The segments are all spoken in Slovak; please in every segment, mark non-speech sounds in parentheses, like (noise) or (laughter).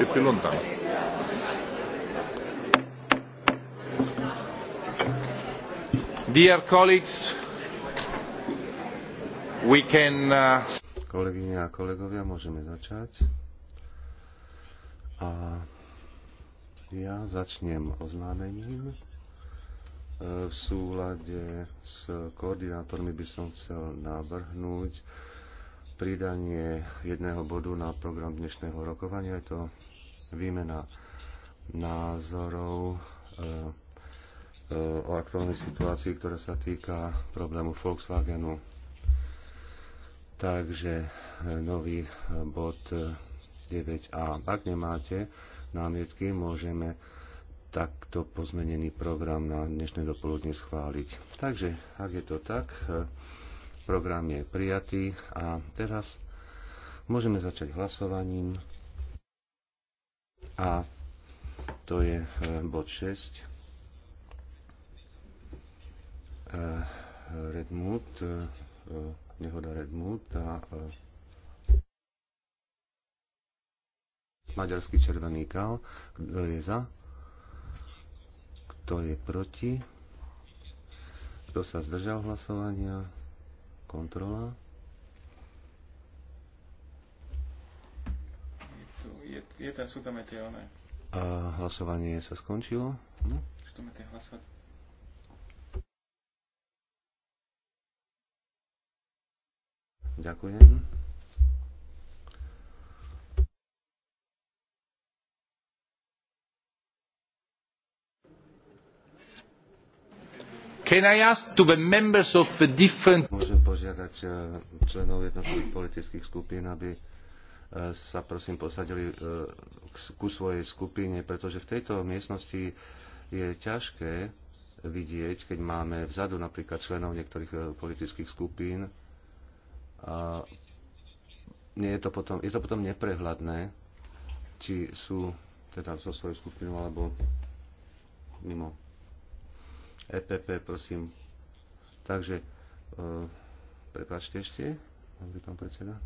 e più lontano. Dear colleagues, we can... Uh, Kolegyne a kolegovia, môžeme začať. A ja začnem oznámením. E, v súlade s koordinátormi by som chcel navrhnúť pridanie jedného bodu na program dnešného rokovania. Je to výmena názorov eh, eh, o aktuálnej situácii, ktorá sa týka problému Volkswagenu. Takže eh, nový bod 9a. Ak nemáte námietky, môžeme takto pozmenený program na dnešné dopoludne schváliť. Takže, ak je to tak, program je prijatý a teraz môžeme začať hlasovaním. A to je e, bod 6. E, Redmut, e, nehoda Redmut a maďarský červený kál. Kto je za? Kto je proti? Kto sa zdržal hlasovania? Kontrola. je, je ten, sú tam aj tie one. A hlasovanie sa skončilo? No. Sú tam aj tie hlasovať. Ďakujem. Can I ask to the members of the different... Môžem požiadať eh, členov jednotlivých politických skupín, aby sa prosím posadili e, ku svojej skupine, pretože v tejto miestnosti je ťažké vidieť, keď máme vzadu napríklad členov niektorých e, politických skupín. A nie je, to potom, je to potom neprehľadné, či sú teda so svojou skupinou alebo mimo. EPP, prosím. Takže, e, prepáčte ešte, pán predseda.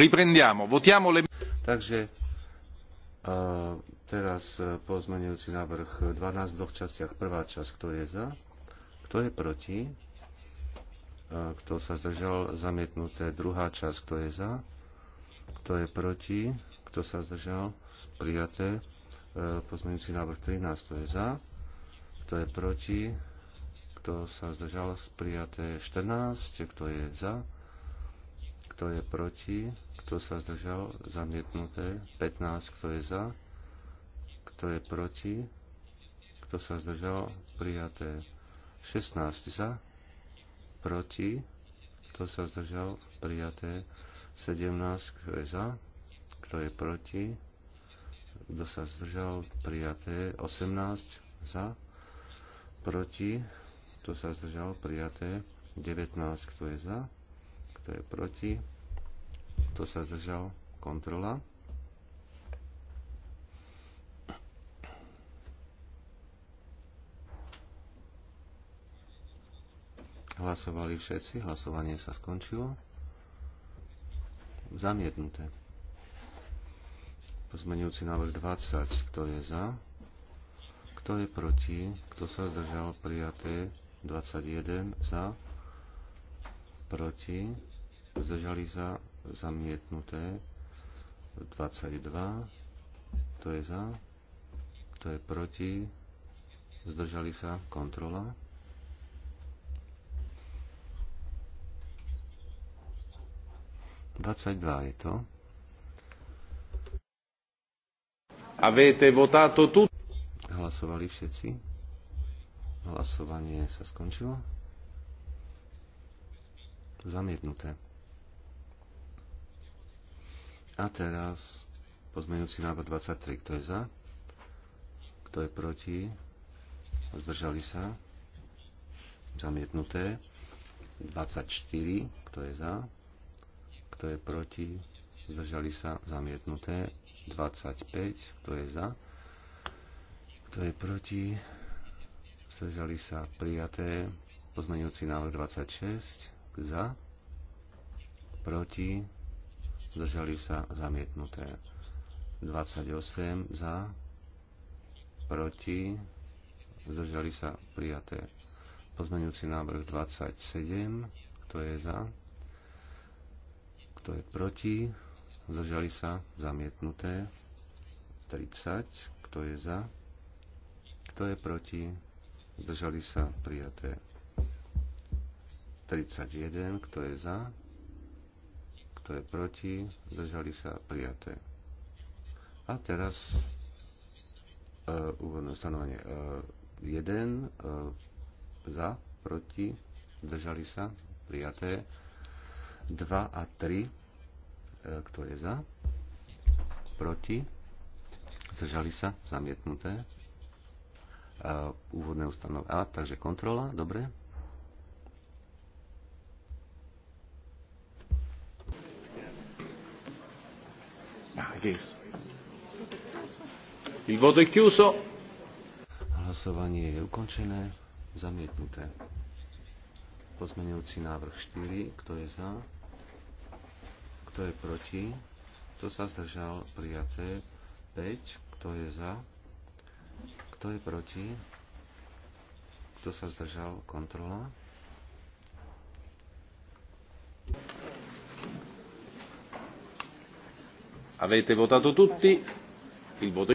Riprendiamo, votiamo le... Takže teraz e, pozmenujúci návrh 12 v dvoch častiach. Prvá časť, kto je za, kto je proti, kto sa zdržal, zamietnuté. Druhá časť, kto je za, kto je proti, kto sa zdržal, prijaté. E, pozmenujúci návrh 13, kto je za, kto je proti, kto sa zdržal, prijaté 14, kto je za, kto je proti, kto sa zdržal? Zamietnuté. 15. Kto je za? Kto je proti? Kto sa zdržal? Prijaté. 16 za. Proti. Kto sa zdržal? Prijaté. 17. Kto je za? Kto je proti? Kto sa zdržal? Prijaté. 18 za. Proti. Kto sa zdržal? Prijaté. 19. Kto je za? Kto je proti? Kto sa zdržal? Kontrola. Hlasovali všetci, hlasovanie sa skončilo. Zamietnuté. Pozmenujúci návrh 20. Kto je za? Kto je proti? Kto sa zdržal? Prijaté. 21. Za. Proti. Zdržali za zamietnuté 22 To je za to je proti zdržali sa kontrola je to. Avete votato tu? Hlasovali všetci? Hlasovanie sa skončilo? Zamietnuté. A teraz pozmeňujúci návrh 23. Kto je za? Kto je proti? Zdržali sa? Zamietnuté. 24. Kto je za? Kto je proti? Zdržali sa? Zamietnuté. 25. Kto je za? Kto je proti? Zdržali sa? Prijaté. Pozmeňujúci návrh 26. Za? Proti? zdržali sa zamietnuté. 28 za, proti, zdržali sa prijaté. Pozmeňujúci návrh 27, kto je za, kto je proti, zdržali sa zamietnuté. 30, kto je za, kto je proti, zdržali sa prijaté. 31, kto je za, kto je proti, zdržali sa prijaté. A teraz uh, úvodné ustanovenie uh, 1 uh, za, proti, zdržali sa prijaté. 2 a 3, uh, e, kto je za, proti, zdržali sa, zamietnuté. Uh, úvodné ustanovenie A, takže kontrola, dobre, Against. Il voto è chiuso. Hlasovanie je ukončené. Zamietnuté. Pozmenujúci návrh 4. Kto je za? Kto je proti? Kto sa zdržal? Prijaté. 5. Kto je za? Kto je proti? Kto sa zdržal? Kontrola. Avete votato tutti? Il voto...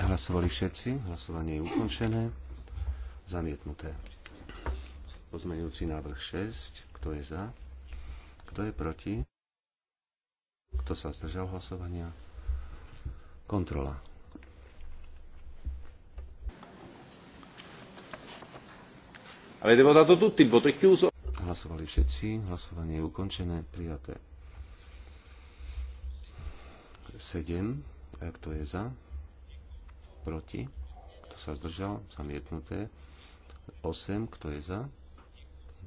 Hlasovali všetci, hlasovanie je ukončené, zamietnuté. Pozmeňujúci návrh 6, kto je za, kto je proti, kto sa zdržal hlasovania, kontrola. Avete votato tutti, il voto è chiuso. Hlasovali všetci, hlasovanie je ukončené, prijaté. 7. E, kto je za? Proti? Kto sa zdržal? Zamietnuté. 8. Kto je za?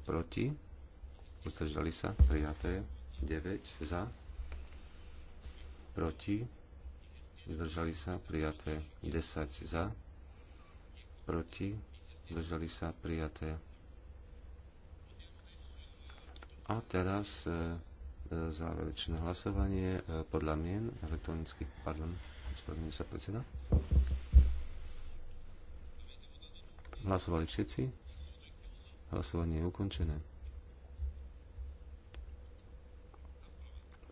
Proti? Zdržali sa? Prijaté. 9. Za? Proti? Zdržali sa? Prijaté. 10. Za? Proti? Zdržali sa? Prijaté. A teraz e, E, záverečné hlasovanie e, podľa mien elektronicky. Pardon, ospravedlňujem sa predseda. Hlasovali všetci. Hlasovanie je ukončené.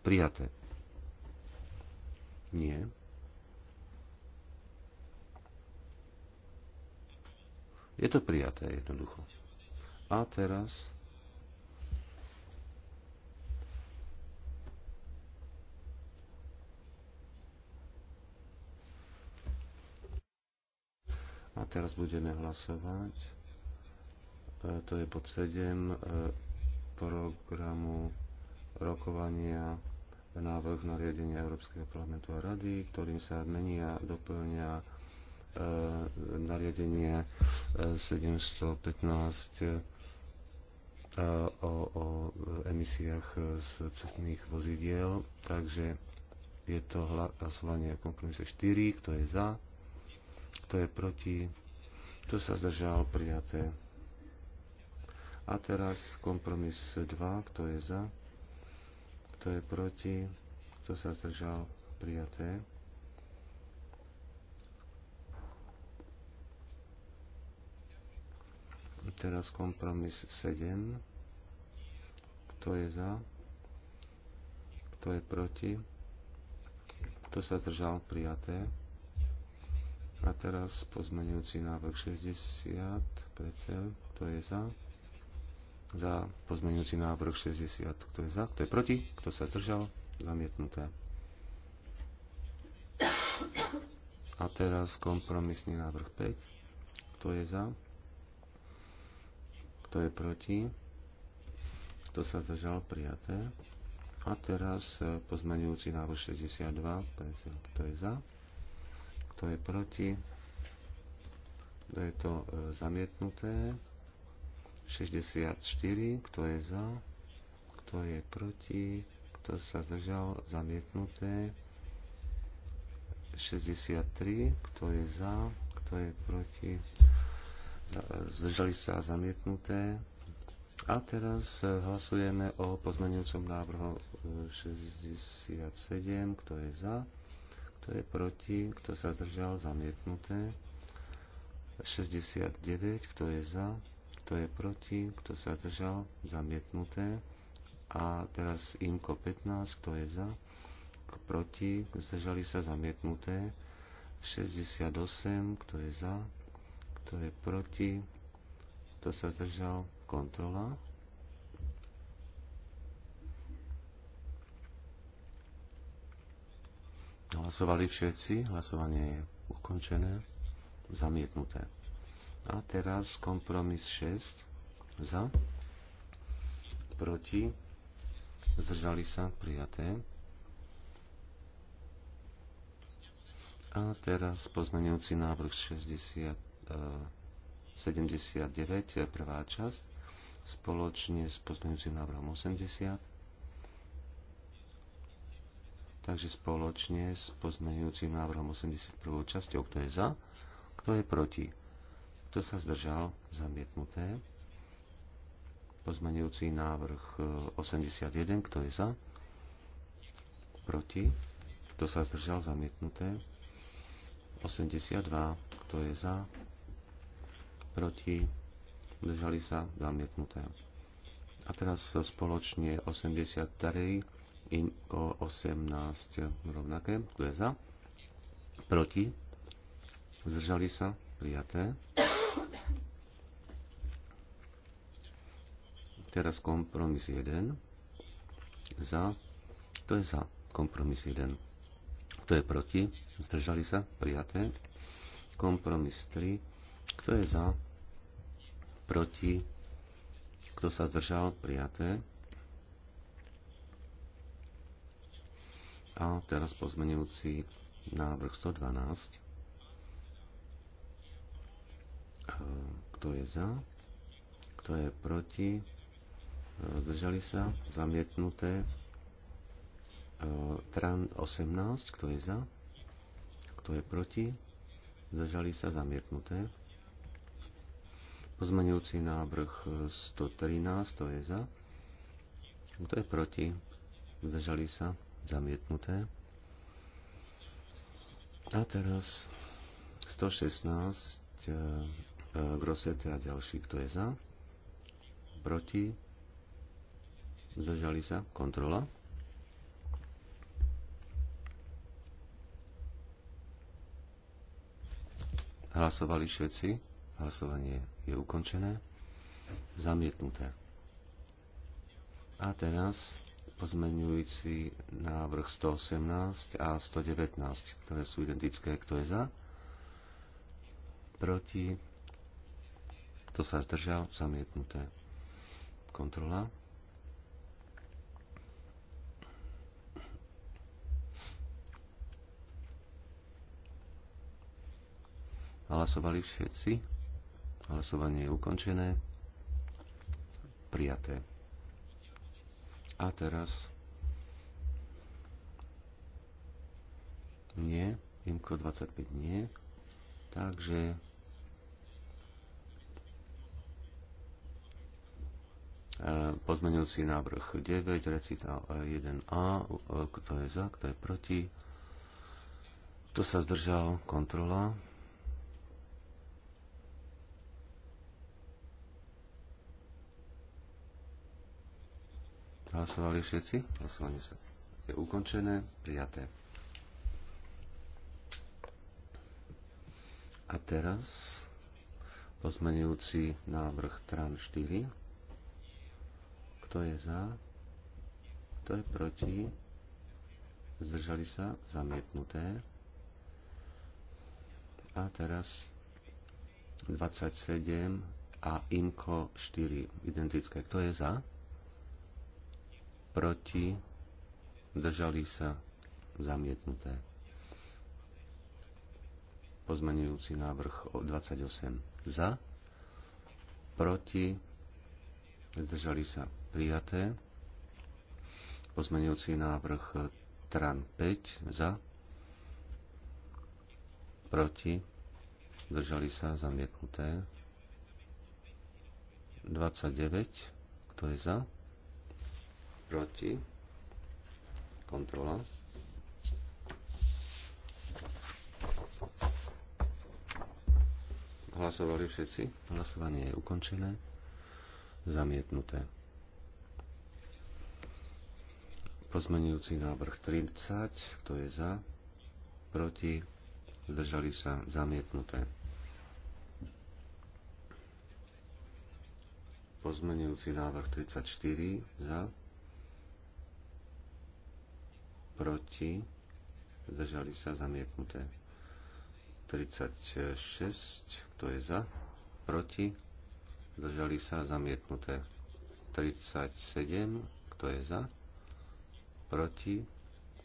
Prijaté. Nie. Je to prijaté jednoducho. A teraz A teraz budeme hlasovať. E, to je pod 7 e, programu rokovania návrh nariadenia Európskeho parlamentu a rady, ktorým sa menia, doplňa e, nariadenie 715 e, e, o, o emisiách z cestných vozidiel. Takže je to hlasovanie kompromise 4, kto je za, kto je proti? Kto sa zdržal? Prijaté. A teraz kompromis 2. Kto je za? Kto je proti? Kto sa zdržal? Prijaté. Teraz kompromis 7. Kto je za? Kto je proti? Kto sa zdržal? Prijaté. A teraz pozmenujúci návrh 60, precel, kto je za? Za pozmenujúci návrh 60, kto je za? Kto je proti? Kto sa zdržal? Zamietnuté. A teraz kompromisný návrh 5. Kto je za? Kto je proti? Kto sa zdržal? Prijaté. A teraz pozmenujúci návrh 62, precel, kto je za? kto je proti, kto je to e, zamietnuté, 64, kto je za, kto je proti, kto sa zdržal, zamietnuté, 63, kto je za, kto je proti, zdržali sa zamietnuté. A teraz e, hlasujeme o pozmeňujúcom návrhu 67, e, kto je za, kto je proti, kto sa zdržal, zamietnuté. 69, kto je za, kto je proti, kto sa zdržal, zamietnuté. A teraz IMKO 15, kto je za, proti, zdržali sa, zamietnuté. 68, kto je za, kto je proti, kto sa zdržal, kontrola. Hlasovali všetci, hlasovanie je ukončené, zamietnuté. A teraz kompromis 6 za, proti, zdržali sa, prijaté. A teraz pozmenujúci návrh 60, 79, eh, eh, prvá časť, spoločne s pozmenujúcim návrhom 80 Takže spoločne s pozmeňujúcim návrhom 81. časťou, kto je za, kto je proti, kto sa zdržal, zamietnuté. Pozmeňujúci návrh 81, e, kto je za, proti, kto sa zdržal, zamietnuté. 82, kto je za, proti, zdržali sa, zamietnuté. A teraz e, spoločne 83, in, o 18 rovnaké. Kto je za? Proti? Zdržali sa? Prijaté. Teraz kompromis 1. Za. To je za. Kompromis 1. Kto je proti? Zdržali sa? Prijaté. Kompromis 3. Kto je za? Proti? Kto sa zdržal? Prijaté A teraz pozmenujúci návrh 112. Kto je za? Kto je proti? E, zdržali sa? Zamietnuté. E, tran 18. Kto je za? Kto je proti? Zdržali sa? Zamietnuté. Pozmenujúci návrh 113. Kto je za? Kto je proti? Zdržali sa? zamietnuté. A teraz 116 e, e, Grosete a ďalší, kto je za, proti, zdržali sa, kontrola. Hlasovali všetci. Hlasovanie je ukončené. Zamietnuté. A teraz pozmeňujúci návrh 118 a 119, ktoré sú identické. Kto je za? Proti? Kto sa zdržal? Zamietnuté. Kontrola. Hlasovali všetci. Hlasovanie je ukončené. Prijaté. A teraz... Nie, Imko 25 nie. Takže... E, Pozmenujúci návrh 9, recitál 1a, kto je za, kto je proti, kto sa zdržal, kontrola. Hlasovali všetci? Hlasovanie sa je ukončené, prijaté. A teraz pozmenujúci návrh TRAN 4. Kto je za? Kto je proti? Zdržali sa? Zamietnuté. A teraz 27 a IMKO 4. Identické. Kto je za? proti, zdržali sa, zamietnuté. Pozmenujúci návrh 28 za, proti, zdržali sa, prijaté. Pozmenujúci návrh TRAN 5 za, proti, držali sa, zamietnuté. 29, kto je za? proti, kontrola. Hlasovali všetci? Hlasovanie je ukončené. Zamietnuté. Pozmenujúci návrh 30. Kto je za? Proti? Zdržali sa? Zamietnuté. Pozmenujúci návrh 34. Za? proti, zdržali sa zamietnuté. 36, kto je za, proti, zdržali sa zamietnuté. 37, kto je za, proti,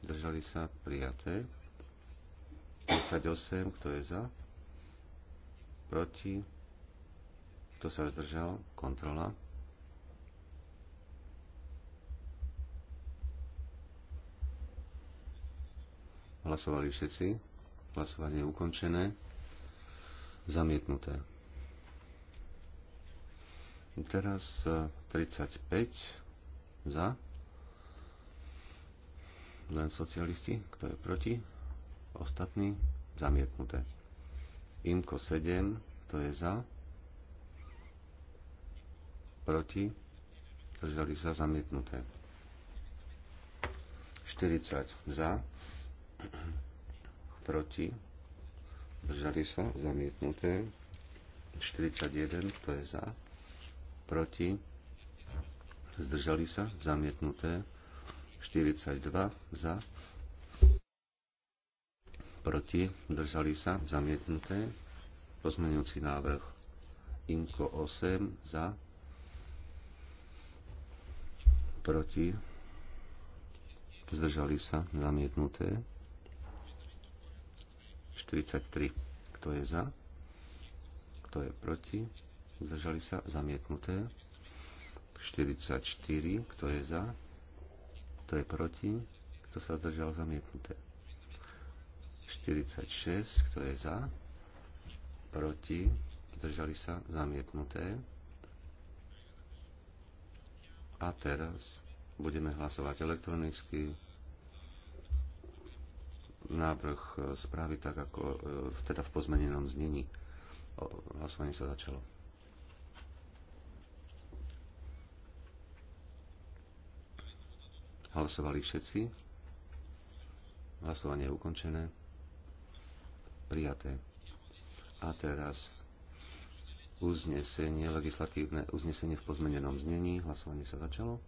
zdržali sa prijaté. 38, kto je za, proti, kto sa zdržal, kontrola. Hlasovali všetci. Hlasovanie je ukončené. Zamietnuté. Teraz 35 e, za. Len socialisti, kto je proti. Ostatní zamietnuté. Imko 7, kto je za. Proti. Zdržali sa zamietnuté. 40 za proti, zdržali sa, zamietnuté, 41, to je za, proti, zdržali sa, zamietnuté, 42 za, proti, zdržali sa, zamietnuté, pozmeňujúci návrh INKO 8 za, proti, zdržali sa, zamietnuté, 43. Kto je za? Kto je proti? Zdržali sa? Zamietnuté. 44. Kto je za? Kto je proti? Kto sa zdržal? Zamietnuté. 46. Kto je za? Proti? Zdržali sa? Zamietnuté. A teraz budeme hlasovať elektronicky návrh e, správy tak, ako e, teda v pozmenenom znení. Hlasovanie sa začalo. Hlasovali všetci. Hlasovanie je ukončené. Prijaté. A teraz uznesenie, legislatívne uznesenie v pozmenenom znení. Hlasovanie sa začalo.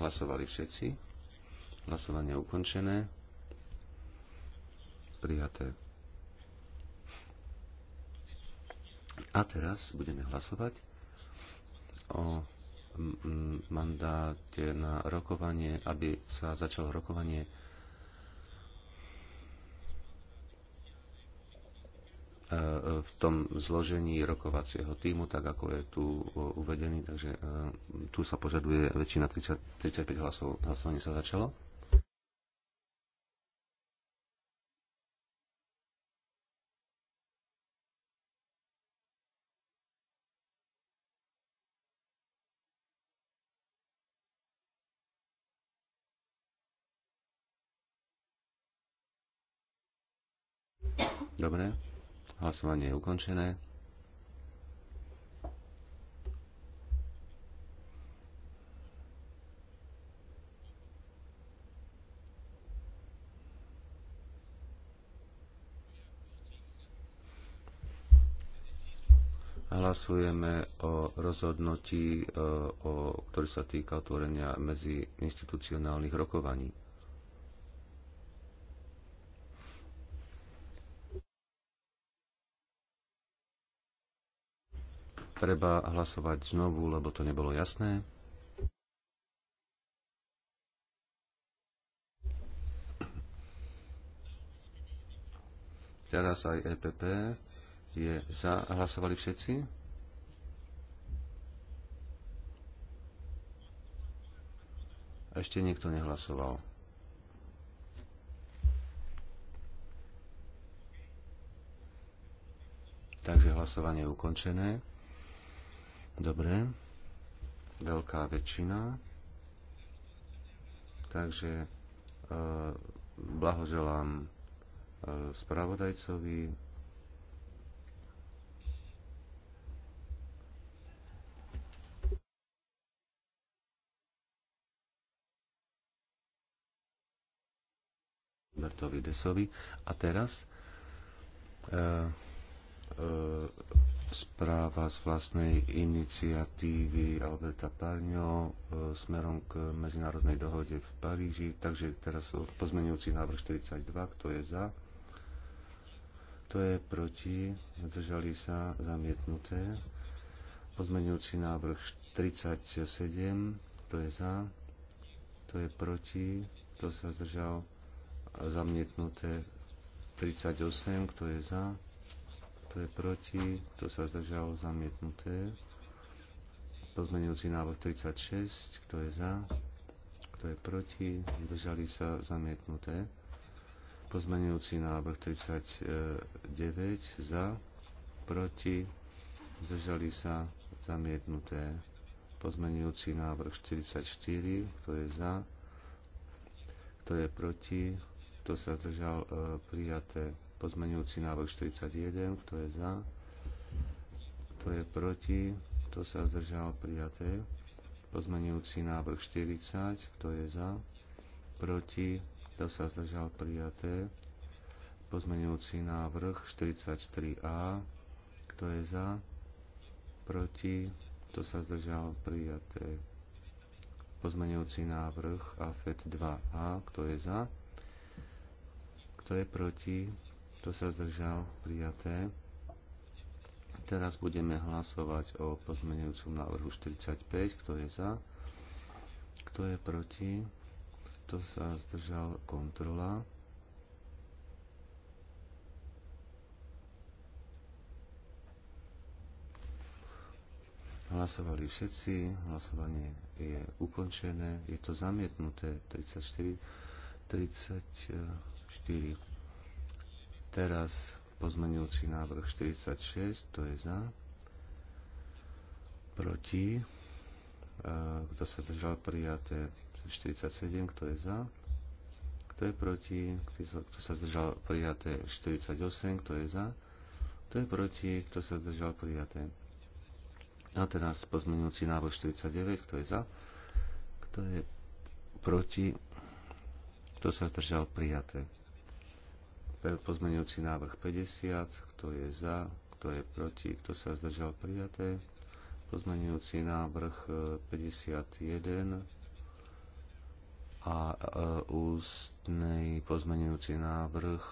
Hlasovali všetci. Hlasovanie ukončené. Prijaté. A teraz budeme hlasovať o mandáte na rokovanie, aby sa začalo rokovanie E, v tom zložení rokovacieho týmu, tak ako je tu uvedený, takže e, tu sa požaduje väčšina 30, 35 hlasov. Hlasovanie sa začalo. Dobre. Hlasovanie je ukončené. Hlasujeme o rozhodnutí, e, o, sa týka otvorenia medzi institucionálnych rokovaní. treba hlasovať znovu, lebo to nebolo jasné. Teraz aj EPP je za. Hlasovali všetci? Ešte niekto nehlasoval. Takže hlasovanie je ukončené. Dobre. Veľká väčšina. Takže e, blahoželám e, spravodajcovi. Bertovi Desovi. A teraz e, E, správa z vlastnej iniciatívy Alberta Parňo e, smerom k medzinárodnej dohode v Paríži. Takže teraz pozmenujúci návrh 42, kto je za? Kto je proti? Zdržali sa zamietnuté. Pozmenujúci návrh 37, kto je za? Kto je proti? Kto sa zdržal? Zamietnuté 38, kto je za? kto je proti, kto sa zdržalo zamietnuté. Pozmenujúci návrh 36, kto je za, kto je proti, zdržali sa, zamietnuté. Pozmenujúci návrh 39, za, proti, zdržali sa, zamietnuté. Pozmenujúci návrh 44, kto je za, kto je proti, kto sa zdržal, e, prijaté Pozmenujúci návrh 41, kto je za, kto je proti, kto sa zdržal prijaté. Pozmenujúci návrh 40, kto je za, proti, kto sa zdržal prijaté. Pozmenujúci návrh 43a, kto je za, proti, kto sa zdržal prijaté. Pozmenujúci návrh AFET 2a, kto je za, kto je proti, kto sa zdržal, prijaté. Teraz budeme hlasovať o pozmeňujúcom návrhu 45, kto je za, kto je proti, kto sa zdržal, kontrola. Hlasovali všetci, hlasovanie je ukončené, je to zamietnuté 34, 34 Teraz pozmenujúci návrh 46, to je za. Proti. Kto sa zdržal prijaté 47, kto je za. Kto je proti? Kto sa zdržal prijaté 48, kto je za. Kto je proti? Kto sa zdržal prijaté? A teraz pozmenujúci návrh 49, kto je za. Kto je proti? Kto sa zdržal prijaté? E, pozmeňujúci návrh 50, kto je za, kto je proti, kto sa zdržal prijaté. Pozmeňujúci návrh 51 e, a e, ústnej pozmeňujúci návrh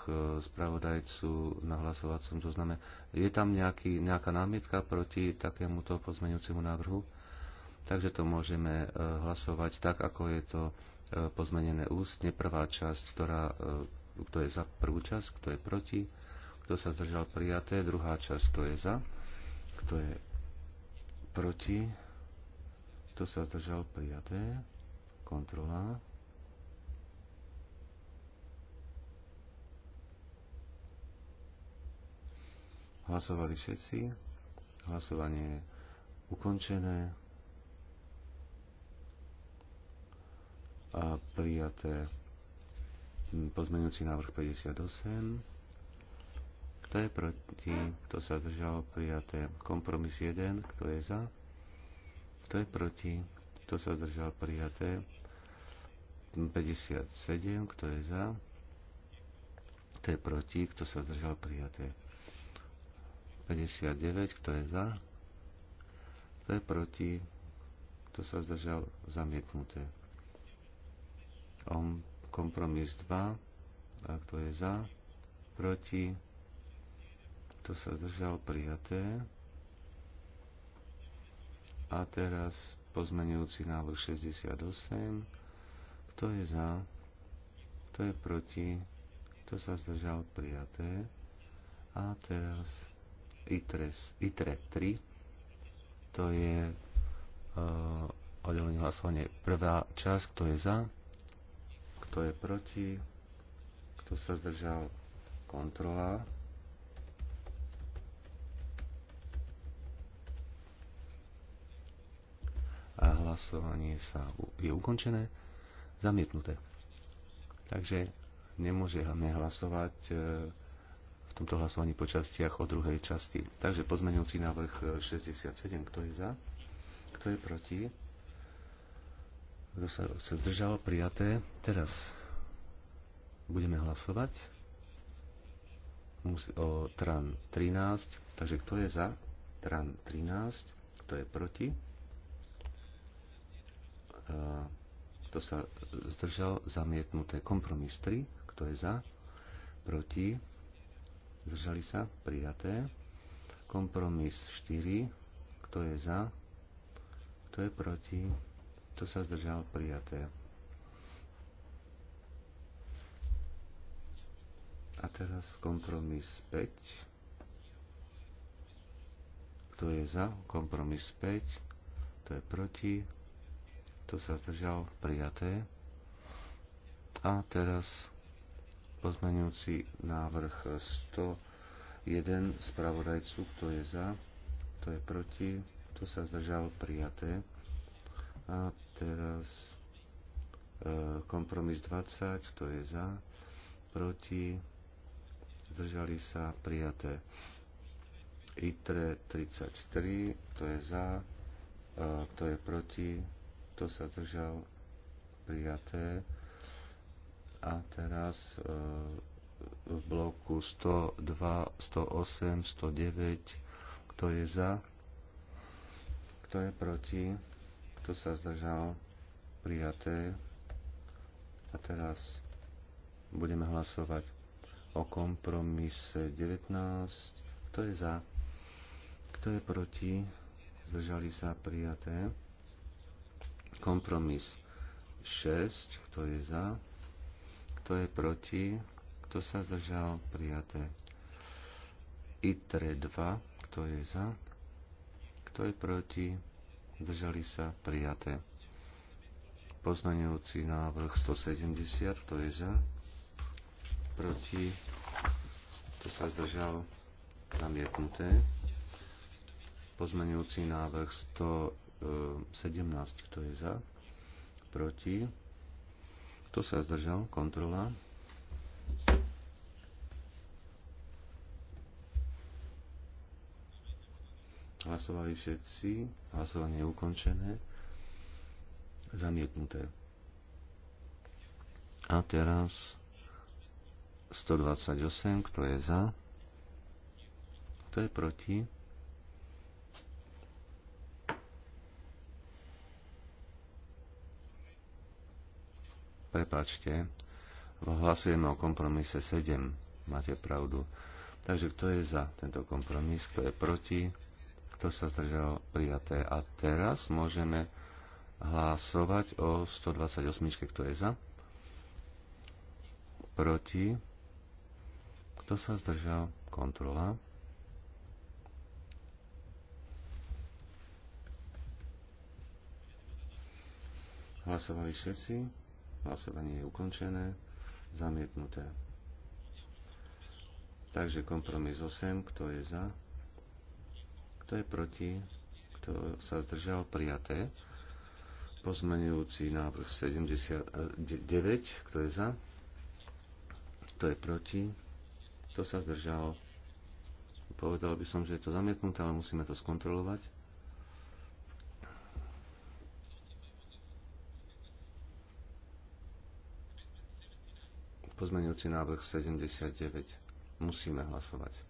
spravodajcu na hlasovacom zozname. Je tam nejaký, nejaká námietka proti takémuto pozmeňujúcemu návrhu? Takže to môžeme hlasovať tak, ako je to pozmenené ústne. Prvá časť, ktorá kto je za prvú časť, kto je proti, kto sa zdržal prijaté, druhá časť, kto je za, kto je proti, kto sa zdržal prijaté, kontrola. Hlasovali všetci. Hlasovanie je ukončené. A prijaté pozmeňujúci návrh 58. Kto je proti? Kto sa zdržal? Prijaté. Kompromis 1. Kto je za? Kto je proti? Kto sa zdržal? Prijaté. 57. Kto je za? Kto je proti? Kto sa zdržal? Prijaté. 59. Kto je za? Kto je proti? Kto sa zdržal? Zamietnuté. Om Kompromis 2. A kto je za? Proti? Kto sa zdržal? Prijaté. A teraz pozmenujúci návrh 68. Kto je za? Kto je proti? Kto sa zdržal? Prijaté. A teraz ITRES, ITRE 3. To je uh, hlasovanie. Prvá časť, kto je za? Kto je proti? Kto sa zdržal? Kontrola. A hlasovanie sa je ukončené. Zamietnuté. Takže nemôžeme hlasovať e, v tomto hlasovaní po častiach o druhej časti. Takže pozmeňujúci návrh 67. E, Kto je za? Kto je proti? Kto sa, sa zdržal? Prijaté. Teraz budeme hlasovať o TRAN 13. Takže kto je za TRAN 13? Kto je proti? Kto sa zdržal? Zamietnuté. Kompromis 3. Kto je za? Proti? Zdržali sa? Prijaté. Kompromis 4. Kto je za? Kto je proti? Kto sa zdržal? Prijaté. A teraz kompromis 5. Kto je za? Kompromis 5. Kto je proti? Kto sa zdržal? Prijaté. A teraz pozmeňujúci návrh 101 spravodajcu. Kto je za? Kto je proti? Kto sa zdržal? Prijaté. A teraz e, kompromis 20, kto je za, proti, zdržali sa, prijaté. ITRE 33, kto je za, e, kto je proti, kto sa zdržal, prijaté. A teraz e, v bloku 102, 108, 109, kto je za, kto je proti, kto sa zdržal? Prijaté. A teraz budeme hlasovať o kompromise 19. Kto je za? Kto je proti? Zdržali sa prijaté. Kompromis 6. Kto je za? Kto je proti? Kto sa zdržal? Prijaté. ITRE 2. Kto je za? Kto je proti? držali sa, prijaté. Poznaňujúci návrh 170, to je za, proti, to sa zdržal, zamietnuté. Pozmenujúci návrh 117, kto je za, proti, kto sa zdržal, kontrola. Hlasovali všetci. Hlasovanie je ukončené. Zamietnuté. A teraz 128, kto je za, kto je proti. Prepačte, hlasujeme o kompromise 7, máte pravdu. Takže kto je za tento kompromis, kto je proti, kto sa zdržal? Prijaté. A teraz môžeme hlasovať o 128. Kto je za? Proti? Kto sa zdržal? Kontrola. Hlasovali všetci. Hlasovanie je ukončené. Zamietnuté. Takže kompromis 8. Kto je za? Kto je proti? Kto sa zdržal? Prijaté. Pozmenujúci návrh 79. Kto je za? Kto je proti? Kto sa zdržal? Povedal by som, že je to zamietnuté, ale musíme to skontrolovať. Pozmenujúci návrh 79. Musíme hlasovať.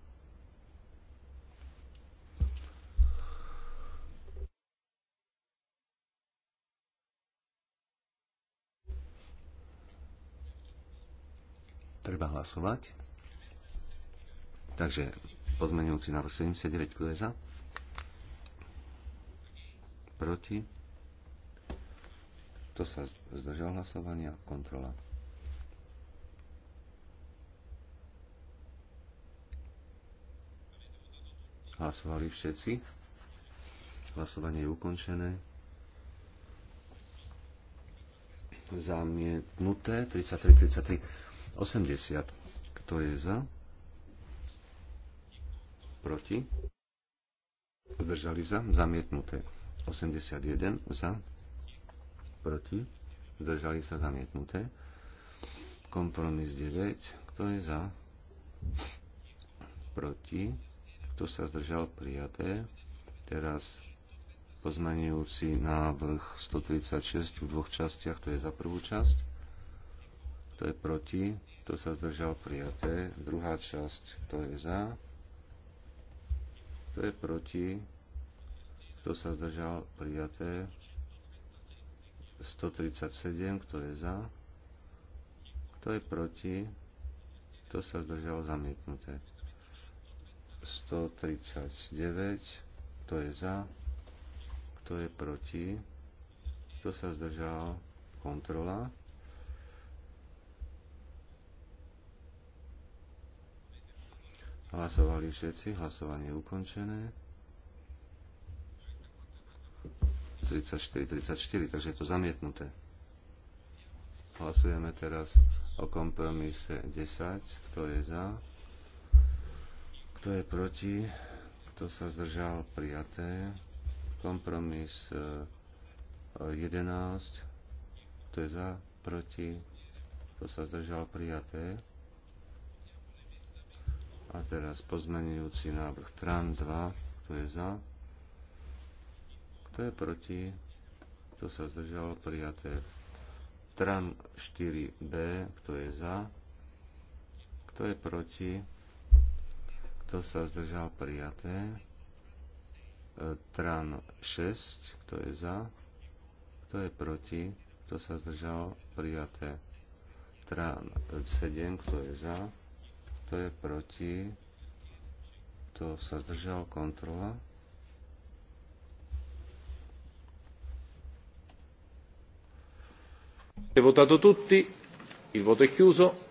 Treba hlasovať. Takže pozmenujúci návrh 79, kto je za? Proti? Kto sa zdržal hlasovania? Kontrola. Hlasovali všetci. Hlasovanie je ukončené. Zamietnuté 33-33. 80. Kto je za? Proti? Zdržali za, Zamietnuté. 81 za? Proti? Zdržali sa? Zamietnuté. Kompromis 9. Kto je za? Proti? Kto sa zdržal? Prijaté. Teraz pozmenujúci návrh 136 v dvoch častiach. To je za prvú časť kto je proti, kto sa zdržal prijaté, druhá časť, kto je za, kto je proti, kto sa zdržal prijaté, 137, kto je za, kto je proti, kto sa zdržal zamietnuté, 139, kto je za, kto je proti, kto sa zdržal kontrola, Hlasovali všetci, hlasovanie je ukončené. 34, 34, takže je to zamietnuté. Hlasujeme teraz o kompromise 10. Kto je za? Kto je proti? Kto sa zdržal? Prijaté. Kompromis 11. Eh, Kto je za? Proti? Kto sa zdržal? Prijaté a teraz pozmenujúci návrh TRAN 2, kto je za, kto je proti, kto sa zdržal, prijaté. TRAN 4B, e, kto je za, kto je proti, kto sa zdržal, prijaté. TRAN 6, kto je za, kto je proti, kto sa zdržal, prijaté. TRAN 7, kto je za, kto je proti? Kto sa zdržal? Kontrola. Je votato tutti, il voto è chiuso.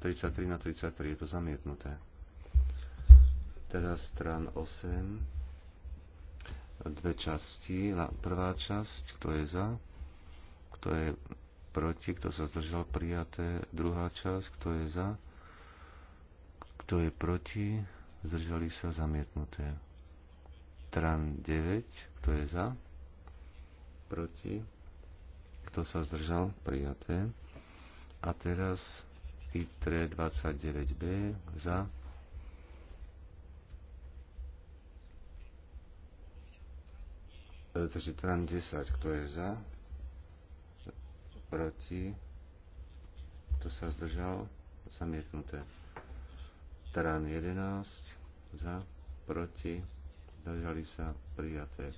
33 na 33 je to zamietnuté. Teraz stran 8, dve časti. Prvá časť, kto je za, kto je proti, kto sa zdržal prijaté, druhá časť, kto je za, kto je proti, zdržali sa zamietnuté. Tran 9, kto je za, proti, kto sa zdržal prijaté. A teraz i 29B za, e, takže tran 10, kto je za, proti, kto sa zdržal, zamietnuté. Trán 11, za, proti, zdržali sa, prijaté.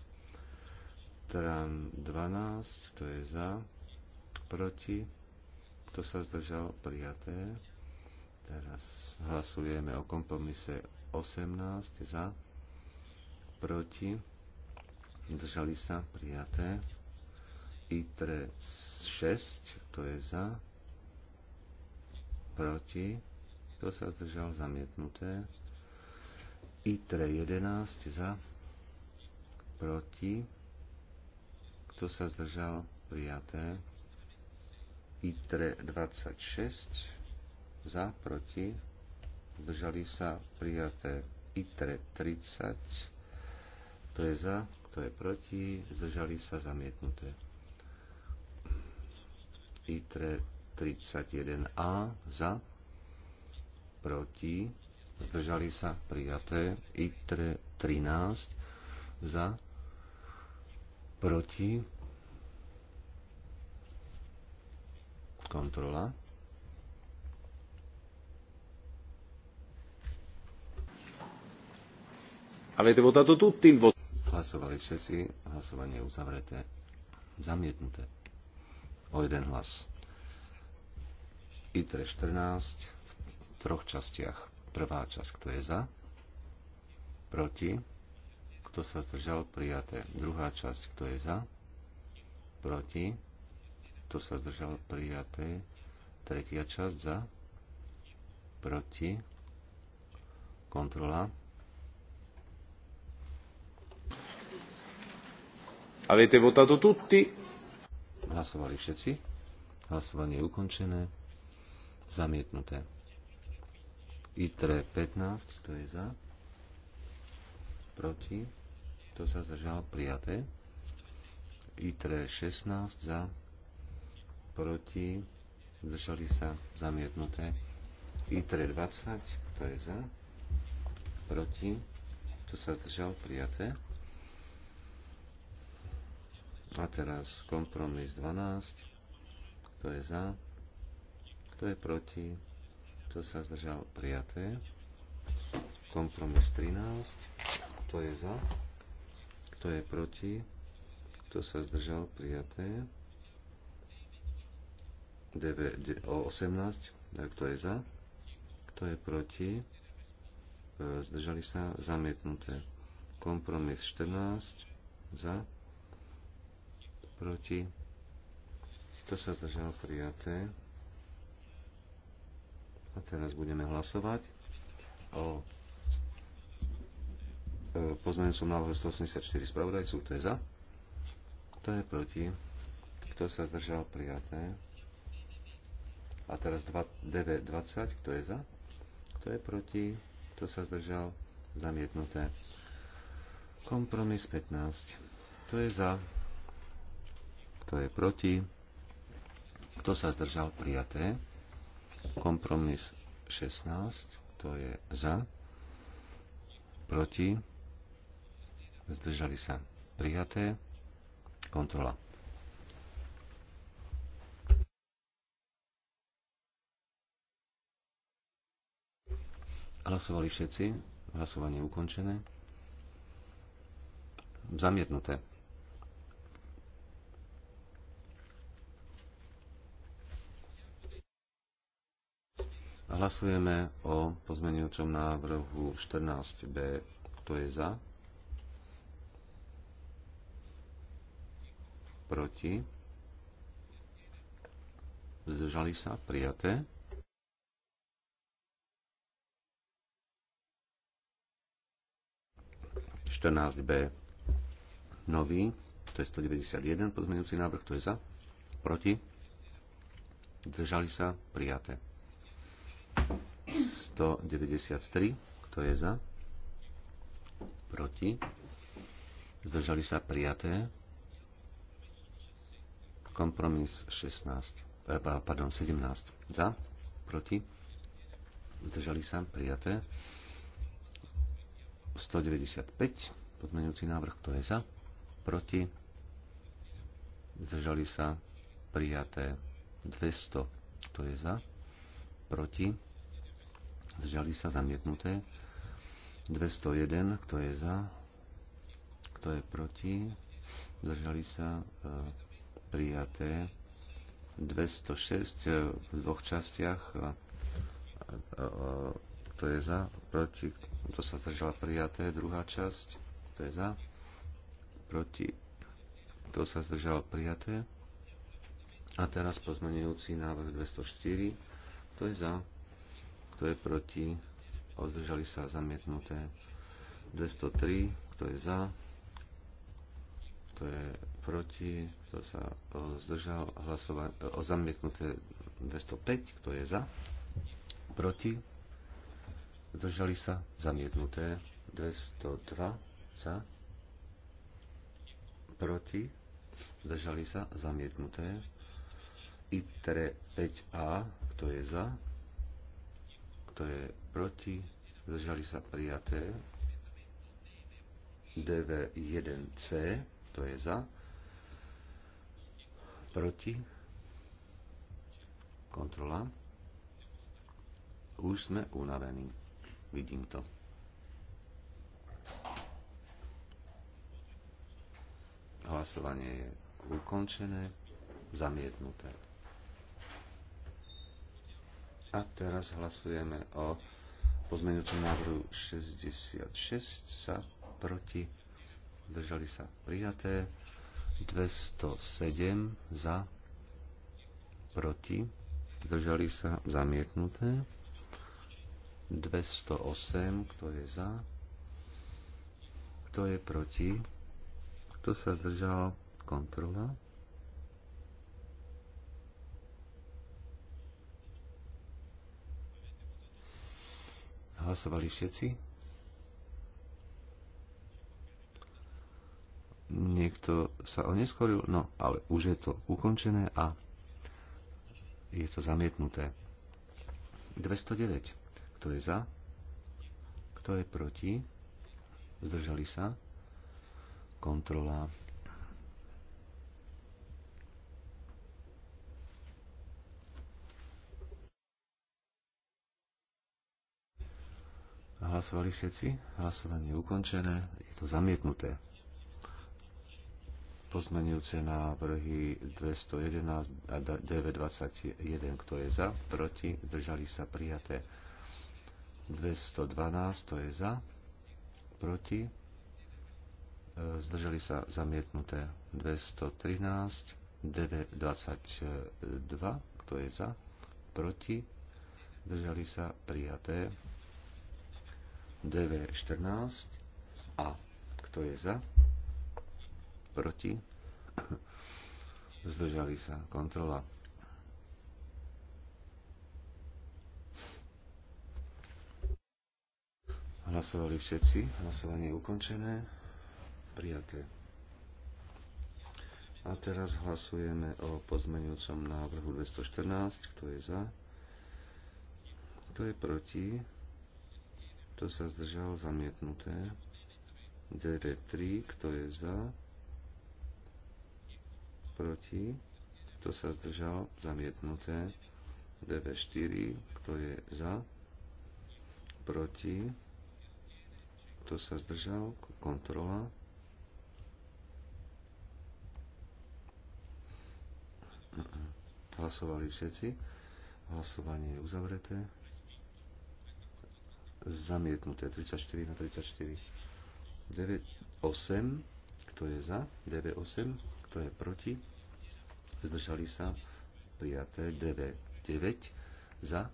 Trán 12, to je za, proti, kto sa zdržal, prijaté. Teraz hlasujeme o kompromise 18, za, proti, zdržali sa, prijaté. ITRE 6, to je za, proti, kto sa zdržal, zamietnuté. ITRE 11 za, proti, kto sa zdržal, prijaté. ITRE 26 za, proti, zdržali sa, prijaté. ITRE 30, to je za, kto je proti, zdržali sa, zamietnuté. ITRE 31A za, proti, zdržali sa prijaté, ITRE 13 za, proti, kontrola. Avete votato tutti il voto? Hlasovali všetci, hlasovanie je uzavreté, zamietnuté o jeden hlas. ITRE 14 v troch častiach. Prvá časť, kto je za, proti, kto sa zdržal, prijaté. Druhá časť, kto je za, proti, kto sa zdržal, prijaté. Tretia časť za, proti, kontrola. Avete votato tutti? Hlasovali všetci. Hlasovanie je ukončené. Zamietnuté. ITRE 15, kto je za? Proti? Kto sa zdržal? Prijaté. ITRE 16 za? Proti? Zdržali sa? Zamietnuté. ITRE 20, kto je za? Proti? To sa zdržal? Prijaté. A teraz kompromis 12. Kto je za? Kto je proti? Kto sa zdržal? Prijaté. Kompromis 13. Kto je za? Kto je proti? Kto sa zdržal? Prijaté. 9, 18. Kto je za? Kto je proti? E, zdržali sa? Zamietnuté. Kompromis 14. Za? proti, kto sa zdržal prijaté. A teraz budeme hlasovať o e, pozmeňujúcom návrhu 184 spravodajcu. Kto je za? Kto je proti? Kto sa zdržal prijaté? A teraz 920. Kto je za? Kto je proti? Kto sa zdržal? Zamietnuté. Kompromis 15. Kto je za? Kto je proti? Kto sa zdržal? Prijaté. Kompromis 16. Kto je za? Proti? Zdržali sa. Prijaté. Kontrola. Hlasovali všetci. Hlasovanie ukončené. Zamietnuté. Hlasujeme o pozmenujúcom návrhu 14b. Kto je za? Proti? Zdržali sa? Prijaté? b nový, to je 191 pozmeňujúci návrh, to je za, proti, zdržali sa, prijaté. 193. Kto je za? Proti? Zdržali sa prijaté. Kompromis 16. Eh, pardon, 17. Za? Proti? Zdržali sa prijaté. 195. Podmenujúci návrh. Kto je za? Proti? Zdržali sa prijaté. 200. Kto je za? proti, zdržali sa zamietnuté. 201, kto je za, kto je proti, zdržali sa e, prijaté. 206 e, v dvoch častiach, e, kto je za, proti, to sa zdržala prijaté, druhá časť, kto je za, proti, to sa zdržalo prijaté. A teraz pozmenujúci návrh 204. Kto je za? Kto je proti? Ozdržali sa zamietnuté. 203. Kto je za? Kto je proti? Kto sa e, zdržal? Hlasovanie o zamietnuté 205. Kto je za? Proti? Zdržali sa? Zamietnuté 202. Za? Proti? Zdržali sa? Zamietnuté ITRE 5A, kto je za, kto je proti, zdržali sa prijaté. DV1C, kto je za, proti, kontrola. Už sme unavení, vidím to. Hlasovanie je ukončené, zamietnuté. A teraz hlasujeme o pozmeňujúcom návrhu 66 za, proti, Držali sa prijaté, 207 za, proti, Držali sa zamietnuté, 208, kto je za, kto je proti, kto sa zdržal, kontrola. Hlasovali všetci? Niekto sa oneskoril? No, ale už je to ukončené a je to zamietnuté. 209. Kto je za? Kto je proti? Zdržali sa? Kontrola Hlasovali všetci? Hlasovanie je ukončené. Je to zamietnuté. Pozmenujúce návrhy 211 a 921. Kto je za? Proti? Zdržali sa prijaté. 212. To je za? Proti? E, zdržali sa zamietnuté. 213. 922. Kto je za? Proti? Zdržali sa prijaté. DV14 a kto je za? Proti? (coughs) Zdržali sa. Kontrola. Hlasovali všetci. Hlasovanie je ukončené. Prijaté. A teraz hlasujeme o pozmeňujúcom návrhu 214. Kto je za? Kto je proti? Kto sa zdržal? Zamietnuté. 3 Kto je za? Proti. Kto sa zdržal? Zamietnuté. 4, Kto je za? Proti. Kto sa zdržal? Kontrola. Hlasovali všetci. Hlasovanie je uzavreté zamietnuté 34 na 34. 9, 8, kto je za, 9, 8, kto je proti, zdržali sa, prijaté 9, 9, za,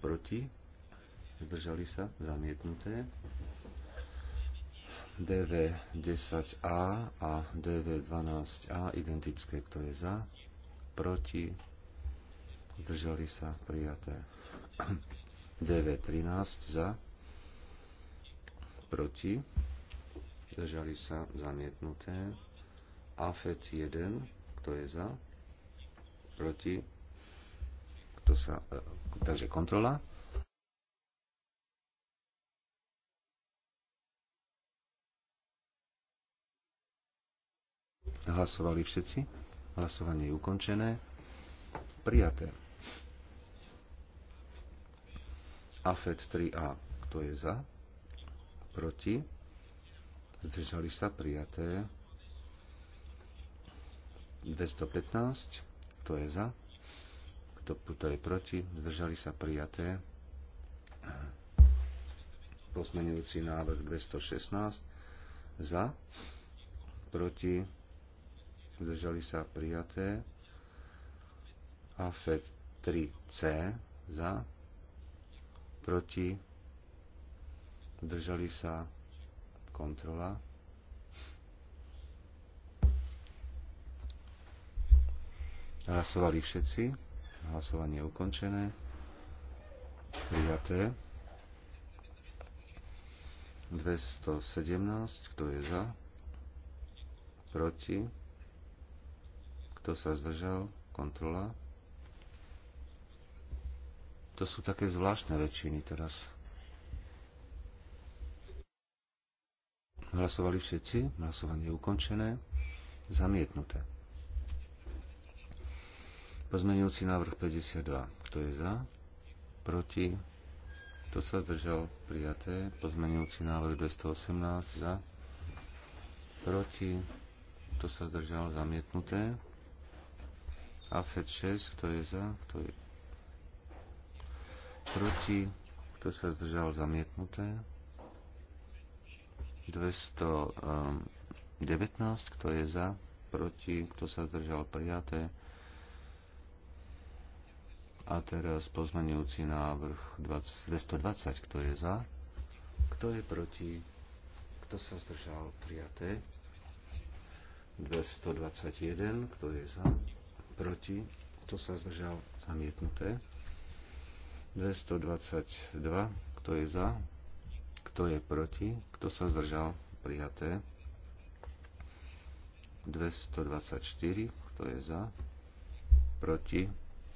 proti, zdržali sa, zamietnuté. DV 10A a DV 12A identické, kto je za, proti, zdržali sa, prijaté. DV13 za, proti, držali sa zamietnuté. AFET 1, kto je za, proti, kto sa, e, takže kontrola. Hlasovali všetci. Hlasovanie je ukončené. Prijaté. AFED 3A. Kto je za? Proti? Zdržali sa prijaté. 215. Kto je za? Kto, kto je proti? Zdržali sa prijaté. Posmenujúci návrh 216. Za? Proti? Zdržali sa prijaté. AFED 3C. Za? proti, držali sa, kontrola. Hlasovali všetci, hlasovanie je ukončené, prijaté. 217, kto je za, proti, kto sa zdržal, kontrola. To sú také zvláštne väčšiny teraz. Hlasovali všetci, hlasovanie je ukončené, zamietnuté. Pozmenujúci návrh 52. Kto je za? Proti? Kto sa zdržal? Prijaté. Pozmenujúci návrh 218. Za? Proti? Kto sa zdržal? Zamietnuté. AFED 6. Kto je za? Kto je proti, kto sa zdržal zamietnuté, 219, um, kto je za, proti, kto sa zdržal prijaté. A teraz pozmenujúci návrh 220, kto je za, kto je proti, kto sa zdržal prijaté. 221, kto je za, proti, kto sa zdržal zamietnuté. 222. Kto je za? Kto je proti? Kto sa zdržal? Prijaté. 224. Kto je za? Proti?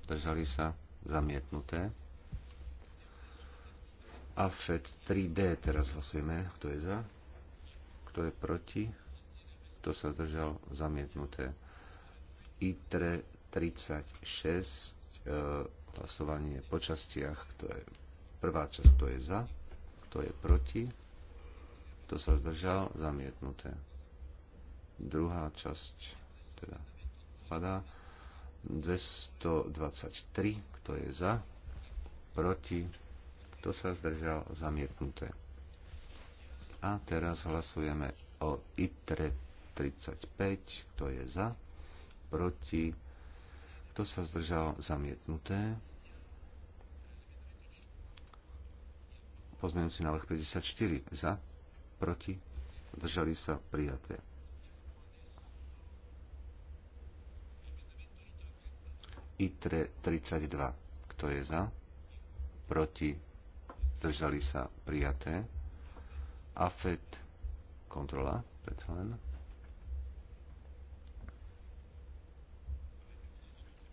Držali sa? Zamietnuté. AFET 3D teraz hlasujeme. Kto je za? Kto je proti? Kto sa zdržal? Zamietnuté. ITRE 36. E, Hlasovanie po častiach, kto je prvá časť, kto je za, kto je proti, kto sa zdržal, zamietnuté. Druhá časť, teda padá. 223, kto je za, proti, kto sa zdržal, zamietnuté. A teraz hlasujeme o ITRE 35, kto je za, proti, kto sa zdržal? Zamietnuté. Pozmenujúci návrh 54. Za? Proti? Zdržali sa? Prijaté. ITRE 32. Kto je za? Proti? Zdržali sa? Prijaté. AFET kontrola, predsa len.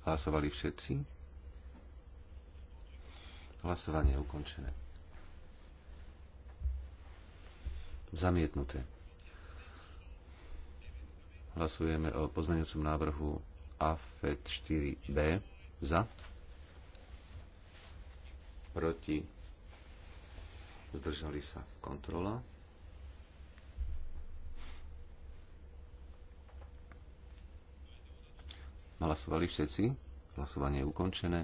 Hlasovali všetci? Hlasovanie je ukončené. Zamietnuté. Hlasujeme o pozmeňujúcom návrhu AFET 4B za proti zdržali sa kontrola Hlasovali všetci? Hlasovanie je ukončené.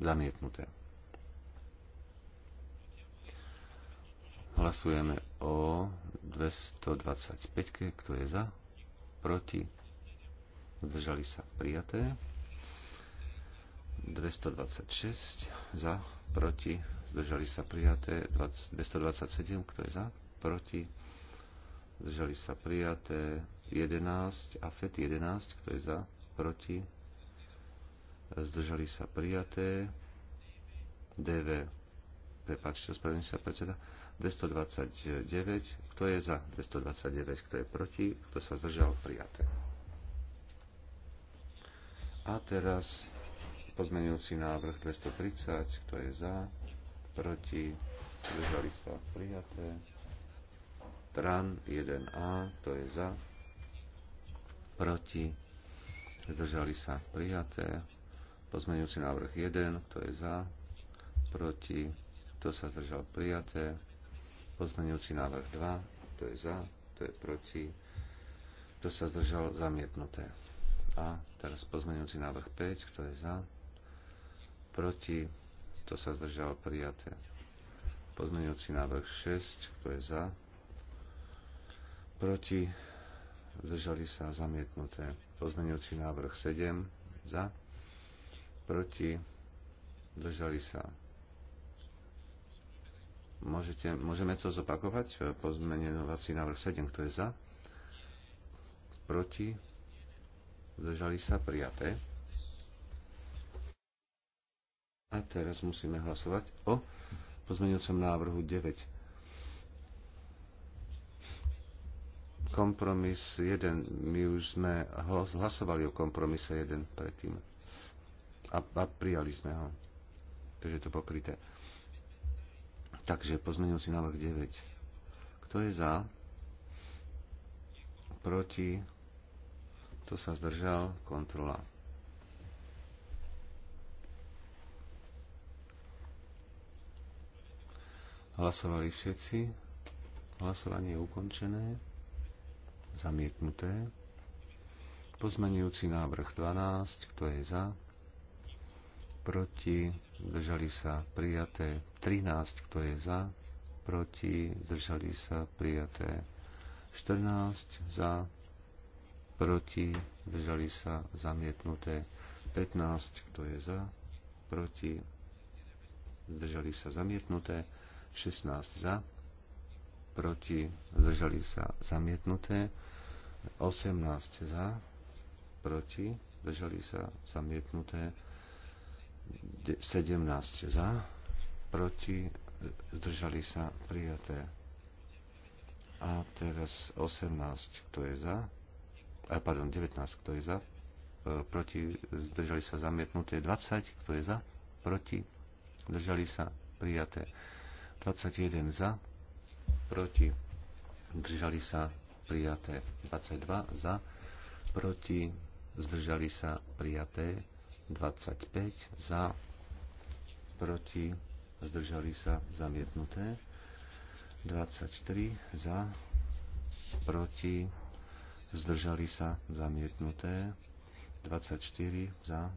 Zamietnuté. Hlasujeme o 225, kto je za, proti, zdržali sa prijaté. 226 za, proti, zdržali sa prijaté. 227, kto je za, proti, zdržali sa prijaté 11 a FET 11, kto je za, proti, zdržali sa prijaté DV, prepáčte, ospravedlňujem sa predseda, 229, kto je za, 229, kto je proti, kto sa zdržal, prijaté. A teraz pozmenujúci návrh 230, kto je za, proti, zdržali sa, prijaté. Tran 1A, to je za, proti, zdržali sa prijaté. Pozmeňujúci návrh 1, to je za, proti, kto sa zdržal prijaté. Pozmeňujúci návrh 2, to je za, to je proti, kto sa zdržal zamietnuté. A teraz pozmeňujúci návrh 5, kto je za, proti, kto sa zdržal prijaté. Pozmeňujúci návrh 6, kto je za, proti, zdržali sa zamietnuté. Pozmeňujúci návrh 7 za, proti, zdržali sa. Môžete, môžeme to zopakovať? Pozmeňovací návrh 7, kto je za? Proti, zdržali sa, prijaté. A teraz musíme hlasovať o pozmeňujúcom návrhu 9 kompromis 1. My už sme hlasovali o kompromise 1 predtým. A, a prijali sme ho. Takže to pokryté. Takže si návrh 9. Kto je za? Proti? Kto sa zdržal? Kontrola. Hlasovali všetci. Hlasovanie je ukončené zamietnuté. Pozmenujúci návrh 12, kto je za, proti, zdržali sa prijaté 13, kto je za, proti, zdržali sa prijaté 14, za, proti, zdržali sa zamietnuté 15, kto je za, proti, zdržali sa zamietnuté 16 za, proti, zdržali sa zamietnuté, 18 za, proti, zdržali sa zamietnuté, 17 za, proti, zdržali sa prijaté. A teraz 18, kto je za, a pardon, 19, kto je za, e, proti, zdržali sa zamietnuté, 20, kto je za, proti, zdržali sa prijaté. 21 za, proti, zdržali sa prijaté 22 za, proti, zdržali sa prijaté 25 za, proti, zdržali sa zamietnuté 23 za, proti, zdržali sa zamietnuté 24 za,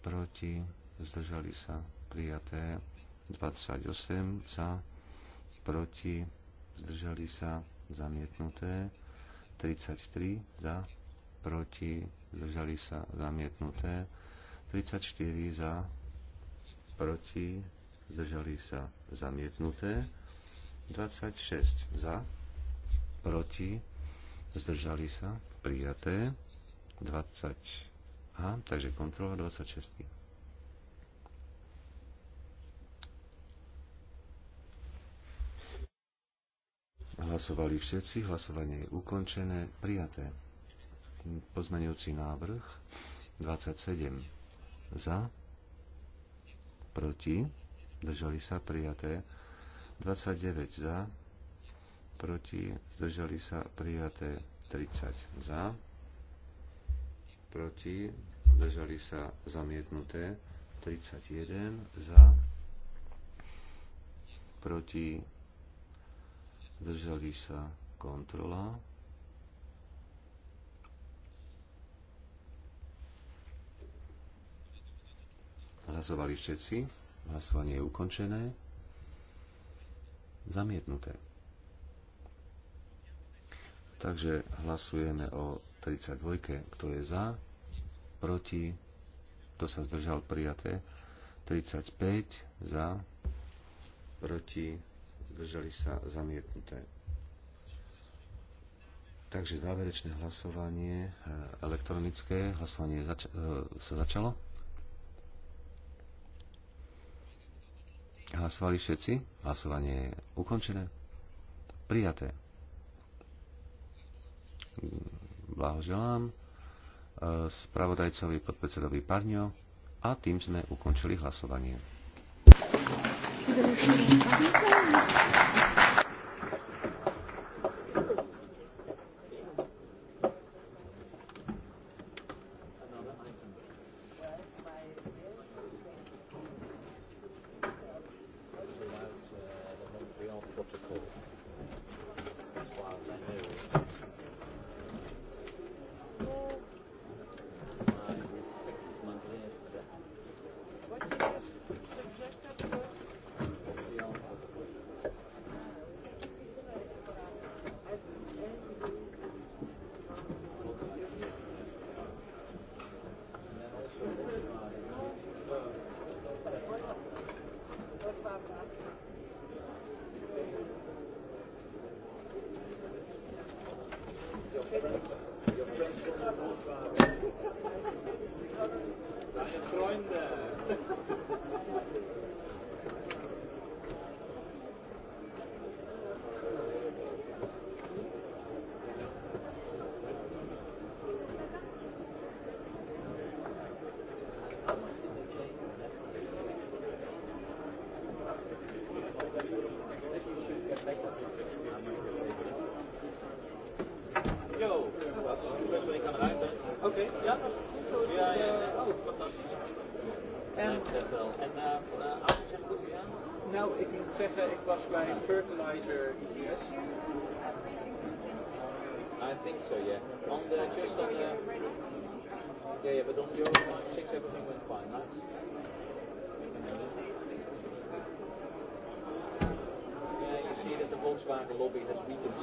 proti, zdržali sa prijaté 28 za, proti, zdržali sa, zamietnuté. 33 za, proti, zdržali sa, zamietnuté. 34 za, proti, zdržali sa, zamietnuté. 26 za, proti, zdržali sa, prijaté. 20 a, takže kontrola 26. Hlasovali všetci, hlasovanie je ukončené, prijaté. Pozmenujúci návrh 27 za, proti, držali sa, prijaté. 29 za, proti, držali sa, prijaté. 30 za, proti, držali sa, zamietnuté. 31 za, proti, zdržali sa kontrola. Hlasovali všetci. Hlasovanie je ukončené. Zamietnuté. Takže hlasujeme o 32. Kto je za? Proti? Kto sa zdržal? Prijaté. 35. Za? Proti? zdržali sa zamietnuté. Takže záverečné hlasovanie e, elektronické, hlasovanie zač- e, sa začalo. Hlasovali všetci, hlasovanie je ukončené, prijaté. Blahoželám e, spravodajcovi podpredsedovi Parňo a tým sme ukončili hlasovanie. Thank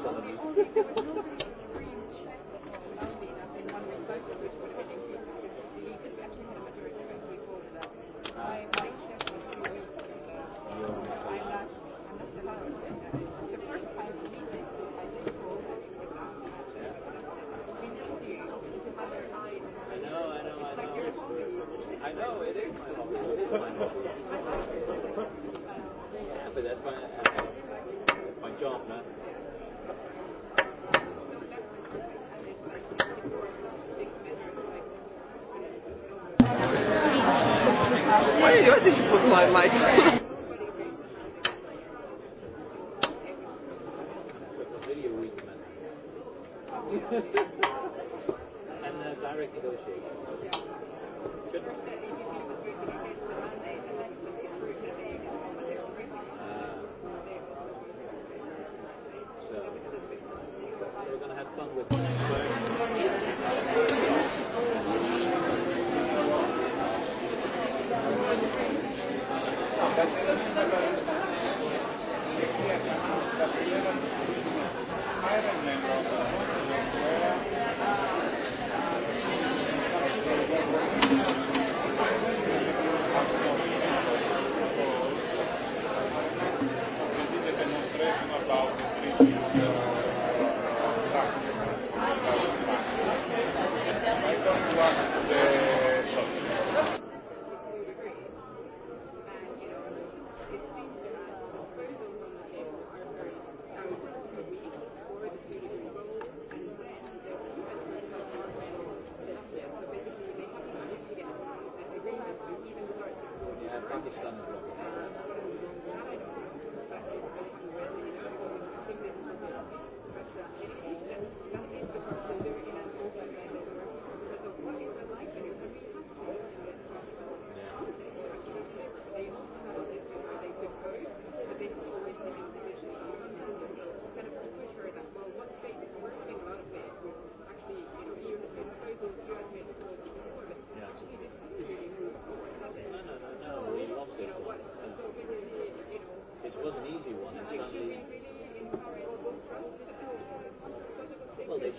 sa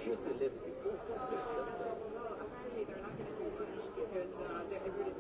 je te lève du pot. Apparently they're not going to do much because uh,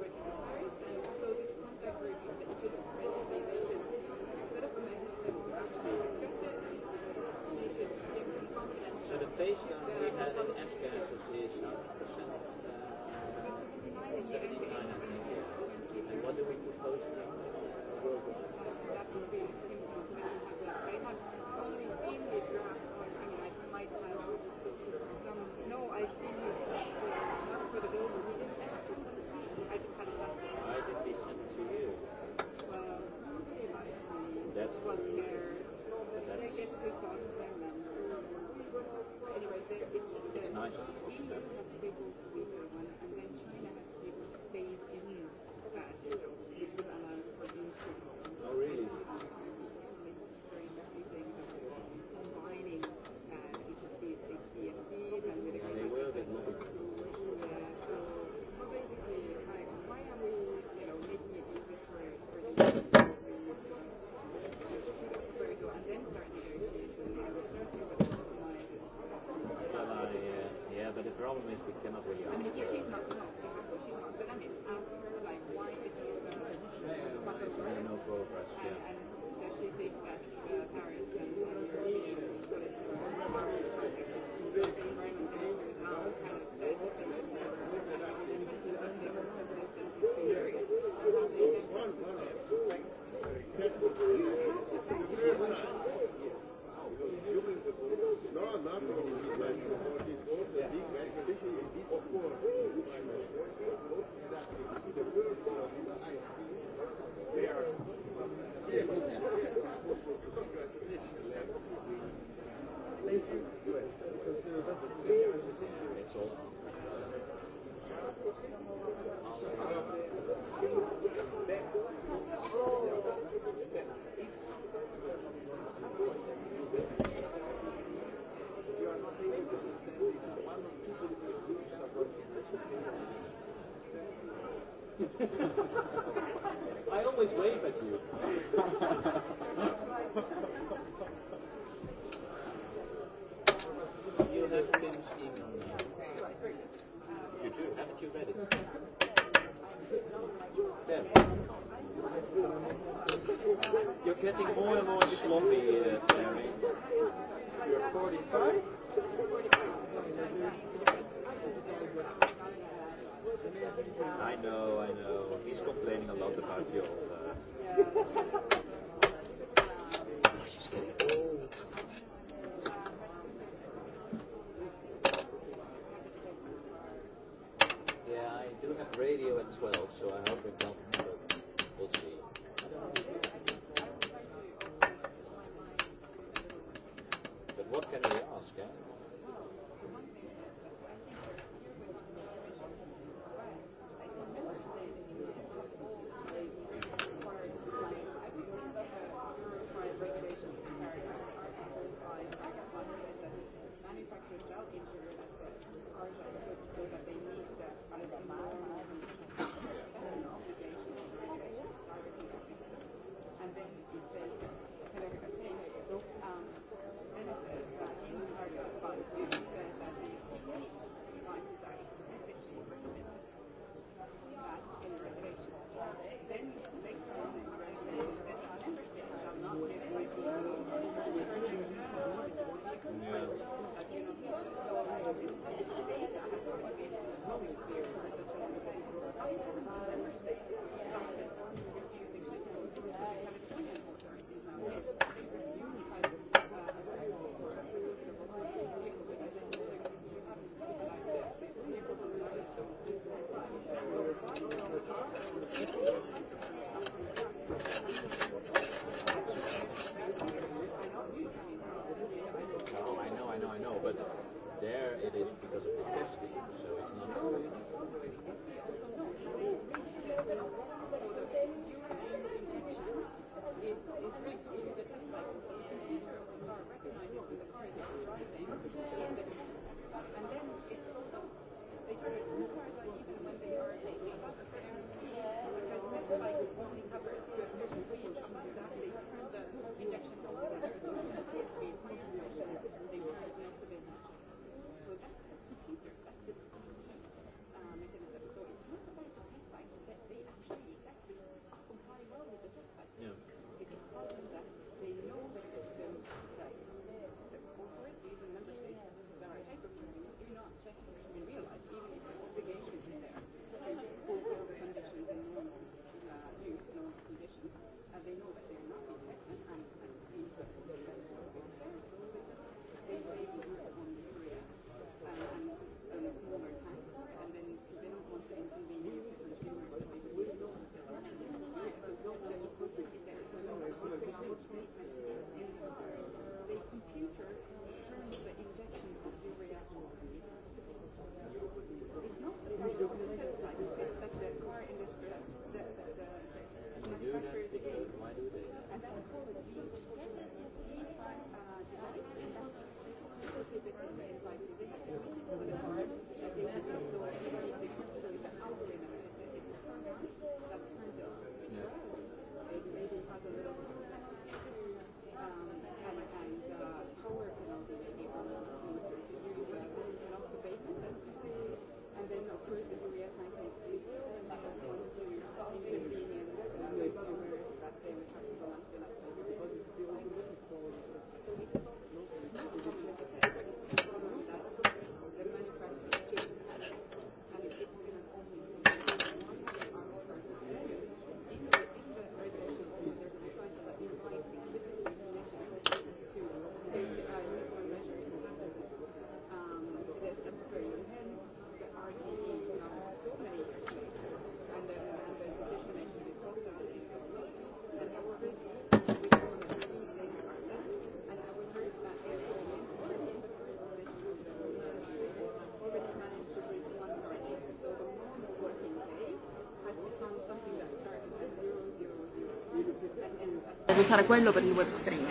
puoi usare quello per il web stream.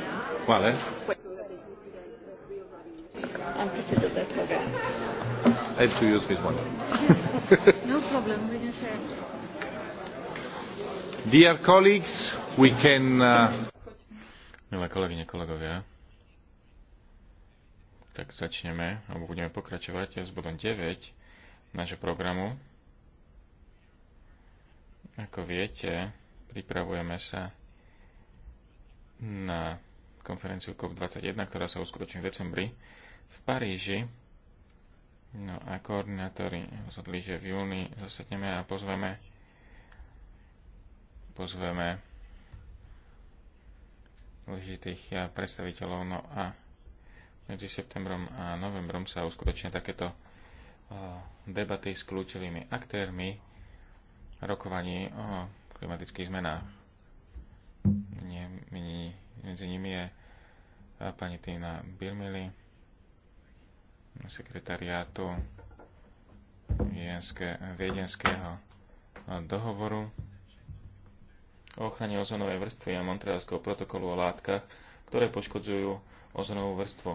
Quale? Anche se dove è I have to use this one. no problem, we can share. Dear colleagues, we can... Uh... Milé kolegyne, kolegovia, tak začneme, alebo budeme pokračovať s bodom 9 nášho programu. Ako viete, pripravujeme sa na konferenciu COP21, ktorá sa uskutoční v decembri v Paríži. No a koordinátori rozhodli, že v júni zasadneme a pozveme pozveme dôležitých predstaviteľov. No a medzi septembrom a novembrom sa uskutočne takéto debaty s kľúčovými aktérmi rokovaní o klimatických zmenách medzi nimi je eh, pani Týna Birmili, sekretariátu Viedenského eh, dohovoru o ochrane ozonovej vrstvy a Montrealského protokolu o látkach, ktoré poškodzujú ozonovú vrstvu.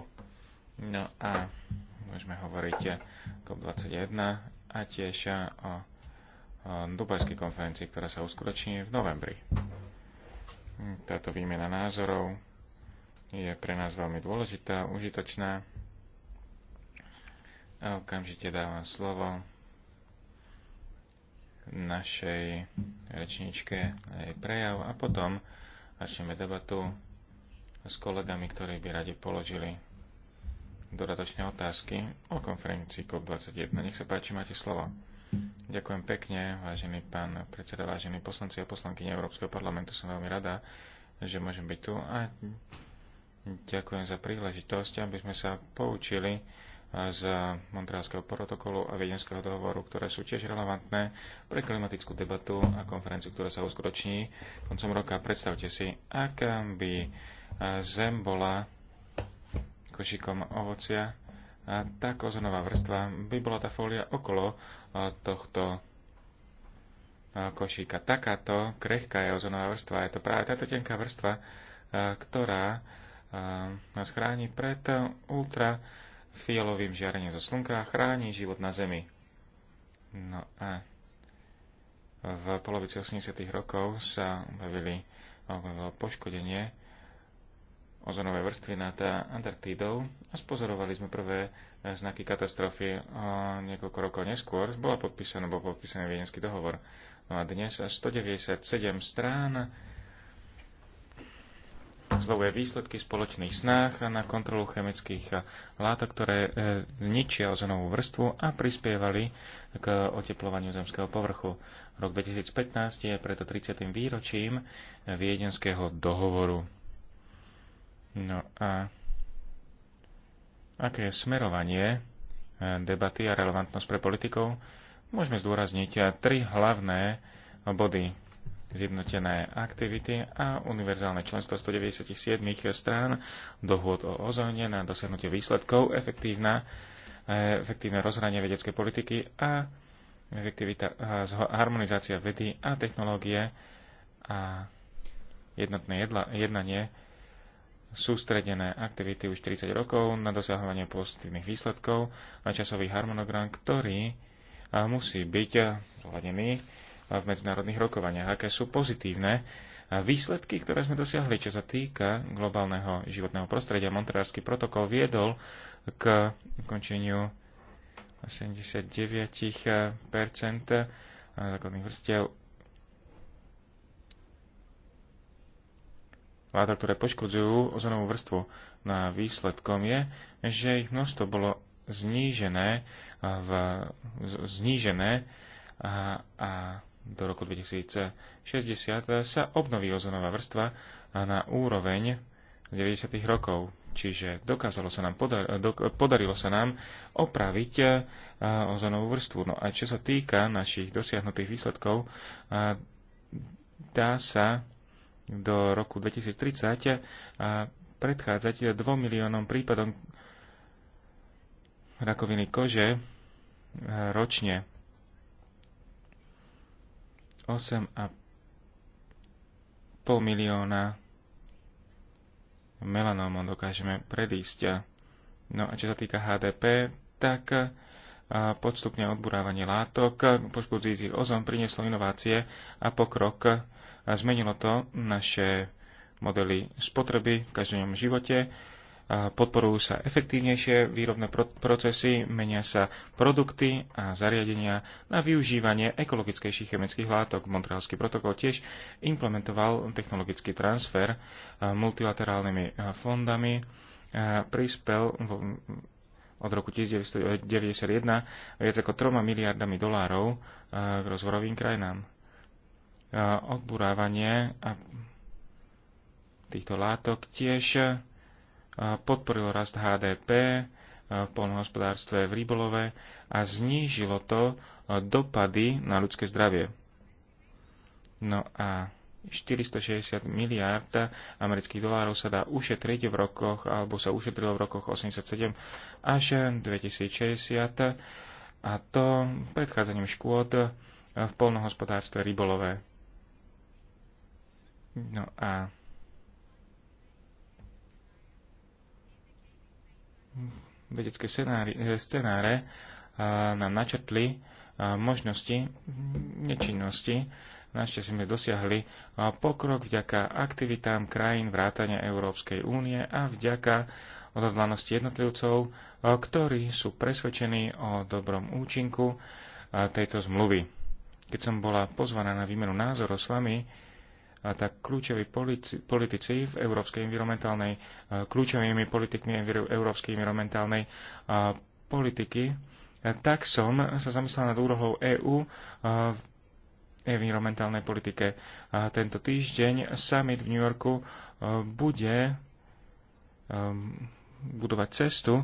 No a môžeme hovoriť eh, COP21 a tiež o, o Dubajskej konferencii, ktorá sa uskutoční v novembri. Táto výmena názorov je pre nás veľmi dôležitá, užitočná. A okamžite dávam slovo našej rečničke jej prejav a potom začneme debatu s kolegami, ktorí by radi položili dodatočné otázky o konferencii COP21. Nech sa páči, máte slovo. Ďakujem pekne, vážený pán predseda, vážení poslanci a poslanky Európskeho parlamentu. Som veľmi rada, že môžem byť tu a ďakujem za príležitosť, aby sme sa poučili z Montrealského protokolu a Viedenského dohovoru, ktoré sú tiež relevantné pre klimatickú debatu a konferenciu, ktorá sa uskutoční koncom roka. Predstavte si, aká by zem bola košikom ovocia, a tá ozonová vrstva by bola tá fólia okolo e, tohto e, košíka. Takáto krehká je ozonová vrstva. Je to práve táto tenká vrstva, e, ktorá nás chráni pred ultrafialovým žiarením zo slnka a chráni život na Zemi. No a v polovici 80. rokov sa objavili, objavilo poškodenie ozonové vrstvy nad Antarktídou a spozorovali sme prvé e, znaky katastrofy e, niekoľko rokov neskôr. Bola podpísaná, bol podpísaný viedenský dohovor. No a dnes 197 strán zlovuje výsledky spoločných snách na kontrolu chemických látok, ktoré e, zničia ozonovú vrstvu a prispievali k oteplovaniu zemského povrchu. Rok 2015 je preto 30. výročím Viedenského dohovoru. No a aké je smerovanie e, debaty a relevantnosť pre politikov? Môžeme zdôrazniť e, tri hlavné body. Zjednotené aktivity a univerzálne členstvo 197 strán, dohôd o ozóne na dosiahnutie výsledkov, efektívna, e, efektívne rozhranie vedeckej politiky a efektivita, a harmonizácia vedy a technológie a jednotné jedla, jednanie sústredené aktivity už 30 rokov na dosahovanie pozitívnych výsledkov a časový harmonogram, ktorý musí byť zohľadený v medzinárodných rokovaniach. Aké sú pozitívne výsledky, ktoré sme dosiahli, čo sa týka globálneho životného prostredia. Montrealský protokol viedol k ukončeniu 89 základných vrstiev látok, ktoré poškodzujú ozonovú vrstvu. No a výsledkom je, že ich množstvo bolo znížené, v, znížené a, a do roku 2060 sa obnoví ozonová vrstva na úroveň 90. rokov. Čiže dokázalo sa nám podar, do, podarilo sa nám opraviť ozonovú vrstvu. No a čo sa týka našich dosiahnutých výsledkov, dá sa do roku 2030 a predchádzať dvom miliónom prípadom rakoviny kože e, ročne. 8,5 milióna melanómov dokážeme predísť. No a čo sa týka HDP, tak e, podstupne odburávanie látok, poškodzujúcich ozon prinieslo inovácie a pokrok a zmenilo to naše modely spotreby v každodennom živote. Podporujú sa efektívnejšie výrobné procesy, menia sa produkty a zariadenia na využívanie ekologickejších chemických látok. Montrealský protokol tiež implementoval technologický transfer multilaterálnymi fondami, prispel od roku 1991 viac ako 3 miliardami dolárov k rozvorovým krajinám odburávanie týchto látok tiež podporilo rast HDP v polnohospodárstve v rybolove a znížilo to dopady na ľudské zdravie. No a 460 miliárd amerických dolárov sa dá ušetriť v rokoch, alebo sa ušetrilo v rokoch 87 až 2060 a to predchádzaním škôd v polnohospodárstve rybolové. No a vedecké eh, scenáre eh, nám načrtli eh, možnosti nečinnosti. Našťastie sme dosiahli pokrok vďaka aktivitám krajín vrátania Európskej únie a vďaka odhodlanosti jednotlivcov, ktorí sú presvedčení o dobrom účinku tejto zmluvy. Keď som bola pozvaná na výmenu názorov s vami, tak kľúčoví politici, politici v európskej environmentálnej, e, kľúčovými politikmi európskej environmentálnej politiky, tak som sa zamyslel nad úlohou EÚ e, v environmentálnej politike. Tento týždeň summit v New Yorku e, bude budovať cestu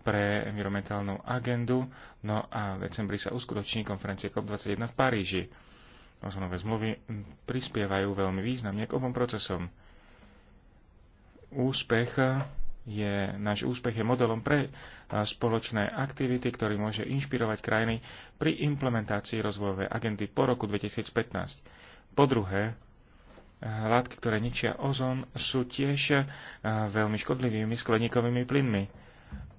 pre environmentálnu agendu, no a v decembri sa uskutoční konferencie COP21 v Paríži. Ozonové zmluvy prispievajú veľmi významne k obom procesom. Úspech je, náš úspech je modelom pre spoločné aktivity, ktorý môže inšpirovať krajiny pri implementácii rozvojovej agendy po roku 2015. Po druhé, látky, ktoré ničia ozon, sú tiež veľmi škodlivými skleníkovými plynmi.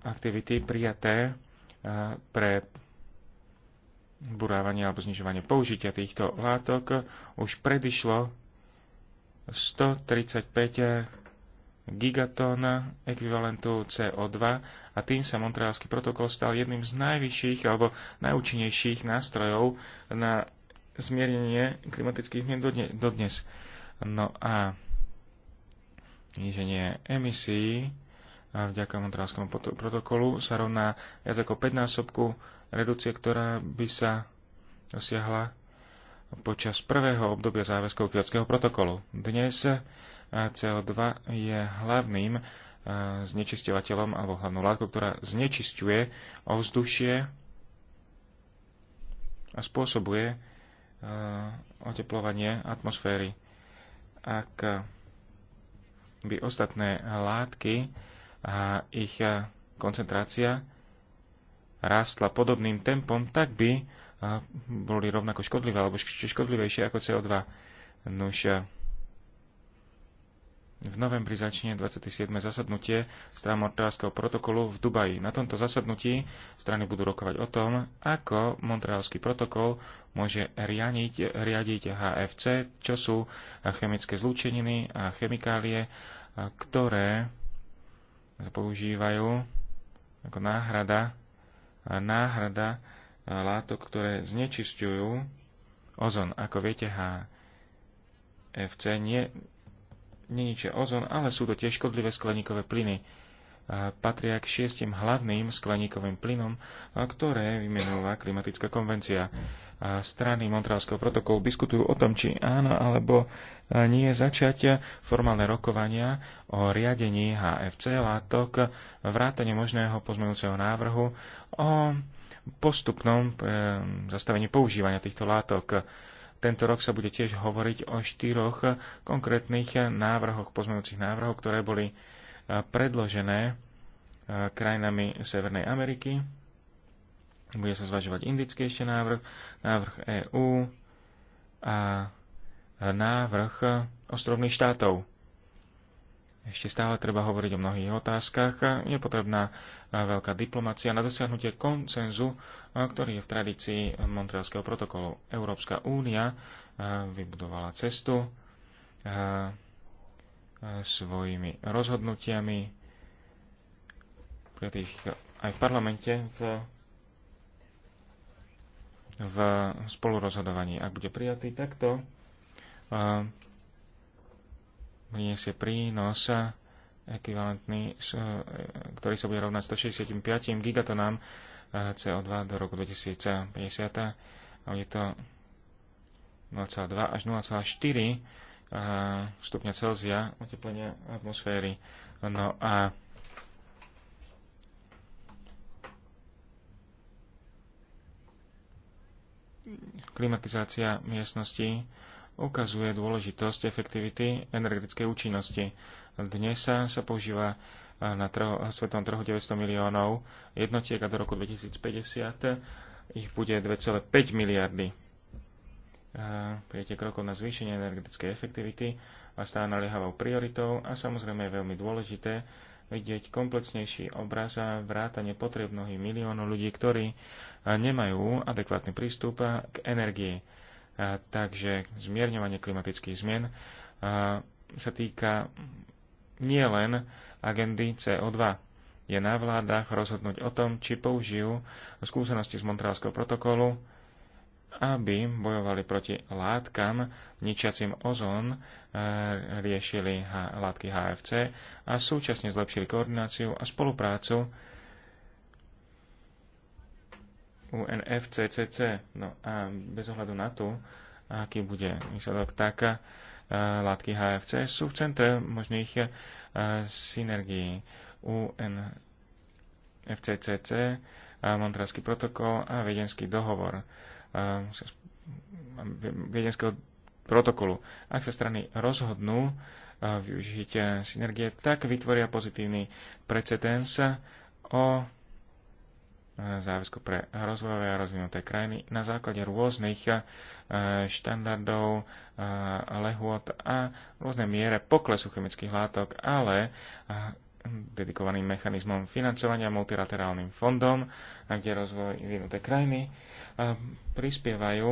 Aktivity prijaté pre burávanie alebo znižovanie použitia týchto látok už predišlo 135 gigatón ekvivalentu CO2 a tým sa Montrealský protokol stal jedným z najvyšších alebo najúčinnejších nástrojov na zmiernenie klimatických zmien dodnes. No a zniženie emisí vďaka Montrealskému protokolu sa rovná viac ako 5 násobku Redukcia, ktorá by sa dosiahla počas prvého obdobia záväzkov Kyotského protokolu. Dnes eh, CO2 je hlavným eh, znečisťovateľom alebo hlavnou látkou, ktorá znečisťuje ovzdušie a spôsobuje eh, oteplovanie atmosféry. Ak by ostatné látky a ich koncentrácia rástla podobným tempom, tak by boli rovnako škodlivé, alebo škodlivejšie ako CO2. Nož v novembri začne 27. zasadnutie strán Montrealského protokolu v Dubaji. Na tomto zasadnutí strany budú rokovať o tom, ako Montrealský protokol môže riadiť, riadiť HFC, čo sú chemické zlúčeniny a chemikálie, ktoré sa používajú ako náhrada náhrada e, látok, ktoré znečisťujú ozon. Ako viete, HFC e nie, neničia ozon, ale sú to tiež škodlivé skleníkové plyny. E, patria k šiestim hlavným skleníkovým plynom, ktoré vymenúva klimatická konvencia strany Montrealského protokolu diskutujú o tom, či áno alebo e, nie začať formálne rokovania o riadení HFC látok, vrátane možného pozmeňujúceho návrhu o postupnom e, zastavení používania týchto látok. Tento rok sa bude tiež hovoriť o štyroch konkrétnych návrhoch, pozmenujúcich návrhov, ktoré boli e, predložené krajinami Severnej Ameriky. Bude sa zvažovať indický ešte návrh, návrh EÚ a návrh ostrovných štátov. Ešte stále treba hovoriť o mnohých otázkach. Je potrebná veľká diplomácia na dosiahnutie koncenzu, ktorý je v tradícii Montrealského protokolu. Európska únia eh, vybudovala cestu eh, svojimi rozhodnutiami pre tých, aj v parlamente v v spolurozhodovaní. Ak bude prijatý takto, priniesie prínos ekvivalentný, e, ktorý sa bude rovnať 165 gigatonám e, CO2 do roku 2050 a bude to 0,2 až 0,4 e, stupňa Celzia oteplenia atmosféry. No a klimatizácia miestnosti ukazuje dôležitosť efektivity energetickej účinnosti. Dnes sa, sa používa eh, na trhu, eh, svetom trhu 900 miliónov jednotiek a do roku 2050 ich bude 2,5 miliardy. Eh, Prijete krokov na zvýšenie energetickej efektivity a stá naliehavou prioritou a samozrejme je veľmi dôležité, vidieť komplexnejší obraz a vrátanie potreb mnohých miliónov ľudí, ktorí nemajú adekvátny prístup k energii. takže zmierňovanie klimatických zmien sa týka nielen agendy CO2. Je na vládach rozhodnúť o tom, či použijú skúsenosti z Montrealského protokolu aby bojovali proti látkam ničiacim ozón, e, riešili látky HFC a súčasne zlepšili koordináciu a spoluprácu UNFCCC. No a bez ohľadu na to, aký bude výsledok, tak e, látky HFC sú v centre možných e, synergií UNFCCC, Montrealský protokol a Viedenský dohovor viedenského protokolu. Ak sa strany rozhodnú využiť e, synergie, tak vytvoria pozitívny precedens o e, záväzku pre rozvojové a rozvinuté krajiny na základe rôznych e, štandardov, lehôd a rôzne miere poklesu chemických látok, ale dedikovaným mechanizmom financovania multilaterálnym fondom, kde rozvoj vyvinuté krajiny eh, prispievajú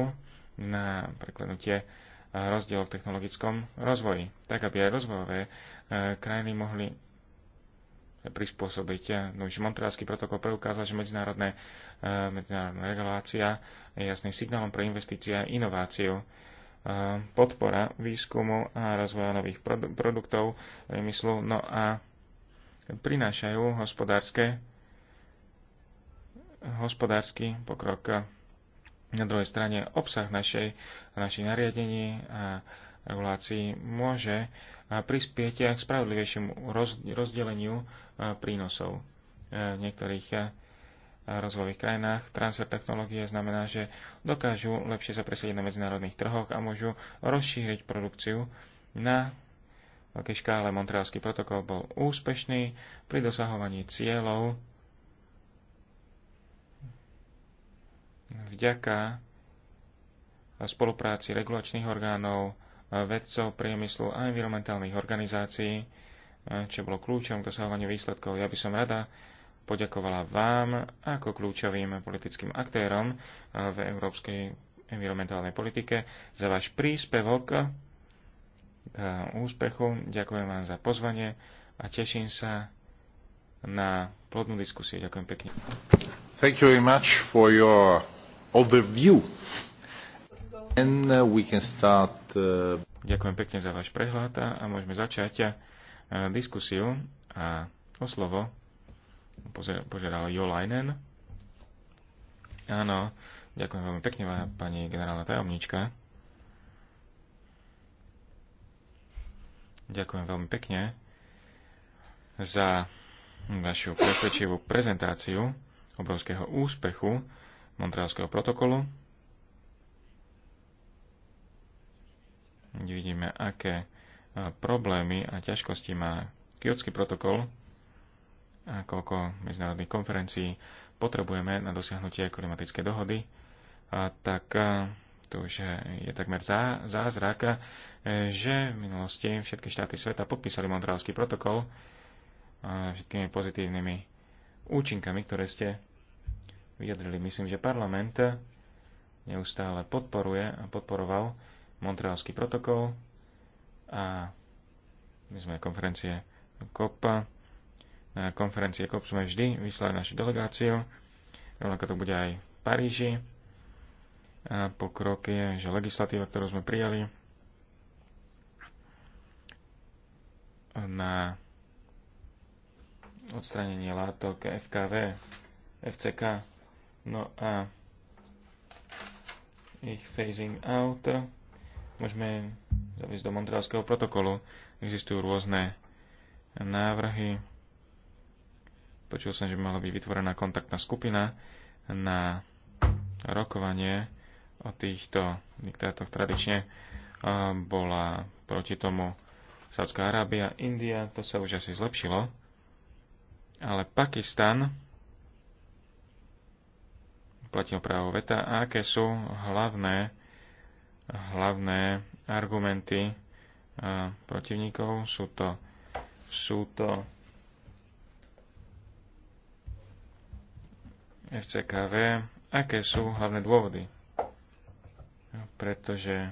na preklenutie eh, rozdiel v technologickom rozvoji, tak aby aj rozvojové eh, krajiny mohli prispôsobiť. No už Montrealský protokol preukázal, že medzinárodné, medzinárodná regulácia je jasným signálom pre investície a inováciu. Podpora výskumu a rozvoja nových produktov, priemyslu, no a prinášajú hospodárske, hospodársky pokrok. Na druhej strane obsah našej, našich nariadení a regulácií môže prispieť k spravodlivejšiemu rozdeleniu prínosov. V niektorých rozvojových krajinách transfer technológie znamená, že dokážu lepšie sa presadiť na medzinárodných trhoch a môžu rozšíriť produkciu na veľkej škále Montrealský protokol bol úspešný pri dosahovaní cieľov vďaka spolupráci regulačných orgánov, vedcov, priemyslu a environmentálnych organizácií, čo bolo kľúčom k dosahovaniu výsledkov. Ja by som rada poďakovala vám ako kľúčovým politickým aktérom v európskej environmentálnej politike za váš príspevok Eh, úspechu. Ďakujem vám za pozvanie a teším sa na plodnú diskusiu. Ďakujem pekne. Thank you very much for your overview. And uh, we can start, uh... Ďakujem pekne za váš prehľad a môžeme začať eh, diskusiu a o slovo požiadal Jo Leinen. Áno, ďakujem veľmi pekne, pani generálna tajomnička. Ďakujem veľmi pekne za vašu presvedčivú prezentáciu obrovského úspechu Montrealského protokolu. Vidíme, aké e, problémy a ťažkosti má Kyotský protokol a koľko medzinárodných konferencií potrebujeme na dosiahnutie klimatickej dohody, a tak e, to už je takmer zá, zázrak, e, že v minulosti všetky štáty sveta podpísali Montrealský protokol a e, všetkými pozitívnymi účinkami, ktoré ste vyjadrili. Myslím, že parlament neustále podporuje a podporoval Montrealský protokol a my sme konferencie COP. Na konferencie COP sme vždy vyslali našu delegáciu. Rovnako to bude aj v Paríži pokrok je, že legislatíva, ktorú sme prijali na odstranenie látok FKV, FCK, no a ich phasing out môžeme zaviesť do Montrealského protokolu. Existujú rôzne návrhy. Počul som, že by mala byť vytvorená kontaktná skupina na rokovanie o týchto diktátoch tradične e, bola proti tomu Sádzka Arábia, India, to sa už asi zlepšilo, ale Pakistan platil právo veta a aké sú hlavné, hlavné argumenty e, protivníkov. Sú to, sú to FCKV. Aké sú hlavné dôvody? pretože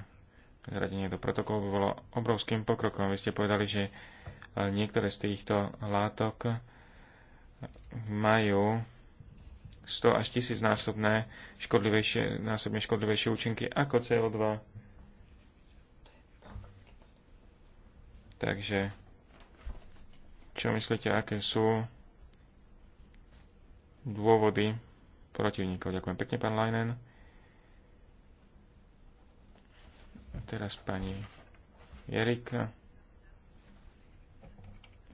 zradenie do protokolu by bolo obrovským pokrokom. Vy ste povedali, že e, niektoré z týchto látok majú 100 až 1000 násobné škodlivejšie, násobne škodlivejšie účinky ako CO2. Takže čo myslíte, aké sú dôvody protivníkov? Ďakujem pekne, pán Leinen. A teraz pani Jerika.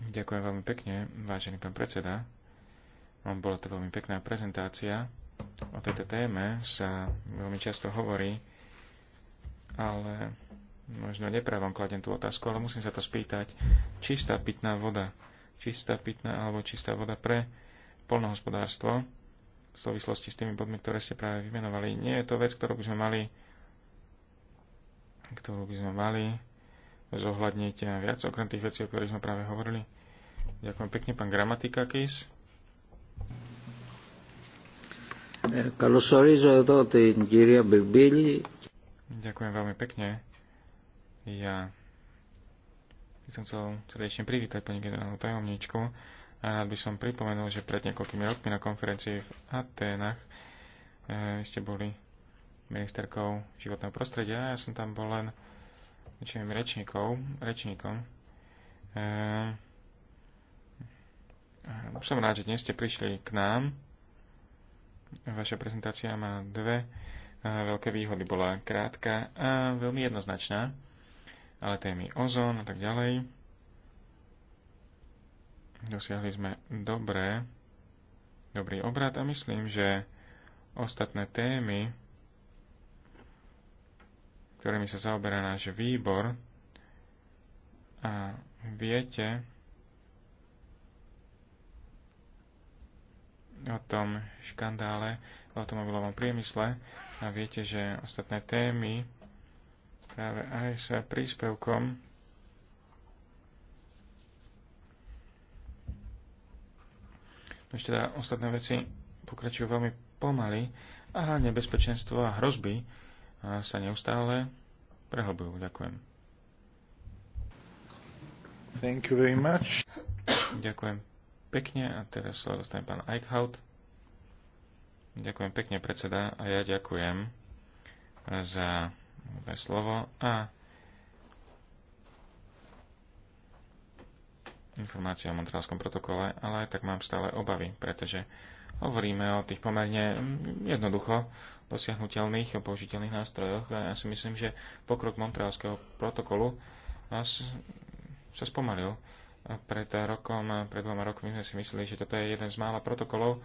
Ďakujem veľmi pekne, vážený pán predseda. No, bola to veľmi pekná prezentácia. O tejto téme sa veľmi často hovorí, ale možno nepravom kladem tú otázku, ale musím sa to spýtať. Čistá pitná voda. Čistá pitná alebo čistá voda pre polnohospodárstvo v súvislosti s tými bodmi, ktoré ste práve vymenovali. Nie je to vec, ktorú by sme mali ktorú by sme mali zohľadniť viac, okrem tých vecí, o ktorých sme práve hovorili. Ďakujem pekne, pán Gramatika Kis. Eh, Ďakujem veľmi pekne. Ja by som chcel srdečne privítať pani generálnu tajomníčku a rád by som pripomenul, že pred niekoľkými rokmi na konferencii v Aténach e, eh, ste boli ministerkou životného prostredia. Ja som tam bol len väčšinou rečníkom. Ehm, som rád, že dnes ste prišli k nám. Vaša prezentácia má dve eh, veľké výhody. Bola krátka a veľmi jednoznačná, ale témy ozón a tak ďalej. Dosiahli sme dobré, dobrý obrad a myslím, že ostatné témy ktorými sa zaoberá náš výbor. A viete o tom škandále v automobilovom priemysle a viete, že ostatné témy práve aj s príspevkom ešte teda ostatné veci pokračujú veľmi pomaly a nebezpečenstvo a hrozby sa neustále prehlbujú. Ďakujem. Thank you very much. Ďakujem pekne a teraz sa dostane pán Eichhout. Ďakujem pekne, predseda, a ja ďakujem za slovo a informácie o Montrealskom protokole, ale aj tak mám stále obavy, pretože Hovoríme o tých pomerne mm, jednoducho dosiahnutelných a použiteľných nástrojoch a ja si myslím, že pokrok Montrealského protokolu nás sa spomalil. Pred rokom, pred dvoma rokmi sme si mysleli, že toto je jeden z mála protokolov,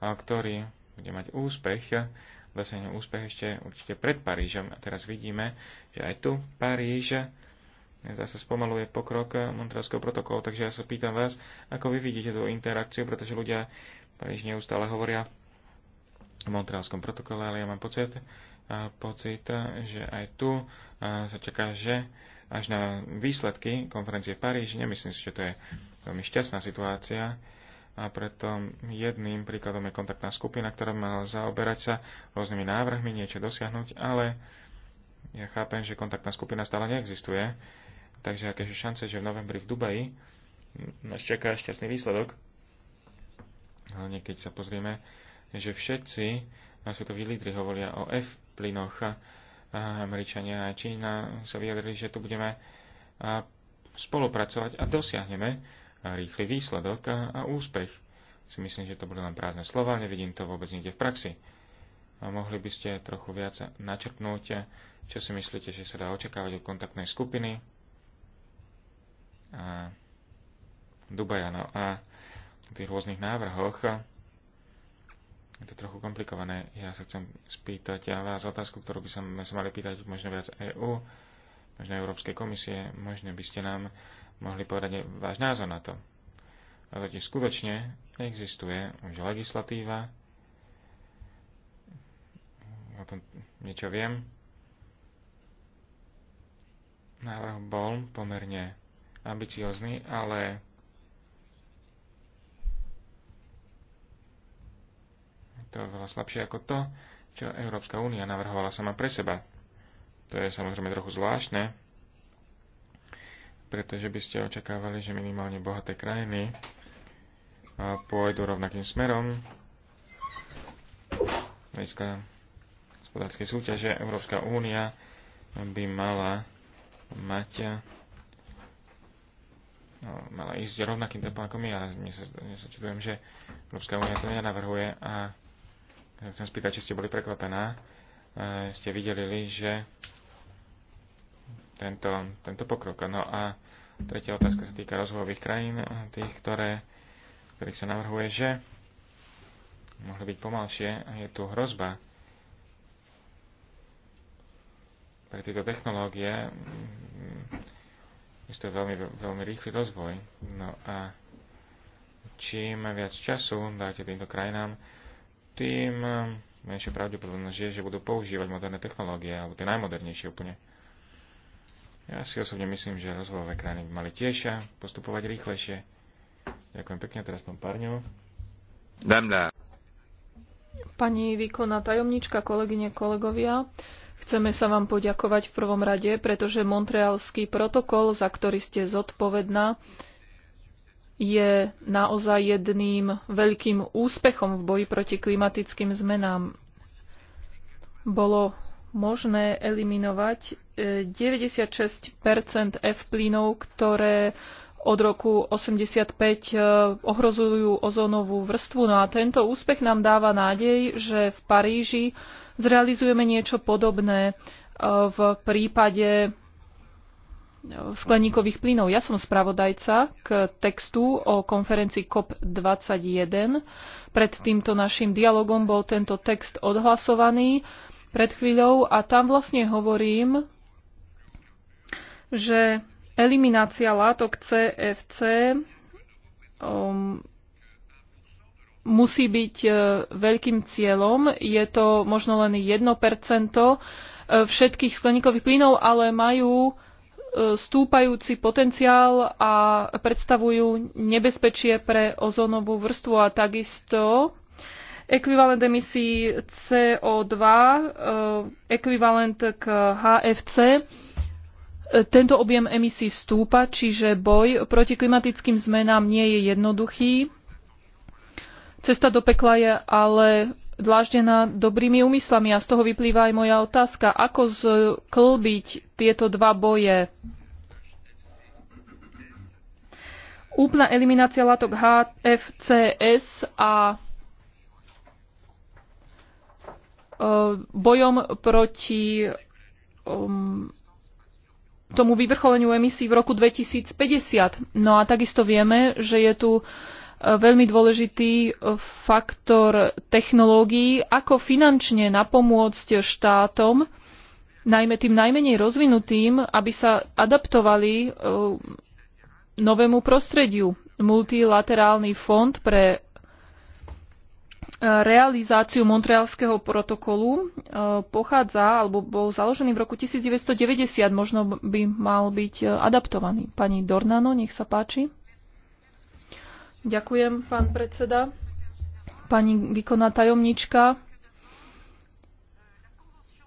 ktorý bude mať úspech, dosiahne úspech ešte určite pred Parížom. A teraz vidíme, že aj tu Paríž zdá sa spomaluje pokrok Montrealského protokolu, takže ja sa pýtam vás, ako vy vidíte tú interakciu, pretože ľudia Paríž neustále hovoria v Montrealskom protokole, ale ja mám pocit, pocit, že aj tu sa čaká, že až na výsledky konferencie v Paríži, nemyslím si, že to je veľmi šťastná situácia, a preto jedným príkladom je kontaktná skupina, ktorá mala zaoberať sa rôznymi návrhmi, niečo dosiahnuť, ale ja chápem, že kontaktná skupina stále neexistuje, takže aké šance, že v novembri v Dubaji nás čaká šťastný výsledok. Hlavne keď sa pozrieme, že všetci svetoví lídry hovoria o F plynoch. Američania a Čína sa vyjadrili, že tu budeme spolupracovať a dosiahneme rýchly výsledok a, úspech. Si myslím, že to bude len prázdne slova, nevidím to vôbec nikde v praxi. A mohli by ste trochu viac načrtnúť, čo si myslíte, že sa dá očakávať od kontaktnej skupiny a Dubaja. No a tých rôznych návrhoch. Je to trochu komplikované. Ja sa chcem spýtať ja vás otázku, ktorú by sme sa mali pýtať možno viac EÚ, možno Európskej komisie, možno by ste nám mohli povedať váš názor na to. A totiž skutočne existuje už legislatíva, o tom niečo viem. Návrh bol pomerne ambiciozný, ale To je veľa slabšie vlastne ako to, čo Európska únia navrhovala sama pre seba. To je samozrejme trochu zvláštne, pretože by ste očakávali, že minimálne bohaté krajiny pôjdu rovnakým smerom. Hľadiska hospodárskej súťaže Európska únia by mala mať no, mala ísť rovnakým tempom ako my ale mne sa, sa čudujem, že Európska únia to nenavrhuje a chcem spýtať, či ste boli prekvapená, e, ste videli, že tento, tento pokrok. No a tretia otázka sa týka rozvojových krajín, tých, ktoré, ktorých sa navrhuje, že mohli byť pomalšie a je tu hrozba pre tieto technológie mm, je to veľmi, veľmi rýchly rozvoj. No a čím viac času dáte týmto krajinám, tým eh, menšie pravdepodobnosť je, že budú používať moderné technológie, alebo tie najmodernejšie úplne. Ja si osobne myslím, že rozvojové krajiny by mali tiež eh, postupovať rýchlejšie. Ďakujem pekne, teraz pán Parňov. Dám dá. Pani výkonná tajomnička, kolegyne, kolegovia, chceme sa vám poďakovať v prvom rade, pretože Montrealský protokol, za ktorý ste zodpovedná, je naozaj jedným veľkým úspechom v boji proti klimatickým zmenám. Bolo možné eliminovať 96 e, F plynov, ktoré od roku 85 e, ohrozujú ozónovú vrstvu. No a tento úspech nám dáva nádej, že v Paríži zrealizujeme niečo podobné e, v prípade skleníkových plynov. Ja som spravodajca k textu o konferencii COP21. Pred týmto našim dialogom bol tento text odhlasovaný pred chvíľou a tam vlastne hovorím, že eliminácia látok CFC um, musí byť e, veľkým cieľom. Je to možno len 1% e, všetkých skleníkových plynov, ale majú E, stúpajúci potenciál a predstavujú nebezpečie pre ozónovú vrstvu a takisto ekvivalent emisí CO2, e, ekvivalent k HFC. E, tento objem emisí stúpa, čiže boj proti klimatickým zmenám nie je jednoduchý. Cesta do pekla je ale dláždená dobrými úmyslami a z toho vyplýva aj moja otázka, ako zklbiť tieto dva boje. Úplná eliminácia látok HFCS a e, bojom proti e, tomu vyvrcholeniu emisí v roku 2050. No a takisto vieme, že je tu veľmi dôležitý e, faktor technológií, ako finančne napomôcť štátom, najmä tým najmenej rozvinutým, aby sa adaptovali e, novému prostrediu. Multilaterálny fond pre e, realizáciu Montrealského protokolu pochádza alebo bol založený v roku 1990, možno by mal byť adaptovaný. Pani Dornano, nech sa páči. Ďakujem, pán predseda. Pani výkonná tajomnička,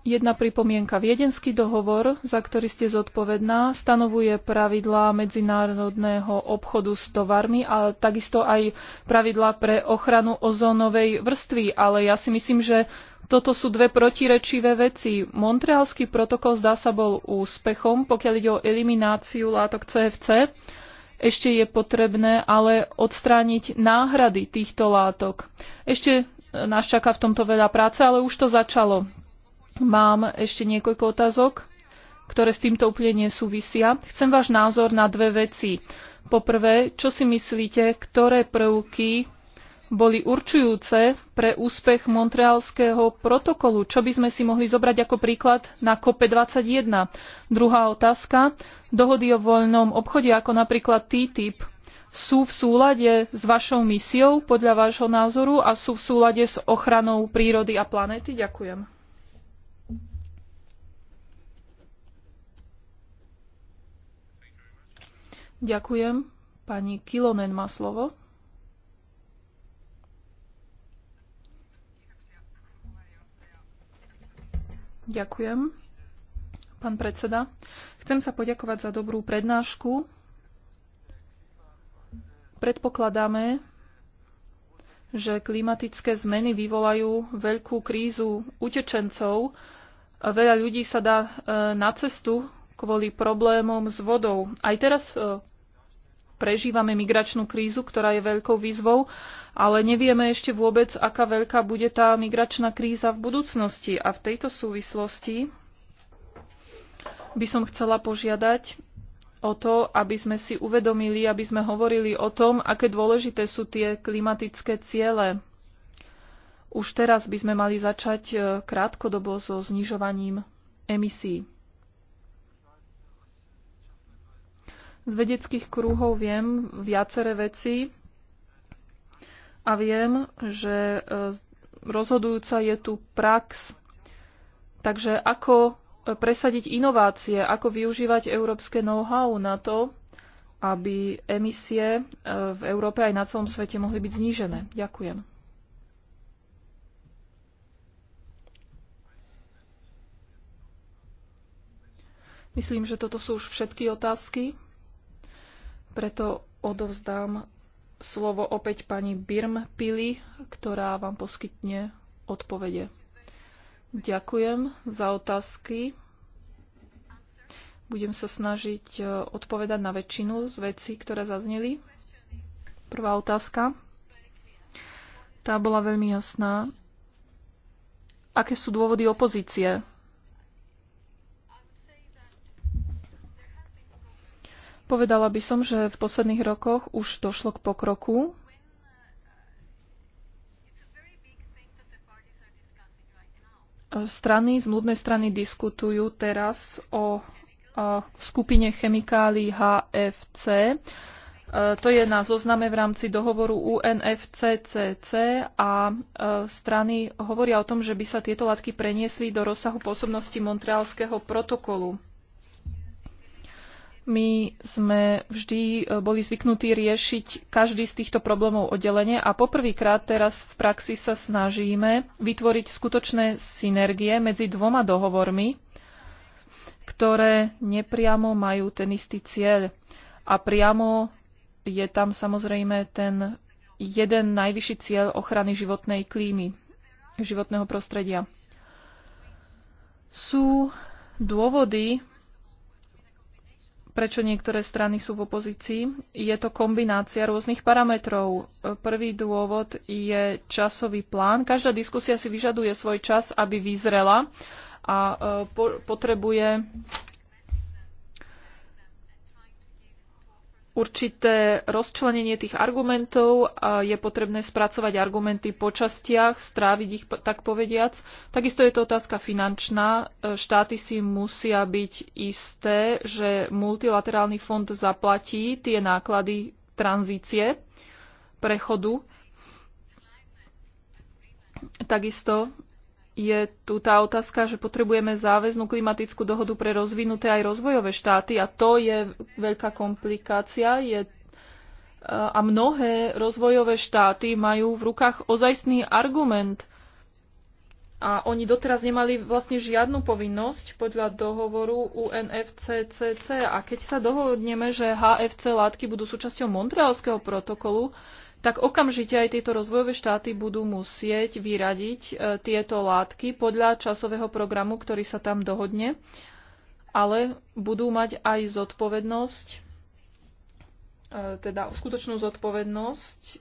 jedna pripomienka. Viedenský dohovor, za ktorý ste zodpovedná, stanovuje pravidlá medzinárodného obchodu s tovarmi a takisto aj pravidlá pre ochranu ozónovej vrstvy. Ale ja si myslím, že toto sú dve protirečivé veci. Montrealský protokol zdá sa bol úspechom, pokiaľ ide o elimináciu látok CFC ešte je potrebné ale odstrániť náhrady týchto látok. Ešte e, nás čaká v tomto veľa práce, ale už to začalo. Mám ešte niekoľko otázok, ktoré s týmto úplne nesúvisia. Chcem váš názor na dve veci. Poprvé, čo si myslíte, ktoré prvky boli určujúce pre úspech Montrealského protokolu. Čo by sme si mohli zobrať ako príklad na COP21? Druhá otázka. Dohody o voľnom obchode, ako napríklad TTIP, sú v súlade s vašou misiou podľa vášho názoru a sú v súlade s ochranou prírody a planéty? Ďakujem. Ďakujem. Pani Kilonen má slovo. Ďakujem, pán predseda. Chcem sa poďakovať za dobrú prednášku. Predpokladáme, že klimatické zmeny vyvolajú veľkú krízu utečencov. Veľa ľudí sa dá e, na cestu kvôli problémom s vodou. Aj teraz e, prežívame migračnú krízu, ktorá je veľkou výzvou, ale nevieme ešte vôbec, aká veľká bude tá migračná kríza v budúcnosti. A v tejto súvislosti by som chcela požiadať o to, aby sme si uvedomili, aby sme hovorili o tom, aké dôležité sú tie klimatické ciele. Už teraz by sme mali začať eh, krátkodobo so znižovaním emisí. Z vedeckých krúhov viem viaceré veci a viem, že e, rozhodujúca je tu prax. Takže ako e, presadiť inovácie, ako využívať európske know-how na to, aby emisie e, v Európe aj na celom svete mohli byť znížené. Ďakujem. Myslím, že toto sú už všetky otázky. Preto odovzdám slovo opäť pani Birm Pili, ktorá vám poskytne odpovede. Ďakujem za otázky. Budem sa snažiť e, odpovedať na väčšinu z vecí, ktoré zazneli. Prvá otázka. Tá bola veľmi jasná. Aké sú dôvody opozície Povedala by som, že v posledných rokoch už došlo k pokroku. Strany, zmluvné strany diskutujú teraz o skupine chemikálií HFC. E, to je na zozname v rámci dohovoru UNFCCC a e, strany hovoria o tom, že by sa tieto látky preniesli do rozsahu pôsobnosti Montrealského protokolu. My sme vždy e, boli zvyknutí riešiť každý z týchto problémov oddelenie a poprvýkrát teraz v praxi sa snažíme vytvoriť skutočné synergie medzi dvoma dohovormi, ktoré nepriamo majú ten istý cieľ. A priamo je tam samozrejme ten jeden najvyšší cieľ ochrany životnej klímy, životného prostredia. Sú dôvody, prečo niektoré strany sú v opozícii. Je to kombinácia rôznych parametrov. Prvý dôvod je časový plán. Každá diskusia si vyžaduje svoj čas, aby vyzrela a e, potrebuje určité rozčlenenie tých argumentov, je potrebné spracovať argumenty po častiach, stráviť ich tak povediac. Takisto je to otázka finančná. Štáty si musia byť isté, že multilaterálny fond zaplatí tie náklady tranzície, prechodu. Takisto je tu tá otázka, že potrebujeme záväznú klimatickú dohodu pre rozvinuté aj rozvojové štáty a to je veľká komplikácia. Je, e, a mnohé rozvojové štáty majú v rukách ozajstný argument a oni doteraz nemali vlastne žiadnu povinnosť podľa dohovoru UNFCCC. A keď sa dohodneme, že HFC látky budú súčasťou Montrealského protokolu, tak okamžite aj tieto rozvojové štáty budú musieť vyradiť e, tieto látky podľa časového programu, ktorý sa tam dohodne, ale budú mať aj zodpovednosť, e, teda skutočnú zodpovednosť e,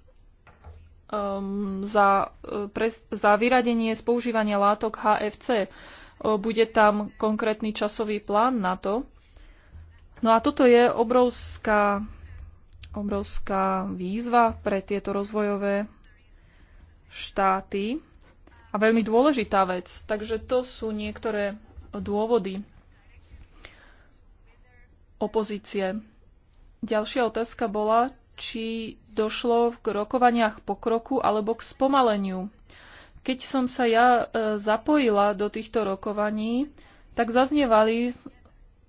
za, pre, za vyradenie z používania látok HFC. Bude tam konkrétny časový plán na to. No a toto je obrovská obrovská výzva pre tieto rozvojové štáty a veľmi dôležitá vec. Takže to sú niektoré dôvody opozície. Ďalšia otázka bola, či došlo k rokovaniach pokroku alebo k spomaleniu. Keď som sa ja e, zapojila do týchto rokovaní, tak zaznievali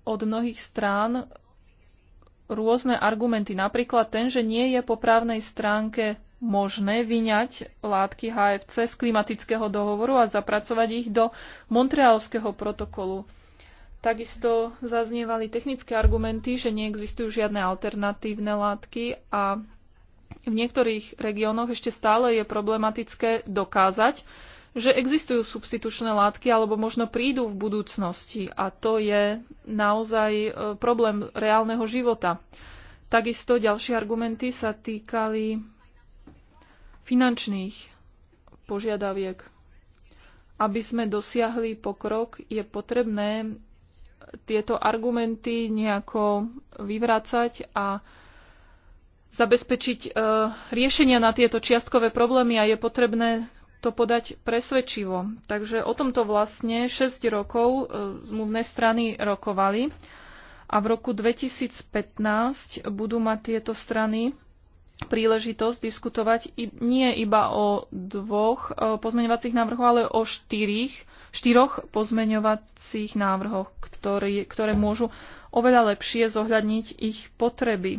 od mnohých strán rôzne argumenty. Napríklad ten, že nie je po právnej stránke možné vyňať látky HFC z klimatického dohovoru a zapracovať ich do Montrealského protokolu. Takisto zaznievali technické argumenty, že neexistujú žiadne alternatívne látky a v niektorých regiónoch ešte stále je problematické dokázať, že existujú substitučné látky alebo možno prídu v budúcnosti a to je naozaj e, problém reálneho života. Takisto ďalšie argumenty sa týkali finančných požiadaviek. Aby sme dosiahli pokrok, je potrebné tieto argumenty nejako vyvrácať a zabezpečiť e, riešenia na tieto čiastkové problémy a je potrebné to podať presvedčivo. Takže o tomto vlastne 6 rokov e, zmluvné strany rokovali a v roku 2015 budú mať tieto strany príležitosť diskutovať nie iba o dvoch e, pozmeňovacích návrhoch, ale o štyrých, štyroch pozmeňovacích návrhoch, ktorý, ktoré môžu oveľa lepšie zohľadniť ich potreby.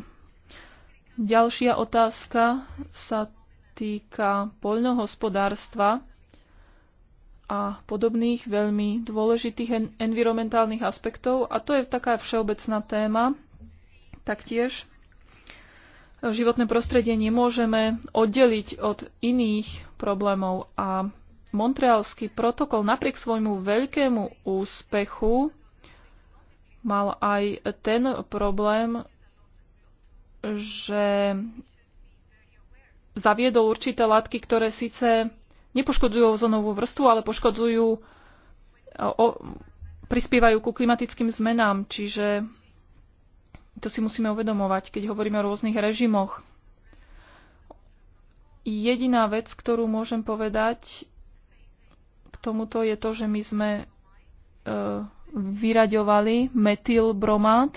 Ďalšia otázka sa týka poľnohospodárstva a podobných veľmi dôležitých environmentálnych aspektov. A to je taká všeobecná téma. Taktiež životné prostredie nemôžeme oddeliť od iných problémov a Montrealský protokol napriek svojmu veľkému úspechu mal aj ten problém, že zaviedol určité látky, ktoré síce nepoškodujú ozonovú vrstvu, ale poškodujú, o, prispievajú ku klimatickým zmenám. Čiže to si musíme uvedomovať, keď hovoríme o rôznych režimoch. Jediná vec, ktorú môžem povedať k tomuto, je to, že my sme e, vyraďovali metylbromát,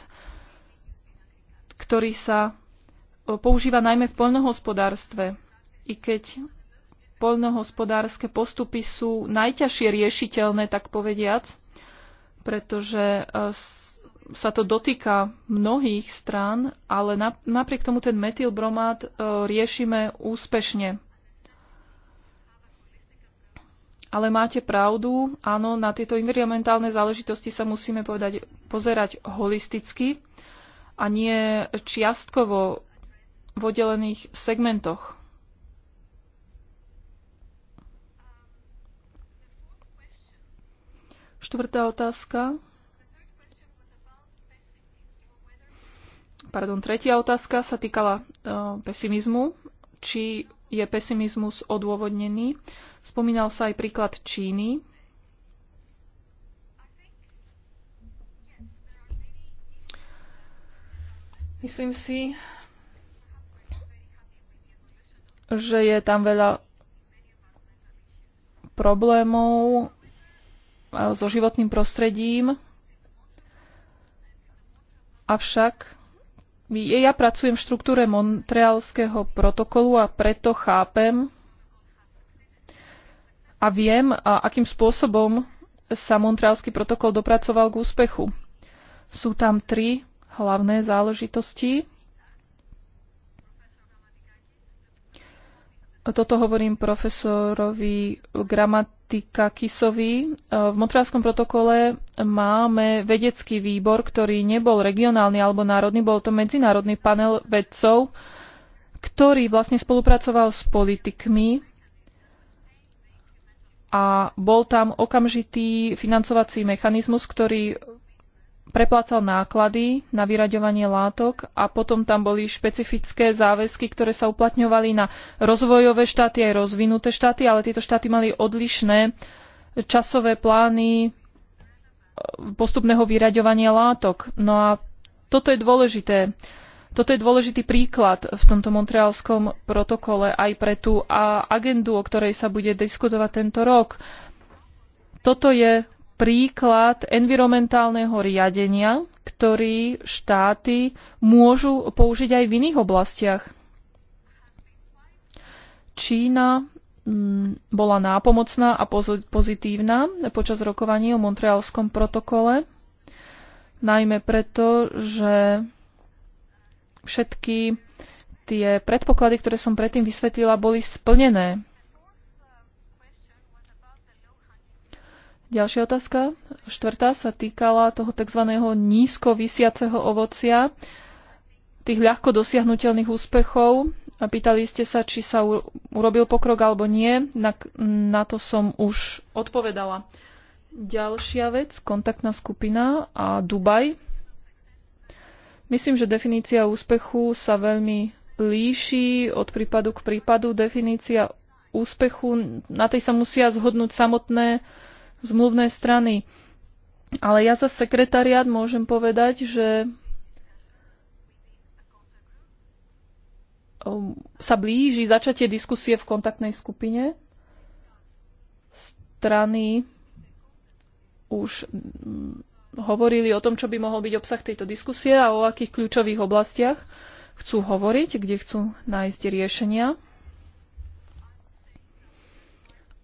ktorý sa používa najmä v poľnohospodárstve. I keď poľnohospodárske postupy sú najťažšie riešiteľné, tak povediac, pretože e, sa to dotýka mnohých strán, ale napriek tomu ten metylbromát e, riešime úspešne. Ale máte pravdu, áno, na tieto environmentálne záležitosti sa musíme povedať, pozerať holisticky a nie čiastkovo v oddelených segmentoch. Štvrtá otázka. Pardon, tretia otázka sa týkala e, pesimizmu. Či je pesimizmus odôvodnený? Spomínal sa aj príklad Číny, Myslím si, že je tam veľa problémov e, so životným prostredím. Avšak ja pracujem v štruktúre Montrealského protokolu a preto chápem a viem, a akým spôsobom sa Montrealský protokol dopracoval k úspechu. Sú tam tri hlavné záležitosti, Toto hovorím profesorovi gramatika Kisovi. E, v Montrealskom protokole máme vedecký výbor, ktorý nebol regionálny alebo národný, bol to medzinárodný panel vedcov, ktorý vlastne spolupracoval s politikmi a bol tam okamžitý financovací mechanizmus, ktorý preplácal náklady na vyraďovanie látok a potom tam boli špecifické záväzky, ktoré sa uplatňovali na rozvojové štáty aj rozvinuté štáty, ale tieto štáty mali odlišné časové plány e, postupného vyraďovania látok. No a toto je dôležité. Toto je dôležitý príklad v tomto montrealskom protokole aj pre tú agendu, o ktorej sa bude diskutovať tento rok. Toto je príklad environmentálneho riadenia, ktorý štáty môžu použiť aj v iných oblastiach. Čína mm, bola nápomocná a pozitívna počas rokovaní o Montrealskom protokole, najmä preto, že všetky tie predpoklady, ktoré som predtým vysvetlila, boli splnené. Ďalšia otázka, štvrtá, sa týkala toho tzv. nízko vysiaceho ovocia, tých ľahko dosiahnutelných úspechov. A pýtali ste sa, či sa urobil pokrok alebo nie. Na, na to som už odpovedala. Ďalšia vec, kontaktná skupina a Dubaj. Myslím, že definícia úspechu sa veľmi líši od prípadu k prípadu. Definícia úspechu, na tej sa musia zhodnúť samotné uh, zmluvné strany. Ale ja za sekretariát môžem povedať, že um, sa blíži začatie diskusie v kontaktnej skupine. Strany už mm, hovorili o tom, čo by mohol byť obsah tejto diskusie a o akých kľúčových oblastiach chcú hovoriť, kde chcú nájsť riešenia.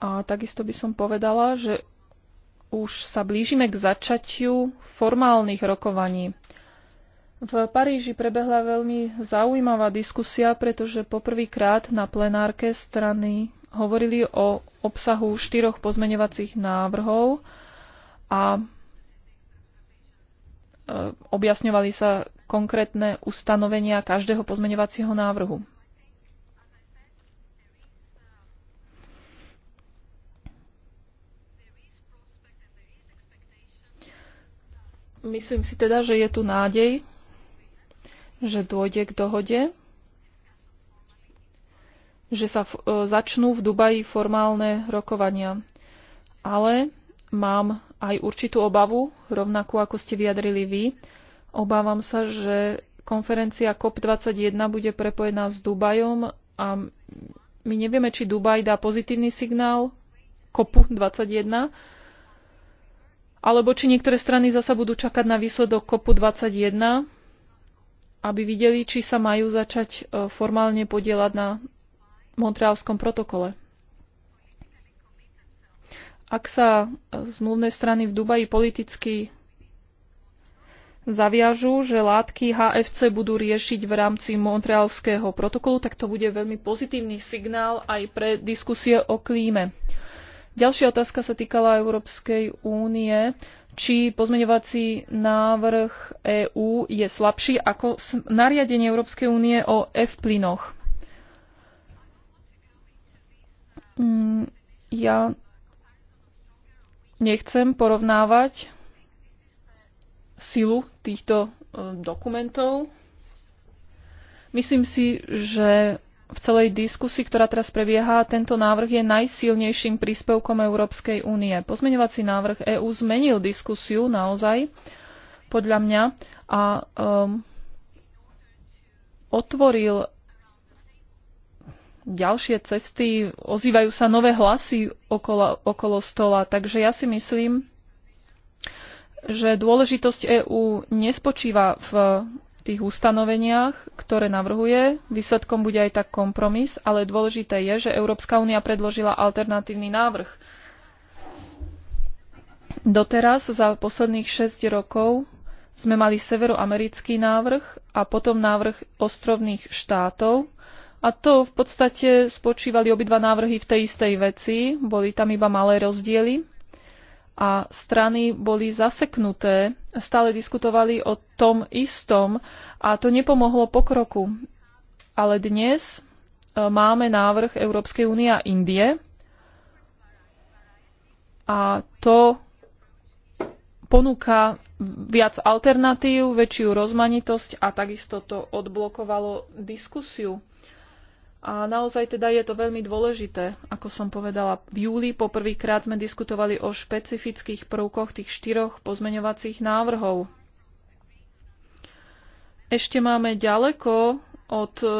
A takisto by som povedala, že už sa blížime k začatiu formálnych rokovaní. V Paríži prebehla veľmi zaujímavá diskusia, pretože poprvýkrát na plenárke strany hovorili o obsahu štyroch pozmeňovacích návrhov a e, objasňovali sa konkrétne ustanovenia každého pozmeňovacieho návrhu. Myslím si teda, že je tu nádej, že dôjde k dohode, že sa e, začnú v Dubaji formálne rokovania. Ale mám aj určitú obavu, rovnakú ako ste vyjadrili vy. Obávam sa, že konferencia COP21 bude prepojená s Dubajom a my nevieme, či Dubaj dá pozitívny signál cop 21, alebo či niektoré strany zasa budú čakať na výsledok cop 21, aby videli, či sa majú začať e, formálne podielať na Montrealskom protokole. Ak sa e, zmluvné strany v Dubaji politicky zaviažu, že látky HFC budú riešiť v rámci Montrealského protokolu, tak to bude veľmi pozitívny signál aj pre diskusie o klíme. Ďalšia otázka sa týkala Európskej únie. Či pozmeňovací návrh EÚ je slabší ako nariadenie Európskej únie o F-plynoch? Mm, ja nechcem porovnávať silu týchto e, dokumentov. Myslím si, že v celej diskusii, ktorá teraz prebieha, tento návrh je najsilnejším príspevkom Európskej únie. Pozmeňovací návrh EÚ zmenil diskusiu naozaj, podľa mňa, a um, otvoril ďalšie cesty, ozývajú sa nové hlasy okolo, okolo stola. Takže ja si myslím, že dôležitosť EÚ nespočíva v tých ustanoveniach, ktoré navrhuje. Výsledkom bude aj tak kompromis, ale dôležité je, že Európska únia predložila alternatívny návrh. Doteraz za posledných 6 rokov sme mali severoamerický návrh a potom návrh ostrovných štátov. A to v podstate spočívali obidva návrhy v tej istej veci, boli tam iba malé rozdiely a strany boli zaseknuté, stále diskutovali o tom istom a to nepomohlo pokroku. Ale dnes e, máme návrh Európskej únie a Indie a to ponúka viac alternatív, väčšiu rozmanitosť a takisto to odblokovalo diskusiu. A naozaj teda je to veľmi dôležité. Ako som povedala, v júli poprvýkrát sme diskutovali o špecifických prvkoch tých štyroch pozmeňovacích návrhov. Ešte máme ďaleko od e,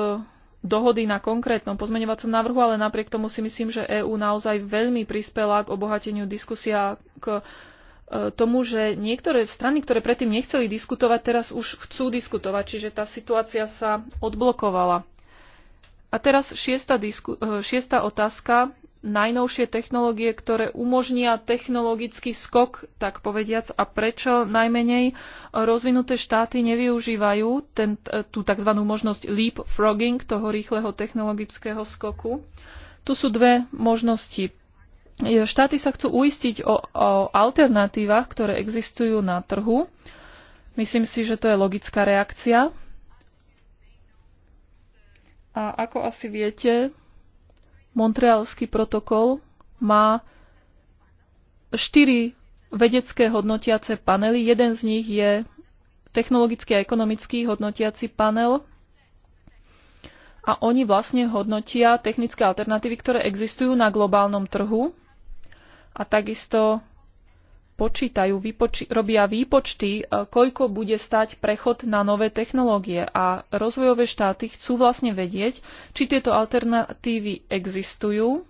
dohody na konkrétnom pozmeňovacom návrhu, ale napriek tomu si myslím, že EÚ naozaj veľmi prispela k obohateniu diskusia k e, tomu, že niektoré strany, ktoré predtým nechceli diskutovať, teraz už chcú diskutovať, čiže tá situácia sa odblokovala. A teraz šiesta, disku, e, šiesta otázka. Najnovšie technológie, ktoré umožnia technologický skok, tak povediac, a prečo najmenej rozvinuté štáty nevyužívajú ten, e, tú tzv. možnosť leapfrogging, toho rýchleho technologického skoku. Tu sú dve možnosti. E, štáty sa chcú uistiť o, o alternatívach, ktoré existujú na trhu. Myslím si, že to je logická reakcia a ako asi viete, Montrealský protokol má štyri vedecké hodnotiace panely. Jeden z nich je technologický a ekonomický hodnotiaci panel. A oni vlastne hodnotia technické alternatívy, ktoré existujú na globálnom trhu a takisto počítajú, vypoči- robia výpočty, e, koľko bude stať prechod na nové technológie a rozvojové štáty chcú vlastne vedieť, či tieto alternatívy existujú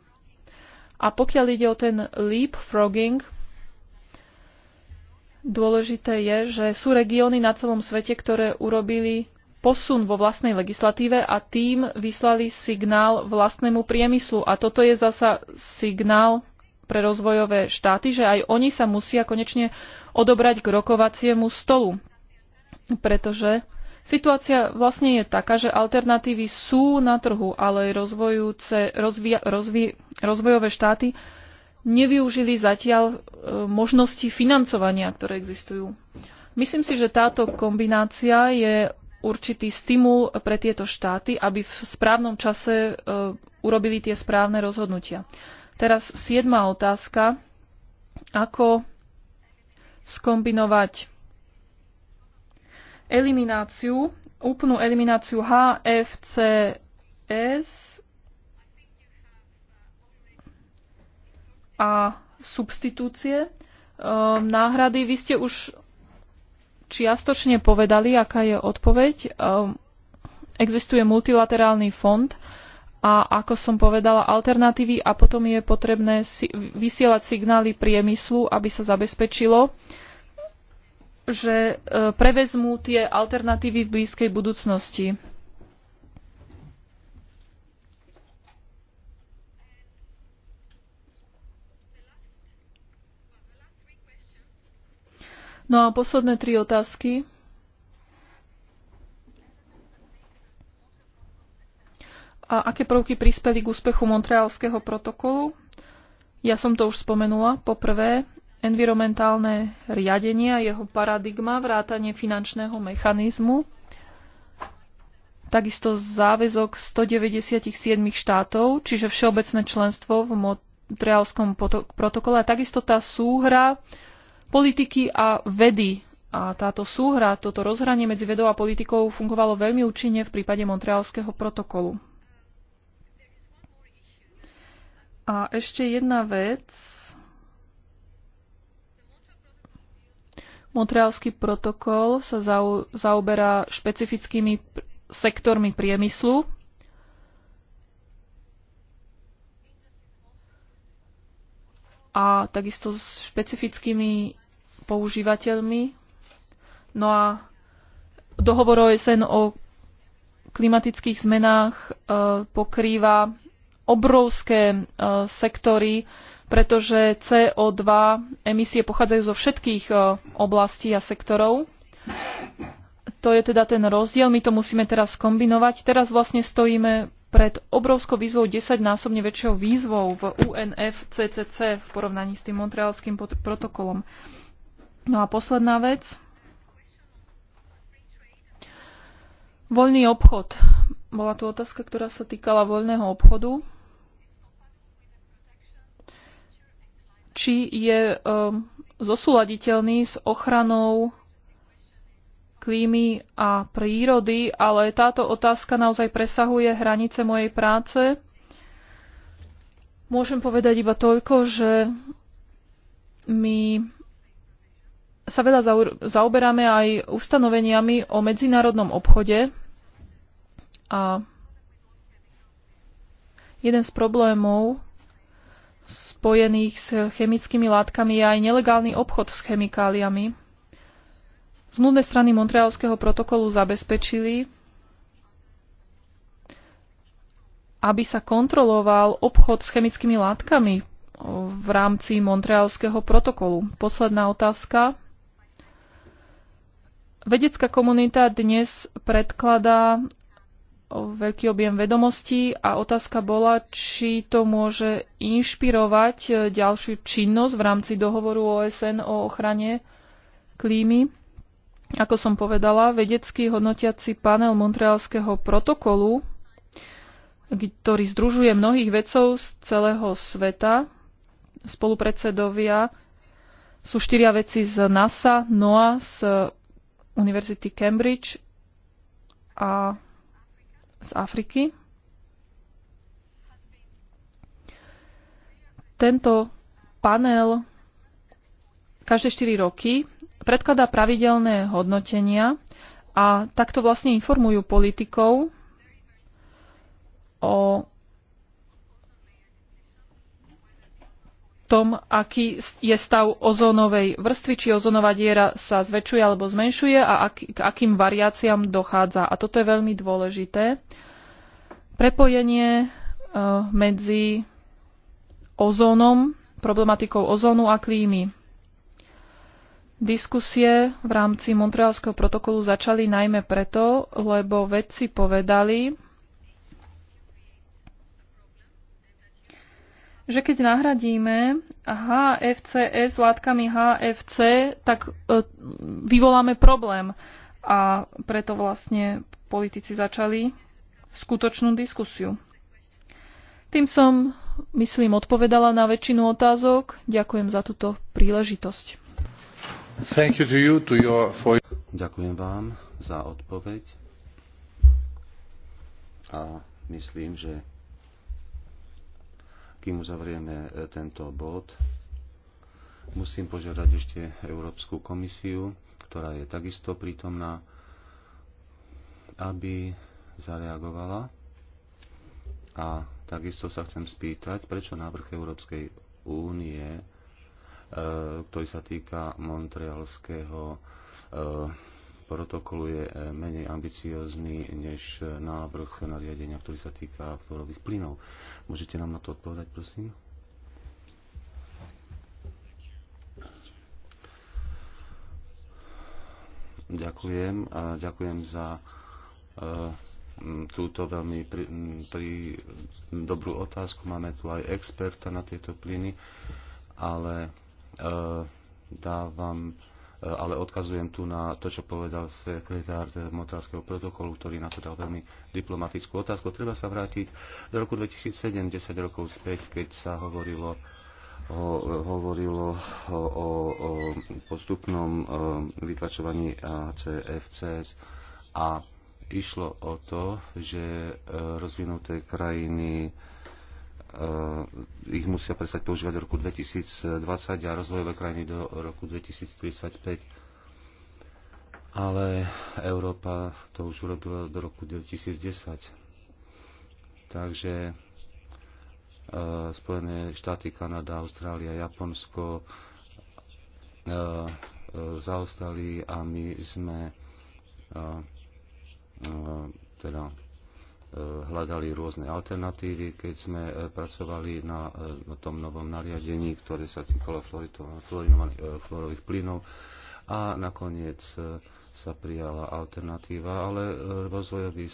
a pokiaľ ide o ten leapfrogging, dôležité je, že sú regióny na celom svete, ktoré urobili posun vo vlastnej legislatíve a tým vyslali signál vlastnému priemyslu. A toto je zasa signál pre rozvojové štáty, že aj oni sa musia konečne odobrať k rokovaciemu stolu. Pretože situácia vlastne je taká, že alternatívy sú na trhu, ale rozvojúce, rozvia, rozvi, rozvojové štáty nevyužili zatiaľ e, možnosti financovania, ktoré existujú. Myslím si, že táto kombinácia je určitý stimul pre tieto štáty, aby v správnom čase e, urobili tie správne rozhodnutia. Teraz siedma otázka. Ako skombinovať elimináciu, úplnú elimináciu HFCS a substitúcie, ehm, náhrady. Vy ste už čiastočne povedali, aká je odpoveď. Ehm, existuje multilaterálny fond a ako som povedala, alternatívy a potom je potrebné si, vysielať signály priemyslu, aby sa zabezpečilo, že e, prevezmú tie alternatívy v blízkej budúcnosti. No a posledné tri otázky. a aké prvky prispeli k úspechu Montrealského protokolu? Ja som to už spomenula. Poprvé, environmentálne riadenie a jeho paradigma, vrátanie finančného mechanizmu, takisto záväzok 197 štátov, čiže všeobecné členstvo v Montrealskom protokole a takisto tá súhra politiky a vedy. A táto súhra, toto rozhranie medzi vedou a politikou fungovalo veľmi účinne v prípade Montrealského protokolu. A ešte jedna vec. Montrealský protokol sa zau, zaoberá špecifickými pr- sektormi priemyslu. A takisto s špecifickými používateľmi. No a dohovor OSN o klimatických zmenách e, pokrýva obrovské e, sektory, pretože CO2 emisie pochádzajú zo všetkých e, oblastí a sektorov. To je teda ten rozdiel, my to musíme teraz kombinovať. Teraz vlastne stojíme pred obrovskou výzvou, desaťnásobne väčšou výzvou v UNFCCC v porovnaní s tým montrealským protokolom. No a posledná vec. Voľný obchod. Bola tu otázka, ktorá sa týkala voľného obchodu. či je um, zosúladiteľný s ochranou klímy a prírody, ale táto otázka naozaj presahuje hranice mojej práce. Môžem povedať iba toľko, že my sa veľa zaoberáme aj ustanoveniami o medzinárodnom obchode a jeden z problémov, spojených s chemickými látkami je aj nelegálny obchod s chemikáliami. Zmluvné strany Montrealského protokolu zabezpečili, aby sa kontroloval obchod s chemickými látkami v rámci Montrealského protokolu. Posledná otázka. Vedecká komunita dnes predkladá veľký objem vedomostí a otázka bola, či to môže inšpirovať e, ďalšiu činnosť v rámci dohovoru OSN o ochrane klímy. Ako som povedala, vedecký hodnotiaci panel Montrealského protokolu, ktorý združuje mnohých vedcov z celého sveta, spolupredsedovia sú štyria vedci z NASA, NOAA, z Univerzity Cambridge a z Afriky. Tento panel každé 4 roky predkladá pravidelné hodnotenia a takto vlastne informujú politikov o tom, aký je stav ozónovej vrstvy, či ozónová diera sa zväčšuje alebo zmenšuje a ak, k akým variáciám dochádza. A toto je veľmi dôležité. Prepojenie e, medzi ozónom, problematikou ozónu a klímy. Diskusie v rámci Montrealského protokolu začali najmä preto, lebo vedci povedali, že keď nahradíme HFCS látkami HFC, tak e, vyvoláme problém. A preto vlastne politici začali skutočnú diskusiu. Tým som, myslím, odpovedala na väčšinu otázok. Ďakujem za túto príležitosť. Thank you to you, to your, for... Ďakujem vám za odpoveď. A myslím, že kým uzavrieme e, tento bod, musím požiadať ešte Európsku komisiu, ktorá je takisto prítomná, aby zareagovala. A takisto sa chcem spýtať, prečo návrh Európskej únie, e, ktorý sa týka montrealského e, protokolu je e, menej ambiciózny než e, návrh nariadenia, ktorý sa týka fluorových plynov. Môžete nám na to odpovedať, prosím? Ďakujem. A ďakujem za e, túto veľmi pri, pri, dobrú otázku. Máme tu aj experta na tieto plyny, ale dávam ale odkazujem tu na to, čo povedal sekretár Montrealského protokolu, ktorý na to dal veľmi diplomatickú otázku. Treba sa vrátiť do roku 2007, 10 rokov späť, keď sa hovorilo ho, hovorilo o, o, o postupnom e, vytlačovaní CFCS a išlo o to, že e, rozvinuté krajiny E, ich musia prestať používať do roku 2020 a rozvojové krajiny do roku 2035. Ale Európa to už urobila do roku 2010. Takže e, Spojené štáty, Kanada, Austrália, Japonsko e, zaostali a my sme teda hľadali rôzne alternatívy, keď sme e, pracovali e, na tom novom nariadení, ktoré sa týkalo e, fluorových plynov a nakoniec sa prijala alternatíva, ale rozvojový,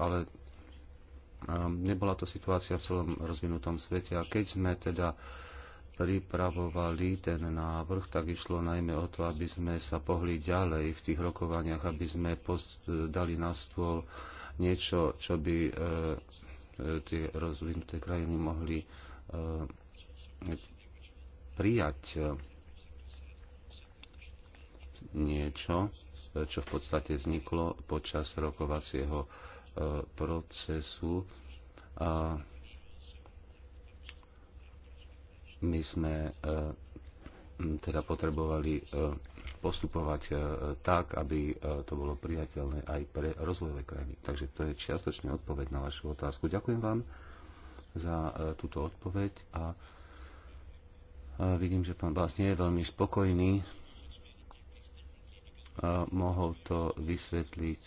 ale nebola to situácia v celom rozvinutom svete a keď sme teda pripravovali ten návrh, tak išlo najmä o to, aby sme sa pohli ďalej v tých rokovaniach, aby sme dali na stôl uh, niečo, čo by e, e, tie rozvinuté krajiny mohli e, prijať e, niečo, e, čo v podstate vzniklo počas rokovacieho procesu. A my sme teda potrebovali postupovať e, tak, aby e, to bolo priateľné aj pre rozvojové krajiny. Takže to je čiastočne odpoveď na vašu otázku. Ďakujem vám za e, túto odpoveď a vidím, že pán Blas nie je veľmi spokojný. Mohol to vysvetliť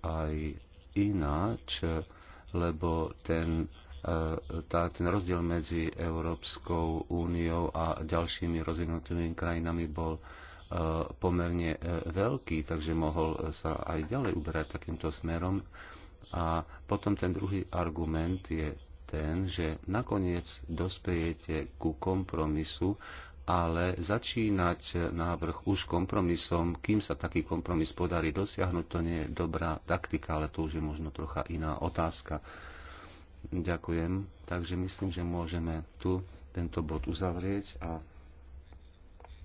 aj ináč, lebo ten tá, ten rozdiel medzi Európskou úniou a ďalšími rozvinutými krajinami bol pomerne e, veľký, takže mohol e, sa aj ďalej uberať takýmto smerom. A potom ten druhý argument je ten, že nakoniec dospejete ku kompromisu, ale začínať návrh už kompromisom, kým sa taký kompromis podarí dosiahnuť, to nie je dobrá taktika, ale to už je možno trocha iná otázka. Ďakujem. Takže myslím, že môžeme tu tento bod uzavrieť a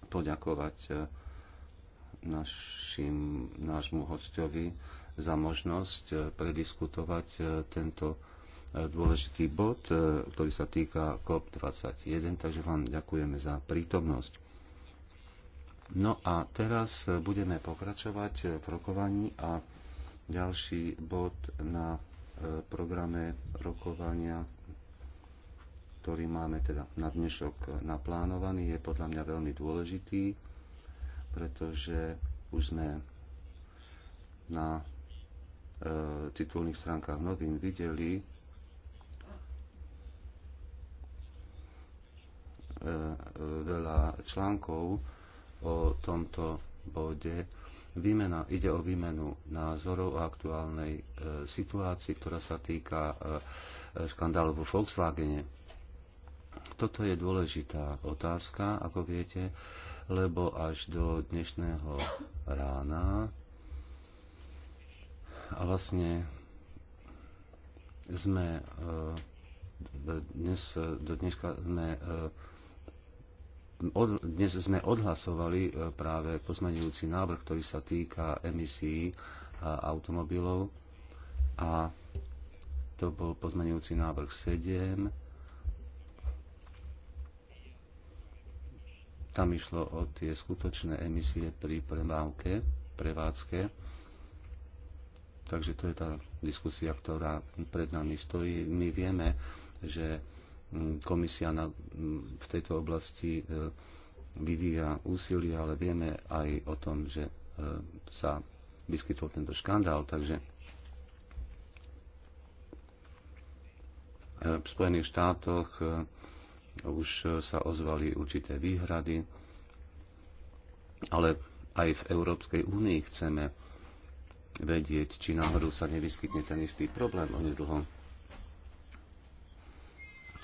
poďakovať e, našim, nášmu hostovi za možnosť e, prediskutovať e, tento dôležitý bod, ktorý sa týka COP21, takže vám ďakujeme za prítomnosť. No a teraz budeme pokračovať v rokovaní a ďalší bod na programe rokovania ktorý máme teda na dnešok e, naplánovaný, je podľa mňa veľmi dôležitý, pretože už sme na e, titulných stránkach novín videli, e, e, veľa článkov o tomto bode. Výmena, ide o výmenu názorov o aktuálnej e, situácii, ktorá sa týka e, škandálu e, vo Volkswagene toto je dôležitá otázka, ako viete, lebo až do dnešného rána a vlastne sme e, dnes, do dneška sme e, od, dnes sme odhlasovali e, práve pozmeňujúci návrh, ktorý sa týka emisí automobilov a to bol pozmeňujúci návrh 7 Tam išlo o tie skutočné emisie pri premávke, prevádzke. Takže to je tá diskusia, ktorá pred nami stojí. My vieme, že mm, komisia na, mm, v tejto oblasti e, vyvíja úsilie, ale vieme aj o tom, že e, sa vyskytol tento škandál, takže e, v Spojených štátoch už e, sa ozvali určité výhrady, ale aj v Európskej únii chceme vedieť, či náhodou sa nevyskytne ten istý problém onedlho.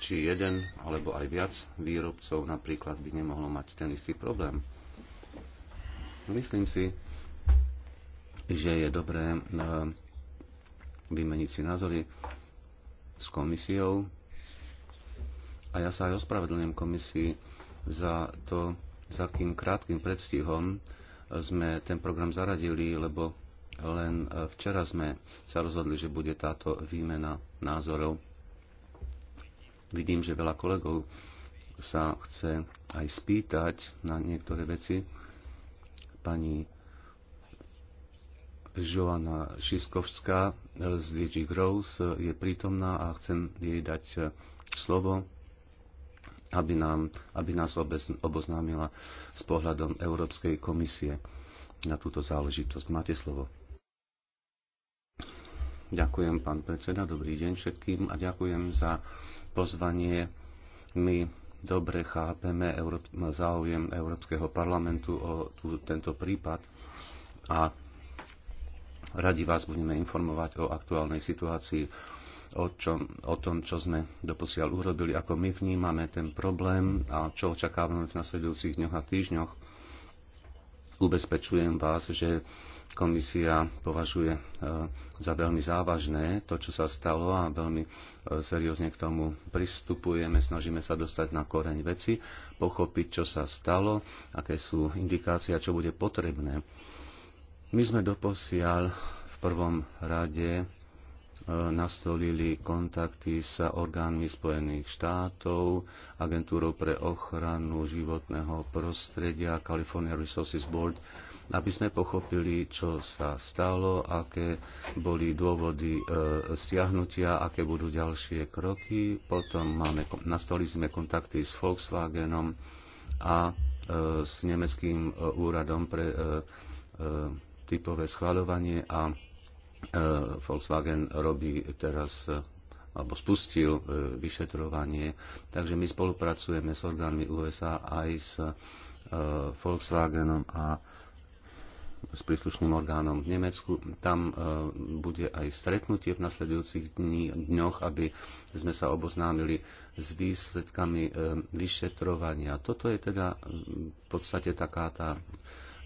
Či jeden alebo aj viac výrobcov napríklad by nemohlo mať ten istý problém. Myslím si, že je dobré e, vymeniť si názory s komisiou, a ja sa aj ospravedlňujem komisii za to, za akým krátkým predstihom sme ten program zaradili, lebo len e, včera sme sa rozhodli, že bude táto výmena názorov. Vidím, že veľa kolegov sa chce aj spýtať na niektoré veci. Pani Joana Šiskovská e, z DG Growth e, je prítomná a chcem jej dať slovo aby, nám, aby nás oboznámila s pohľadom Európskej komisie na túto záležitosť. Máte slovo. Ďakujem, pán predseda, dobrý deň všetkým a ďakujem za pozvanie. My dobre chápeme Európ- záujem Európskeho parlamentu o tú, tento prípad a radi vás budeme informovať o aktuálnej situácii o, čom, o tom, čo sme doposiaľ urobili, ako my vnímame ten problém a čo očakávame v nasledujúcich dňoch a týždňoch. Ubezpečujem vás, že komisia považuje eh, za veľmi závažné to, čo sa stalo a veľmi eh, seriózne k tomu pristupujeme, snažíme sa dostať na koreň veci, pochopiť, čo sa stalo, aké sú indikácie a čo bude potrebné. My sme doposiaľ v prvom rade E, nastolili kontakty s orgánmi Spojených štátov, agentúrou pre ochranu životného prostredia California Resources Board, aby sme pochopili, čo sa stalo, aké boli dôvody e, stiahnutia, aké budú ďalšie kroky. Potom máme, nastolili sme kontakty s Volkswagenom a e, s nemeckým e, úradom pre e, e, typové schváľovanie a E, Volkswagen robí teraz e, alebo spustil e, vyšetrovanie. Takže my spolupracujeme s orgánmi USA aj s Volkswagenom a s príslušným orgánom v Nemecku. Tam bude aj stretnutie v nasledujúcich dní, dňoch, aby sme sa oboznámili s výsledkami vyšetrovania. Toto je teda v podstate taká tá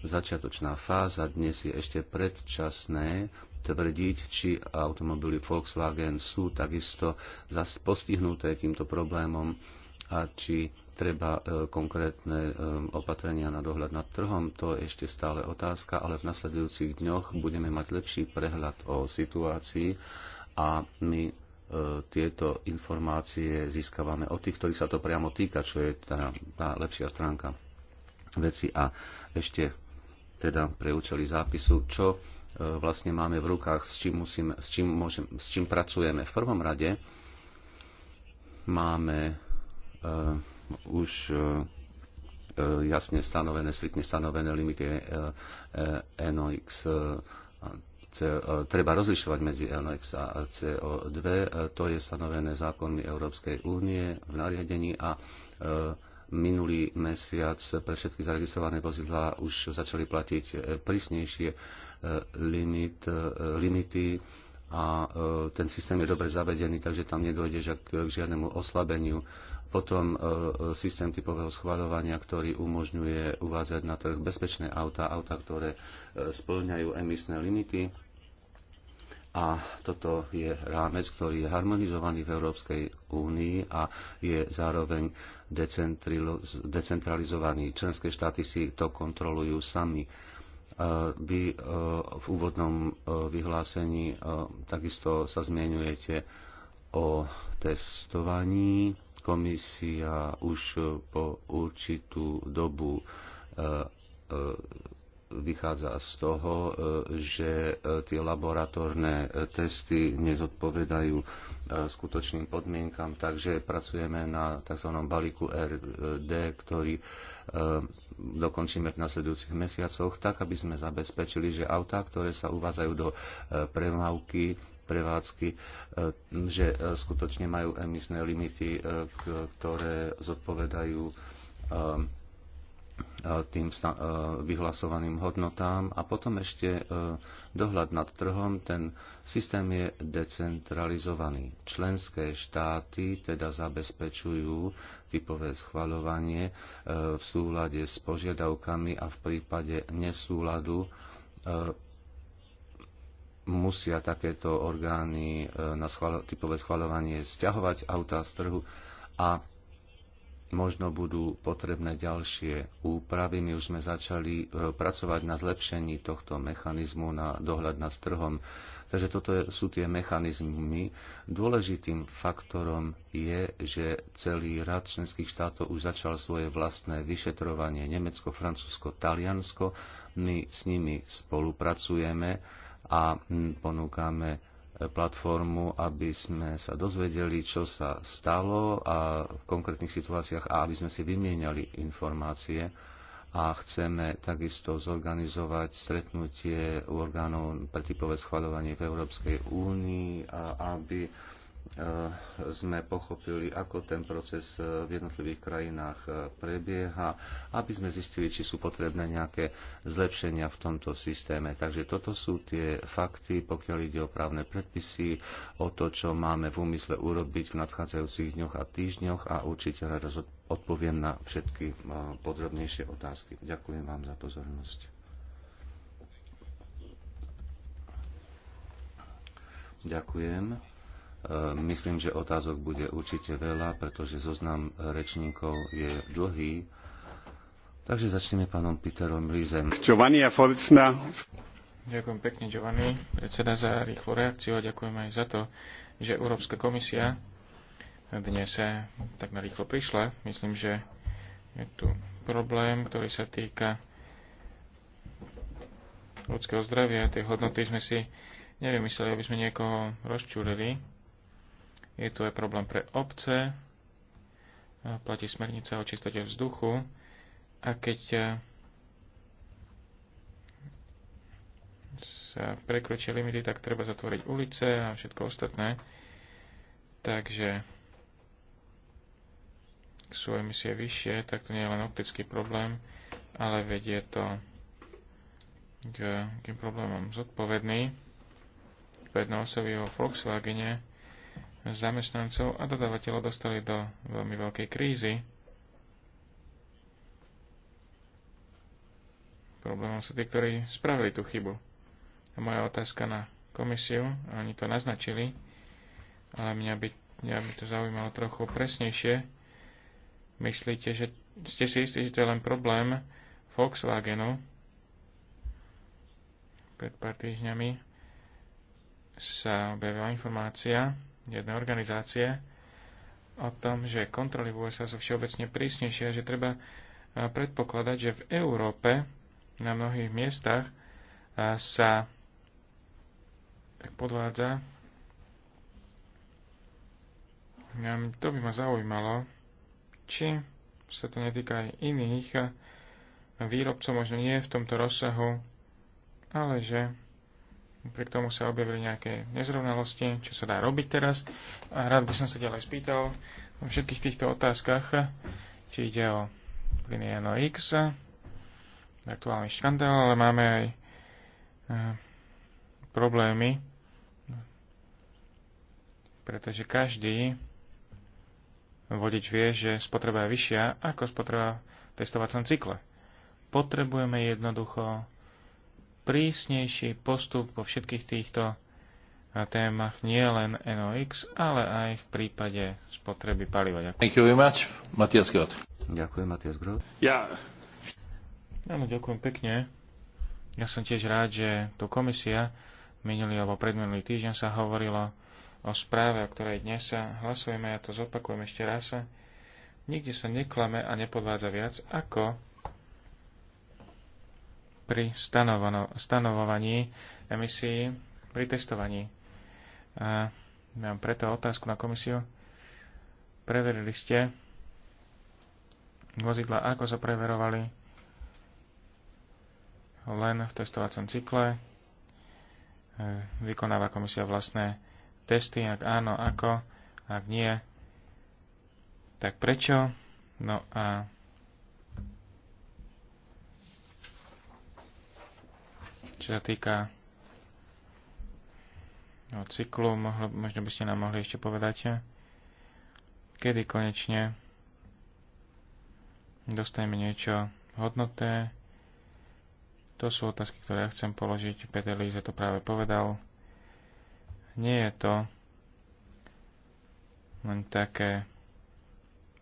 začiatočná fáza. Dnes je ešte predčasné tvrdiť, či automobily Volkswagen sú takisto postihnuté týmto problémom a či treba e, konkrétne e, opatrenia na dohľad nad trhom, to je ešte stále otázka, ale v nasledujúcich dňoch budeme mať lepší prehľad o situácii a my e, tieto informácie získavame od tých, ktorých sa to priamo týka, čo je tá, tá lepšia stránka veci a ešte teda pre účely zápisu, čo E, vlastne máme v rukách, s čím, musím, s čím, môžem, s čím pracujeme. V prvom rade máme uh, už uh, jasne stanovené, striktne stanovené limity NOx. Treba rozlišovať medzi NOx a CO2. To je stanovené zákonmi Európskej únie v nariadení a minulý mesiac pre všetky zaregistrované vozidlá už začali platiť prísnejšie limit, limity a e, ten systém je dobre zavedený, takže tam nedojde k žiadnemu oslabeniu. Potom e, e, systém typového schváľovania, ktorý umožňuje uvázať na trh bezpečné auta, auta, ktoré splňajú emisné limity. A toto je rámec, ktorý je harmonizovaný v Európskej únii a je zároveň decentralizovaný. Členské štáty si to kontrolujú sami E, vy e, v úvodnom e, vyhlásení takisto sa zmienujete o testovaní. Komisia už po určitú dobu vychádza z toho, e, že e, tie laboratórne e, testy nezodpovedajú skutočným podmienkam, takže pracujeme na tzv. balíku RD, ktorý dokončíme v nasledujúcich mesiacoch, tak aby sme zabezpečili, že autá, ktoré sa uvádzajú do premávky, prevádzky, že skutočne majú emisné limity, ktoré zodpovedajú E, tým e, vyhlasovaným hodnotám a potom ešte e, dohľad nad trhom. Ten systém je decentralizovaný. Členské štáty teda zabezpečujú typové schvaľovanie v súlade s požiadavkami a v prípade nesúladu musia takéto orgány na typové schvaľovanie stiahovať autá z trhu a možno budú potrebné ďalšie úpravy. My už sme začali e, pracovať na zlepšení tohto mechanizmu na dohľad nad trhom. Takže toto sú tie mechanizmy. Dôležitým faktorom je, že celý rad členských štátov už začal svoje vlastné vyšetrovanie. Nemecko, Francúzsko, Taliansko. My s nimi spolupracujeme a ponúkame platformu, aby sme sa dozvedeli, čo sa stalo a v konkrétnych situáciách a aby sme si vymieniali informácie a chceme takisto zorganizovať stretnutie orgánov pre typové schvaľovanie v Európskej únii, aby Eh, sme pochopili, ako ten proces eh, v jednotlivých krajinách eh, prebieha, aby sme zistili, či sú potrebné nejaké zlepšenia v tomto systéme. Takže toto sú tie fakty, pokiaľ ide o právne predpisy, o to, čo máme v úmysle urobiť v nadchádzajúcich dňoch a týždňoch a určite raz odpoviem na všetky podrobnejšie otázky. Ďakujem vám za pozornosť. Ďakujem. Ehm, myslím, že otázok bude určite veľa, pretože zoznam rečníkov je dlhý. Takže začneme pánom Peterom Lízem. Giovanni a Folcna. Ďakujem pekne, Giovanni, predseda, za rýchlu reakciu a ďakujem aj za to, že Európska komisia dnes tak na rýchlo prišla. Myslím, že je tu problém, ktorý sa týka ľudského zdravia. Tie hodnoty sme si nevymysleli, aby sme niekoho rozčúrili je tu aj problém pre obce. Platí smernica o čistote vzduchu. A keď e, sa prekročia limity, tak treba zatvoriť ulice a všetko ostatné. Takže sú emisie vyššie, tak to nie je len optický problém, ale vedie to k, k problémom zodpovedný. Jednou osobí vo Volkswagene zamestnancov a dodávateľov dostali do veľmi veľkej krízy. Problémom sú tí, ktorí spravili tú chybu. A moja otázka na komisiu, a oni to naznačili, ale mňa by, mňa by to zaujímalo trochu presnejšie. Myslíte, že ste si istí, že to je len problém Volkswagenu? Pred pár týždňami sa objavila informácia, jednej organizácie o tom, že kontroly v USA sú všeobecne prísnejšie a že treba e, predpokladať, že v Európe na mnohých miestach e, sa tak podvádza. Hm, to by ma zaujímalo, či sa to netýka aj iných výrobcov, možno nie v tomto rozsahu, ale že pri tomu sa objavili nejaké nezrovnalosti, čo sa dá robiť teraz. A rád by som sa ďalej spýtal o všetkých týchto otázkach, či ide o plyny NOx, aktuálny škandál, ale máme aj e, problémy, pretože každý vodič vie, že spotreba je vyššia ako spotreba v testovacom cykle. Potrebujeme jednoducho prísnejší postup vo všetkých týchto eh, témach, nie len NOx, ale aj v prípade spotreby paliva. Ďakujem. Thank you very much, Matias Ďakujem, Matias Grot. Ja. mu ďakujem pekne. Ja som tiež rád, že tu komisia minulý alebo predminulý týždeň sa hovorilo o správe, o ktorej dnes sa hlasujeme, ja to zopakujem ešte raz. Nikde sa neklame a nepodvádza viac ako pri stanovovaní emisí, pri testovaní. A mám preto otázku na komisiu. Preverili ste vozidla, ako sa preverovali len v testovacom cykle. E, vykonáva komisia vlastné testy, ak áno, ako, ak nie, tak prečo. No a čo sa týka no, cyklu, mohlo, možno by ste nám mohli ešte povedať, kedy konečne dostaneme niečo hodnoté. To sú otázky, ktoré ja chcem položiť. Peter Líze to práve povedal. Nie je to len také,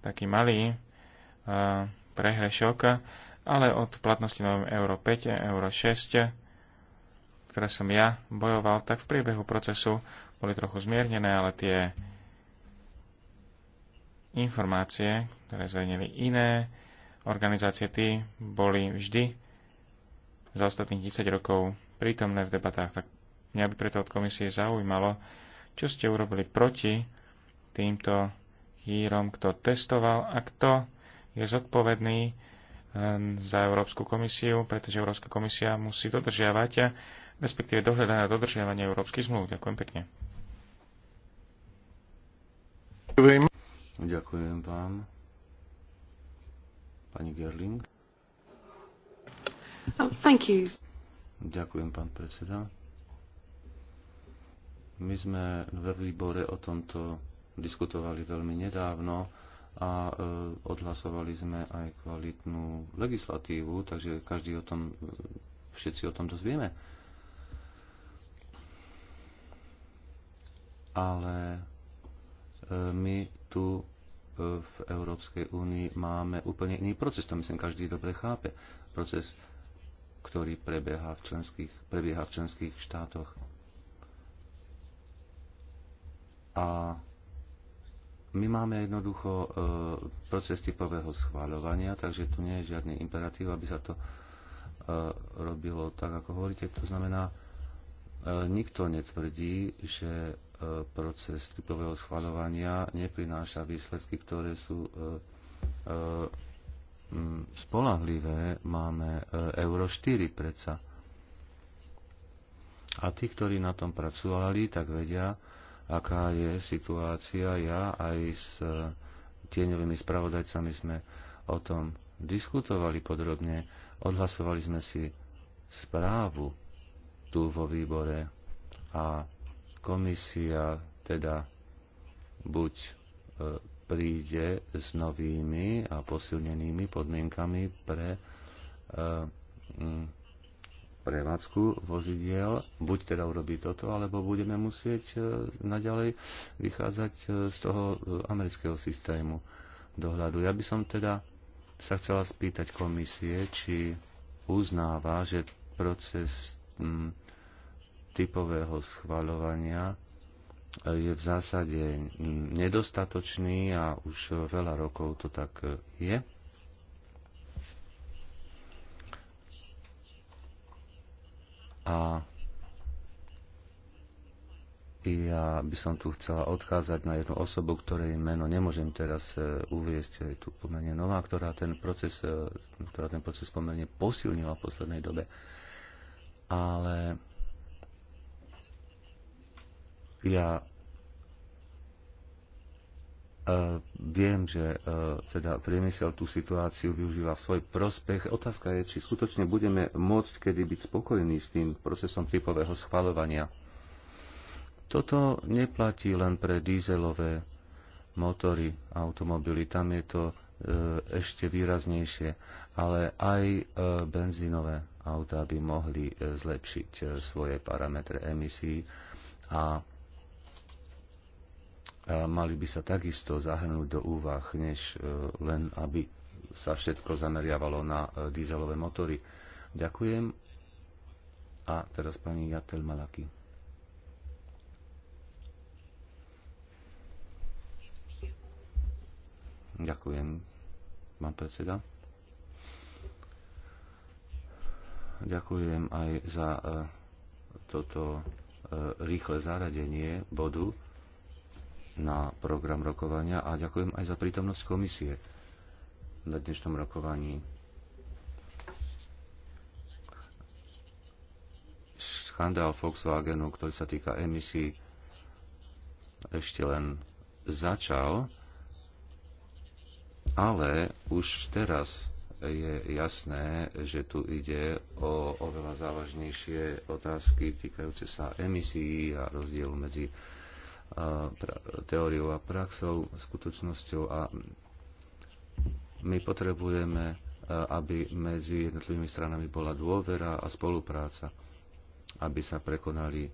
taký malý uh, prehrešok, ale od platnosti novým euro 5, euro 6 ktoré som ja bojoval, tak v priebehu procesu boli trochu zmiernené, ale tie informácie, ktoré zverejnili iné organizácie, tí boli vždy za ostatných 10 rokov prítomné v debatách. Tak mňa by preto od komisie zaujímalo, čo ste urobili proti týmto hýrom, kto testoval a kto je zodpovedný eh, za Európsku komisiu, pretože Európska komisia musí dodržiavať respektíve dohľadať na dodržiavanie európskych zmluv. Ďakujem pekne. Ďakujem vám. Pani Gerling. Oh, thank you. Ďakujem, pán predseda. My sme ve výbore o tomto diskutovali veľmi nedávno a e, odhlasovali sme aj kvalitnú legislatívu, takže každý o tom, e, všetci o tom dozvieme. ale e, my tu e, v Európskej únii máme úplne iný proces, to myslím každý dobre chápe. Proces, ktorý prebieha v členských, prebieha v členských štátoch. A my máme jednoducho e, proces typového schváľovania, takže tu nie je žiadny imperatív, aby sa to robilo tak, ako hovoríte. To znamená, E, nikto netvrdí, že e, proces skriptového schvaľovania neprináša výsledky, ktoré sú e, spolahlivé. Máme Euro 4 predsa. A tí, ktorí na tom pracovali, tak vedia, aká je situácia. Ja aj s tieňovými spravodajcami sme o tom diskutovali podrobne. Odhlasovali sme si správu tu vo výbore a komisia teda buď e, príde s novými a posilnenými podmienkami pre e, prevádzku vozidiel, buď teda urobí toto, alebo budeme musieť e, naďalej vychádzať z toho amerického systému dohľadu. Ja by som teda sa chcela spýtať komisie, či uznáva, že proces typového schvaľovania e, je v zásade nedostatočný a už veľa rokov to tak e, je. A ja by som tu chcela odkázať na jednu osobu, ktorej meno nemôžem teraz e, uviezť, je tu pomerne nová, ktorá ten proces, ktorá ten proces pomerne posilnila v poslednej dobe. Ale ja e, viem, že e, teda priemysel tú situáciu využíva v svoj prospech. Otázka je, či skutočne budeme môcť kedy byť spokojní s tým procesom typového schvalovania. Toto neplatí len pre dízelové motory, automobily. Tam je to e, ešte výraznejšie, ale aj benzínové autá by mohli zlepšiť svoje parametre emisí a a mali by sa takisto zahrnúť do úvah, než e, len aby sa všetko zameriavalo na e, dízelové motory. Ďakujem. A teraz pani Jatel Malaki. Ďakujem, pán predseda. Ďakujem aj za e, toto rýchle zaradenie bodu na program rokovania a ďakujem aj za prítomnosť komisie na dnešnom rokovaní. Skandál Volkswagenu, ktorý sa týka emisí, ešte len začal, ale už teraz je jasné, že tu ide o oveľa závažnejšie otázky týkajúce sa emisí a rozdielu medzi teóriou a praxou, skutočnosťou a my potrebujeme, e, aby medzi jednotlivými stranami bola dôvera a spolupráca, aby sa prekonali e,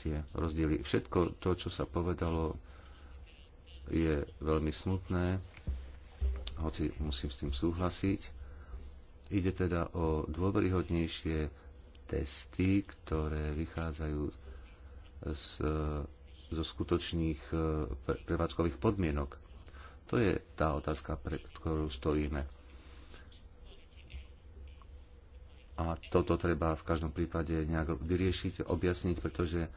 tie rozdiely. Všetko to, čo sa povedalo, je veľmi smutné, hoci musím s tým súhlasiť. Ide teda o dôveryhodnejšie testy, ktoré vychádzajú z zo skutočných e, prevádzkových podmienok. To je tá otázka, pred ktorou stojíme. A toto treba v každom prípade nejak vyriešiť, objasniť, pretože e,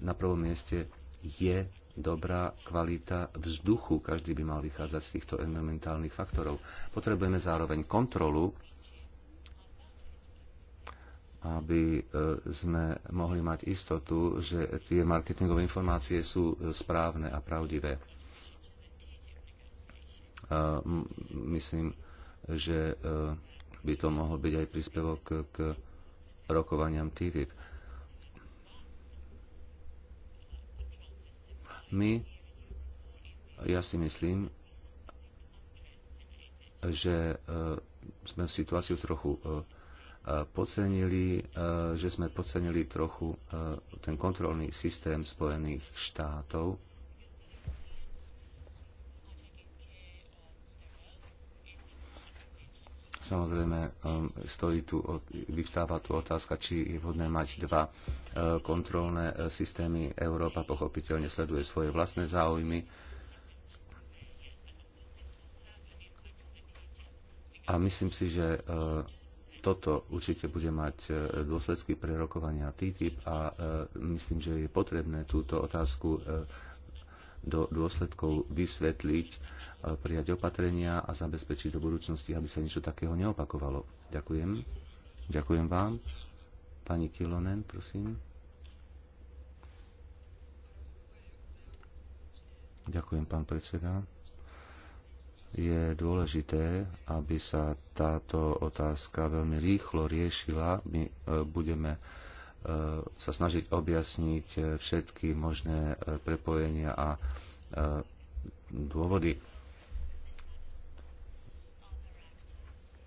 na prvom mieste je dobrá kvalita vzduchu. Každý by mal vychádzať z týchto environmentálnych faktorov. Potrebujeme zároveň kontrolu aby e, sme mohli mať istotu, že tie marketingové informácie sú e, správne a pravdivé. E, myslím, že by to mohol byť aj príspevok k rokovaniam TTIP. My, ja si myslím, že sme situáciu trochu podcenili, e, že sme podcenili trochu e, ten kontrolný systém Spojených štátov. Samozrejme, e, stojí tu, vyvstáva tu otázka, či je vhodné mať dva kontrolné systémy. Európa pochopiteľne sleduje svoje vlastné záujmy. A myslím si, že toto určite bude mať e, dôsledky pre rokovania TTIP a e, myslím, že je potrebné túto otázku e, do dôsledkov vysvetliť, prijať opatrenia a zabezpečiť do budúcnosti, aby sa niečo takého neopakovalo. Ďakujem. Ďakujem vám. Pani Kilonen, prosím. Ďakujem, pán predseda je dôležité, aby sa táto otázka veľmi rýchlo riešila. My e, budeme e, sa snažiť objasniť e, všetky možné prepojenia a dôvody.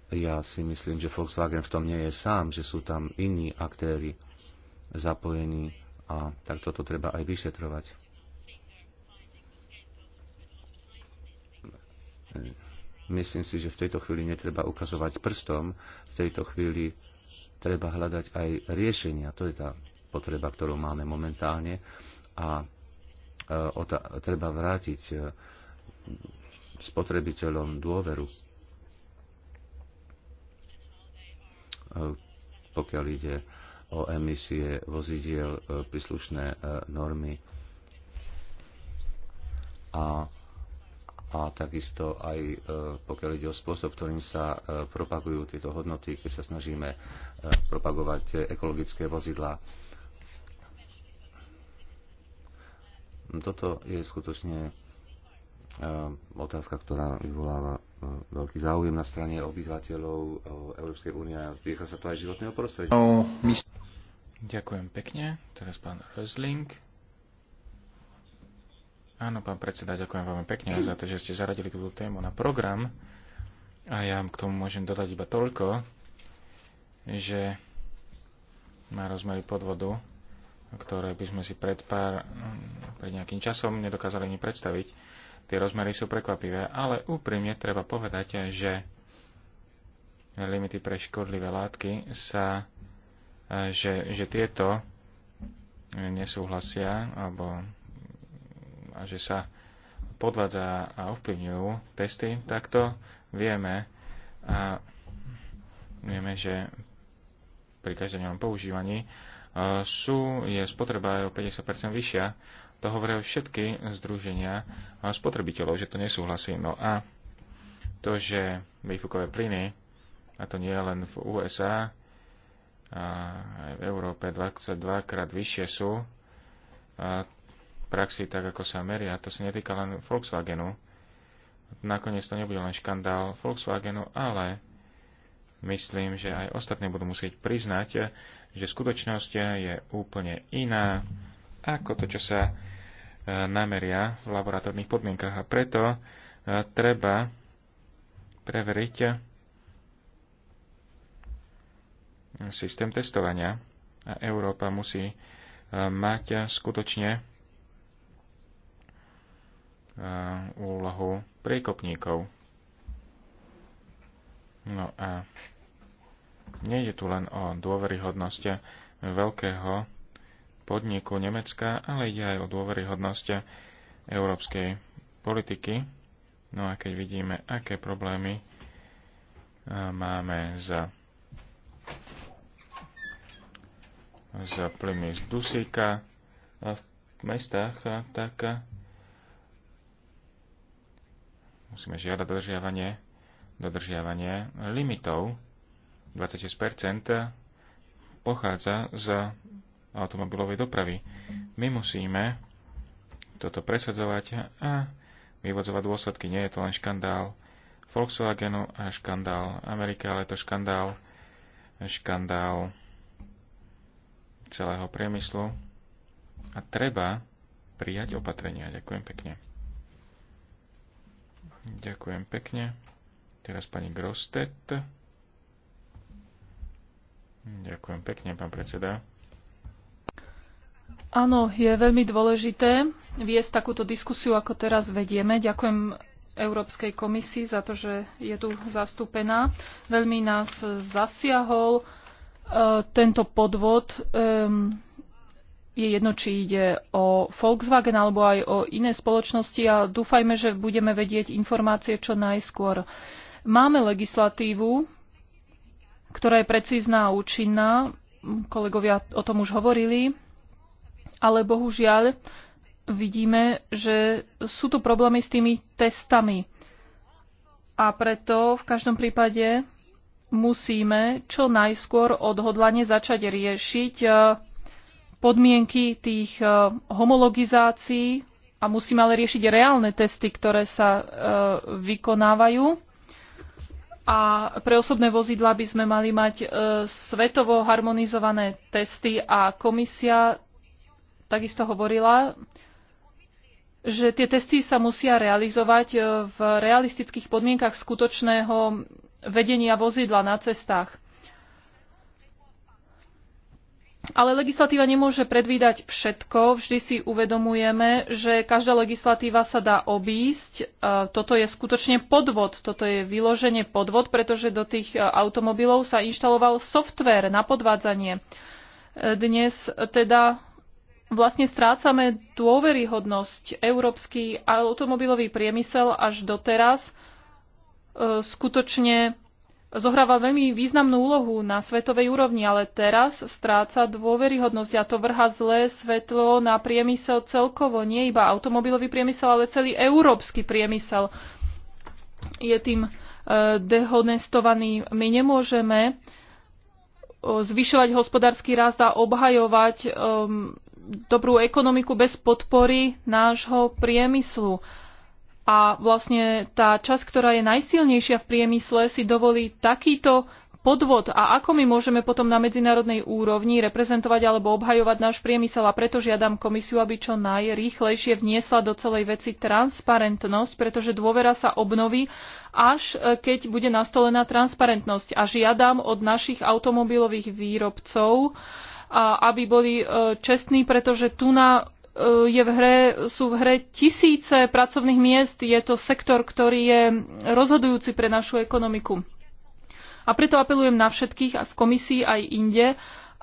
Ja si myslím, že Volkswagen v tom nie je sám, že sú tam iní aktéry zapojení a tak toto treba aj vyšetrovať. Hm. Myslím si, že v tejto chvíli netreba ukazovať prstom, v tejto chvíli treba hľadať aj riešenia. To je tá potreba, ktorú máme momentálne a e, treba vrátiť e, spotrebiteľom dôveru, e, pokiaľ ide o emisie vozidiel, príslušné normy a a takisto aj e, pokiaľ ide o spôsob, ktorým sa e, propagujú tieto hodnoty, keď sa snažíme e, propagovať ekologické vozidlá. Toto je skutočne otázka, ktorá vyvoláva veľký záujem na strane obyvateľov Európskej únie a týka sa to aj životného prostredia. Ďakujem pekne. Teraz pán Rösling. Áno, pán predseda, ďakujem veľmi pekne za to, že ste zaradili túto tému na program. A ja k tomu môžem dodať iba toľko, že má rozmery podvodu, ktoré by sme si pred pár, pred nejakým časom nedokázali ani predstaviť. Tie rozmery sú prekvapivé, ale úprimne treba povedať, že limity pre škodlivé látky sa, že, že tieto nesúhlasia alebo a že sa podvádza a ovplyvňujú testy, tak to vieme a vieme, že pri každodennom používaní e, sú, je spotreba aj o 50% vyššia. To hovoria všetky združenia spotrebiteľov, že to nesúhlasí. No a to, že výfukové plyny, a to nie len v USA, a aj v Európe 22 krát vyššie sú, a praxi tak, ako sa meria. To sa netýka len Volkswagenu. Nakoniec to nebude len škandál Volkswagenu, ale myslím, že aj ostatní budú musieť priznať, že skutočnosť je úplne iná ako to, čo sa e, nameria v laboratórnych podmienkach. A preto e, treba preveriť systém testovania. A Európa musí e, mať skutočne Eh, úlohu priekopníkov. No a nejde tu len o dôveryhodnosť veľkého podniku Nemecka, ale ide aj o dôveryhodnosť európskej politiky. No a keď vidíme, aké problémy eh, máme za za plyny z dusíka v mestách, tak musíme žiadať dodržiavanie, dodržiavanie limitov. 26% pochádza z automobilovej dopravy. My musíme toto presadzovať a vyvodzovať dôsledky. Nie je to len škandál Volkswagenu a škandál Ameriky, ale je to škandál, škandál celého priemyslu. A treba prijať opatrenia. Ďakujem pekne. Ďakujem pekne. Teraz pani Grostet. Ďakujem pekne, pán predseda. Áno, je veľmi dôležité viesť takúto diskusiu, ako teraz vedieme. Ďakujem Európskej komisii za to, že je tu zastúpená. Veľmi nás zasiahol e, tento podvod je jedno, či ide o Volkswagen alebo aj o iné spoločnosti a dúfajme, že budeme vedieť informácie čo najskôr. Máme legislatívu, ktorá je precízna a účinná, kolegovia o tom už hovorili, ale bohužiaľ vidíme, že sú tu problémy s tými testami. A preto v každom prípade musíme čo najskôr odhodlane začať riešiť podmienky tých e, homologizácií a musíme ale riešiť reálne testy, ktoré sa e, vykonávajú. A pre osobné vozidla by sme mali mať e, svetovo harmonizované testy a komisia takisto hovorila, že tie testy sa musia realizovať v realistických podmienkach skutočného vedenia vozidla na cestách. Ale legislatíva nemôže predvídať všetko. Vždy si uvedomujeme, že každá legislatíva sa dá obísť. E, toto je skutočne podvod. Toto je vyloženie podvod, pretože do tých e, automobilov sa inštaloval software na podvádzanie. E, dnes teda vlastne strácame dôveryhodnosť. Európsky automobilový priemysel až doteraz skutočne zohráva veľmi významnú úlohu na svetovej úrovni, ale teraz stráca dôveryhodnosť a to vrha zlé svetlo na priemysel celkovo, nie iba automobilový priemysel, ale celý európsky priemysel je tým e, dehonestovaný. My nemôžeme e, zvyšovať hospodársky rast a obhajovať e, dobrú ekonomiku bez podpory nášho priemyslu. A vlastne tá časť, ktorá je najsilnejšia v priemysle, si dovolí takýto podvod a ako my môžeme potom na medzinárodnej úrovni reprezentovať alebo obhajovať náš priemysel a preto žiadam komisiu, aby čo najrýchlejšie vniesla do celej veci transparentnosť, pretože dôvera sa obnoví až e, keď bude nastolená transparentnosť. A žiadam od našich automobilových výrobcov, aby boli e, čestní, pretože tu na E, je v hre, sú v hre tisíce pracovných miest. Je to sektor, ktorý je rozhodujúci pre našu ekonomiku. A preto apelujem na všetkých v komisii aj inde,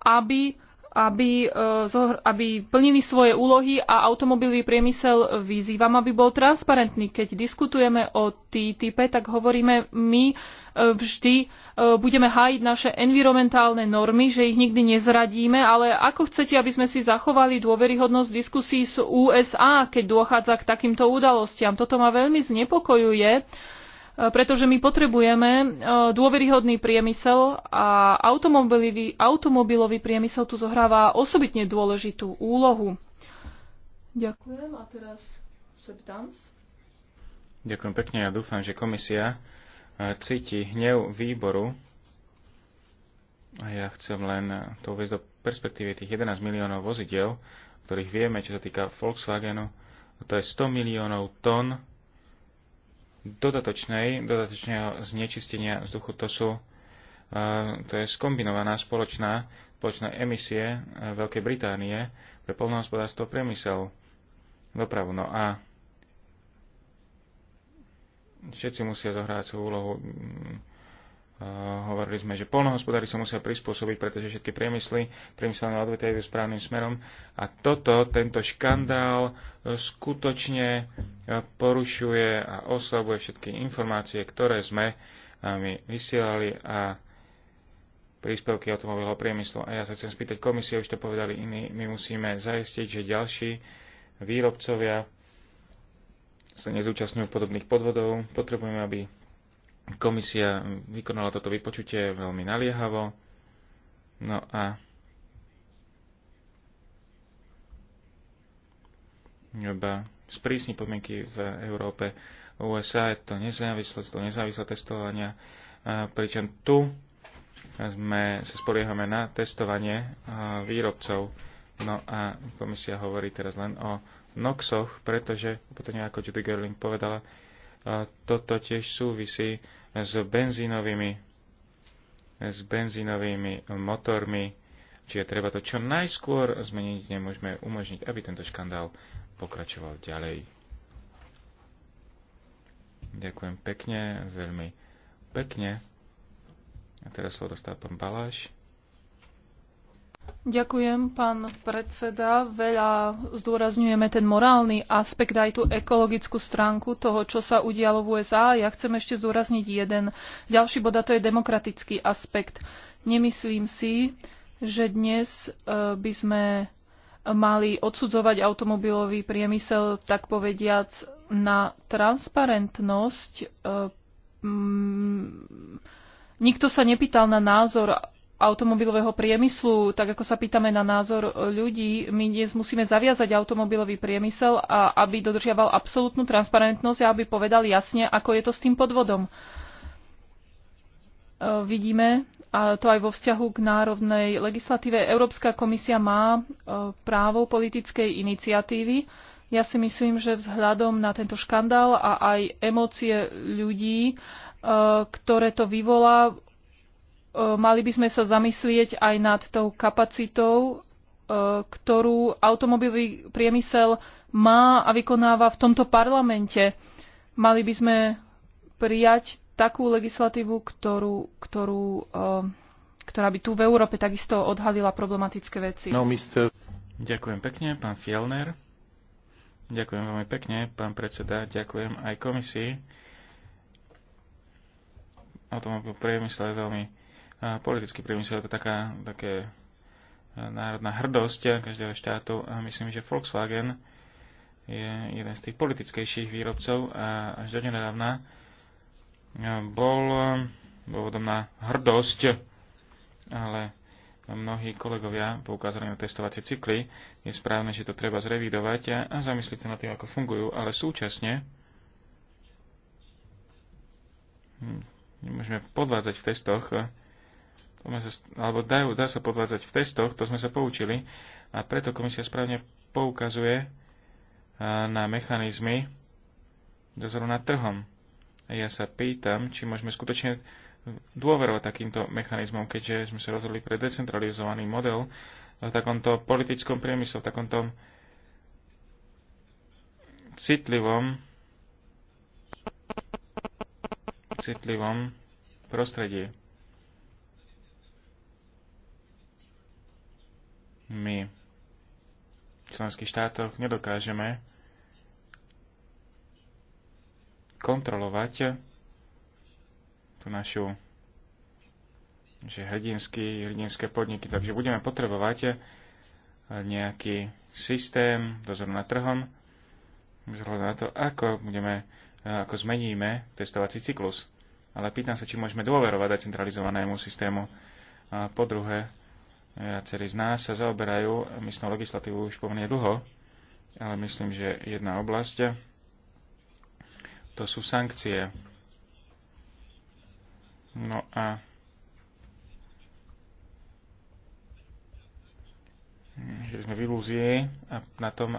aby aby, e, aby plnili svoje úlohy a automobilový priemysel vyzývam, aby bol transparentný. Keď diskutujeme o TTIP, tak hovoríme my e, vždy e, budeme hájiť naše environmentálne normy, že ich nikdy nezradíme, ale ako chcete, aby sme si zachovali dôveryhodnosť diskusí s USA, keď dochádza k takýmto udalostiam? Toto ma veľmi znepokojuje pretože my potrebujeme e, dôveryhodný priemysel a automobilový, automobilový priemysel tu zohráva osobitne dôležitú úlohu. Ďakujem a teraz Sebdans. Ďakujem pekne a ja dúfam, že komisia e, cíti hnev výboru a ja chcem len e, to uvieť do perspektívy tých 11 miliónov vozidel, ktorých vieme, čo sa týka Volkswagenu, to je 100 miliónov tón dodatočnej, dodatočného znečistenia vzduchu. To, sú, e, to je skombinovaná spoločná, spoločná emisie e, Veľkej Británie pre polnohospodárstvo, priemysel, dopravu. No a všetci musia zohrať svoju úlohu hovorili sme, že polnohospodári sa musia prispôsobiť, pretože všetky priemysly, priemyselné odvetvia idú správnym smerom. A toto, tento škandál e, skutočne e, porušuje a oslabuje všetky informácie, ktoré sme e, my vysielali a príspevky automobilového priemyslu. A ja sa chcem spýtať komisie, už to povedali iní, my musíme zaistiť, že ďalší výrobcovia sa nezúčastňujú podobných podvodov. Potrebujeme, aby Komisia vykonala toto vypočutie veľmi naliehavo. No a iba sprísni podmienky v Európe. USA je to nezávislosť, to nezávislé testovania, pričom tu sme, sa spoliehame na testovanie výrobcov. No a komisia hovorí teraz len o NOXoch, pretože, potom ako Judy Gerling povedala, toto tiež súvisí s benzínovými, s benzínovými motormi, čiže treba to čo najskôr zmeniť, nemôžeme umožniť, aby tento škandál pokračoval ďalej. Ďakujem pekne, veľmi pekne. A teraz slovo dostáva pán Baláš. Ďakujem, pán predseda. Veľa zdôrazňujeme ten morálny aspekt aj tú ekologickú stránku toho, čo sa udialo v USA. Ja chcem ešte zdôrazniť jeden ďalší bod a to je demokratický aspekt. Nemyslím si, že dnes e, by sme mali odsudzovať automobilový priemysel, tak povediac, na transparentnosť. E, nikto sa nepýtal na názor automobilového priemyslu, tak ako sa pýtame na názor ľudí, my dnes musíme zaviazať automobilový priemysel, a aby dodržiaval absolútnu transparentnosť a aby povedal jasne, ako je to s tým podvodom. E, vidíme, a to aj vo vzťahu k národnej legislatíve, Európska komisia má e, právo politickej iniciatívy. Ja si myslím, že vzhľadom na tento škandál a aj emócie ľudí, e, ktoré to vyvolá, E, mali by sme sa zamyslieť aj nad tou kapacitou, e, ktorú automobilový priemysel má a vykonáva v tomto parlamente. Mali by sme prijať takú legislatívu, ktorú, ktorú, e, ktorá by tu v Európe takisto odhalila problematické veci. No, mister. Ďakujem pekne, pán Fielner. Ďakujem veľmi pekne, pán predseda. Ďakujem aj komisii. tom priemysle je veľmi a politický priemysel, je to taká, také e, národná hrdosť každého štátu a myslím, že Volkswagen je jeden z tých politickejších výrobcov a až do nedávna e, bol dôvodom e, na hrdosť, ale mnohí kolegovia poukázali na testovacie cykly. Je správne, že to treba zrevidovať a zamyslieť sa na tým, ako fungujú, ale súčasne hm, nemôžeme podvádzať v testoch, sa, alebo dajú, dá sa podvádzať v testoch, to sme sa poučili a preto komisia správne poukazuje na mechanizmy dozoru nad trhom. A ja sa pýtam, či môžeme skutočne dôverovať takýmto mechanizmom, keďže sme sa rozhodli pre decentralizovaný model v takomto politickom priemysle, v takomto citlivom citlivom prostredí. my v členských štátoch nedokážeme kontrolovať tú našu že hrdinský, hrdinské podniky. Takže budeme potrebovať nejaký systém dozoru nad trhom, vzhľadom na to, ako budeme, ako zmeníme testovací cyklus. Ale pýtam sa, či môžeme dôverovať decentralizovanému systému. A po druhé, Viacerí z nás sa zaoberajú miestnou legislatívou už pomerne dlho, ale myslím, že jedna oblasť to sú sankcie. No a že sme v ilúzii a na tom,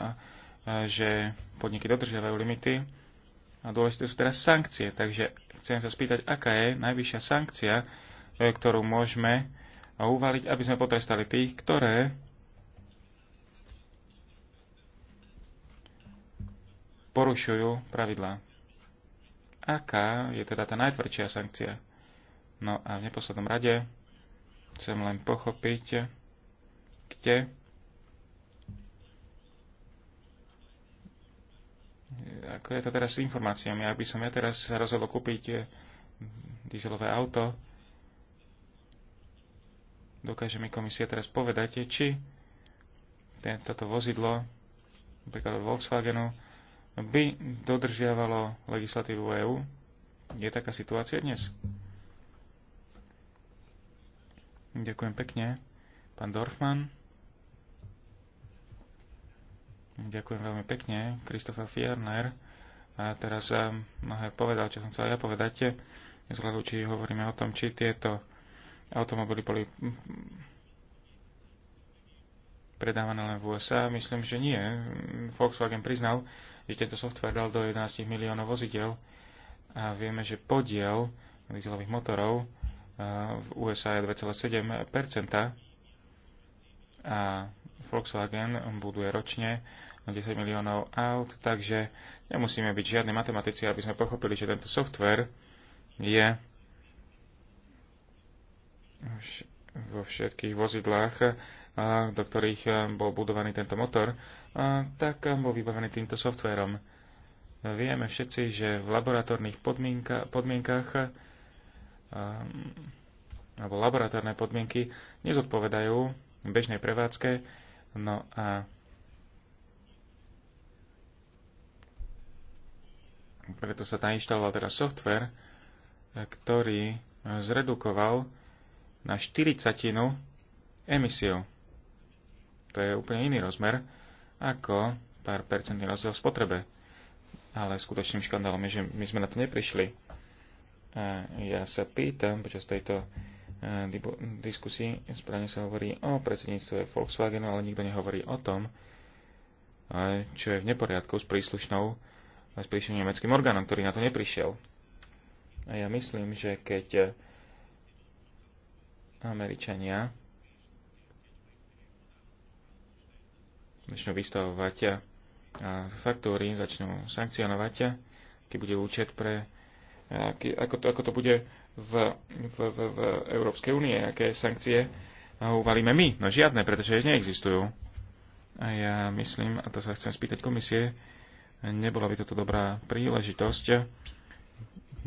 že podniky dodržiavajú limity a dôležité sú teraz sankcie. Takže chcem sa spýtať, aká je najvyššia sankcia, e, ktorú môžeme a uvaliť, aby sme potrestali tých, ktoré porušujú pravidlá. Aká je teda tá najtvrdšia sankcia? No a v neposlednom rade chcem len pochopiť, kde ako je to teraz s informáciami. Ak by som ja teraz sa rozhodol kúpiť dieselové auto, Dokáže mi komisia teraz povedať, či toto vozidlo, napríklad od Volkswagenu, by dodržiavalo legislatívu EÚ. Je taká situácia dnes? Ďakujem pekne. Pán Dorfman. Ďakujem veľmi pekne. Kristofa Fierner. A teraz eh, mnohé povedal, čo som chcel ja povedať. Vzhľadu, eh, či hovoríme o tom, či tieto automobily boli mm, predávané len v USA. Myslím, že nie. Volkswagen priznal, že tento software dal do 11 miliónov vozidel a vieme, že podiel dieselových motorov e, v USA je 2,7 a Volkswagen buduje ročne 10 miliónov aut, takže nemusíme byť žiadni matematici, aby sme pochopili, že tento software je vo všetkých vozidlách, do ktorých bol budovaný tento motor, tak bol vybavený týmto softverom. Vieme všetci, že v laboratórnych podmienka, podmienkach alebo laboratórne podmienky nezodpovedajú bežnej prevádzke. No a preto sa tam inštaloval teraz software, ktorý zredukoval na 40 emisiou. To je úplne iný rozmer ako pár percentný rozdiel v spotrebe. Ale skutočným škandálom je, že my sme na to neprišli. A ja sa pýtam počas tejto e, diskusii, správne sa hovorí o predsedníctve Volkswagenu, ale nikto nehovorí o tom, e, čo je v neporiadku s príslušnou s príslušným nemeckým orgánom, ktorý na to neprišiel. A ja myslím, že keď Američania začnú vystavovať a faktúry, začnú sankcionovať, aký bude účet pre, aký, ako, to, ako to bude v, v, v, v Európskej únie, aké sankcie uvalíme my. No žiadne, pretože neexistujú. A ja myslím, a to sa chcem spýtať komisie, nebola by toto dobrá príležitosť,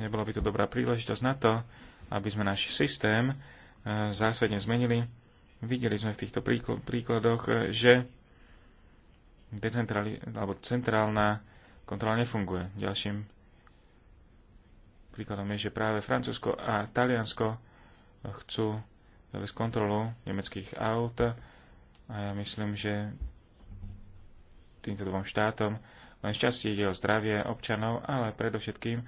nebola by to dobrá príležitosť na to, aby sme náš systém E, zásadne zmenili. Videli sme v týchto príkladoch, e, že decentrali- alebo centrálna kontrola nefunguje. Ďalším príkladom je, že práve Francúzsko a Taliansko chcú zaviesť kontrolu nemeckých aut a ja myslím, že týmto dvom štátom len šťastie ide o zdravie občanov, ale predovšetkým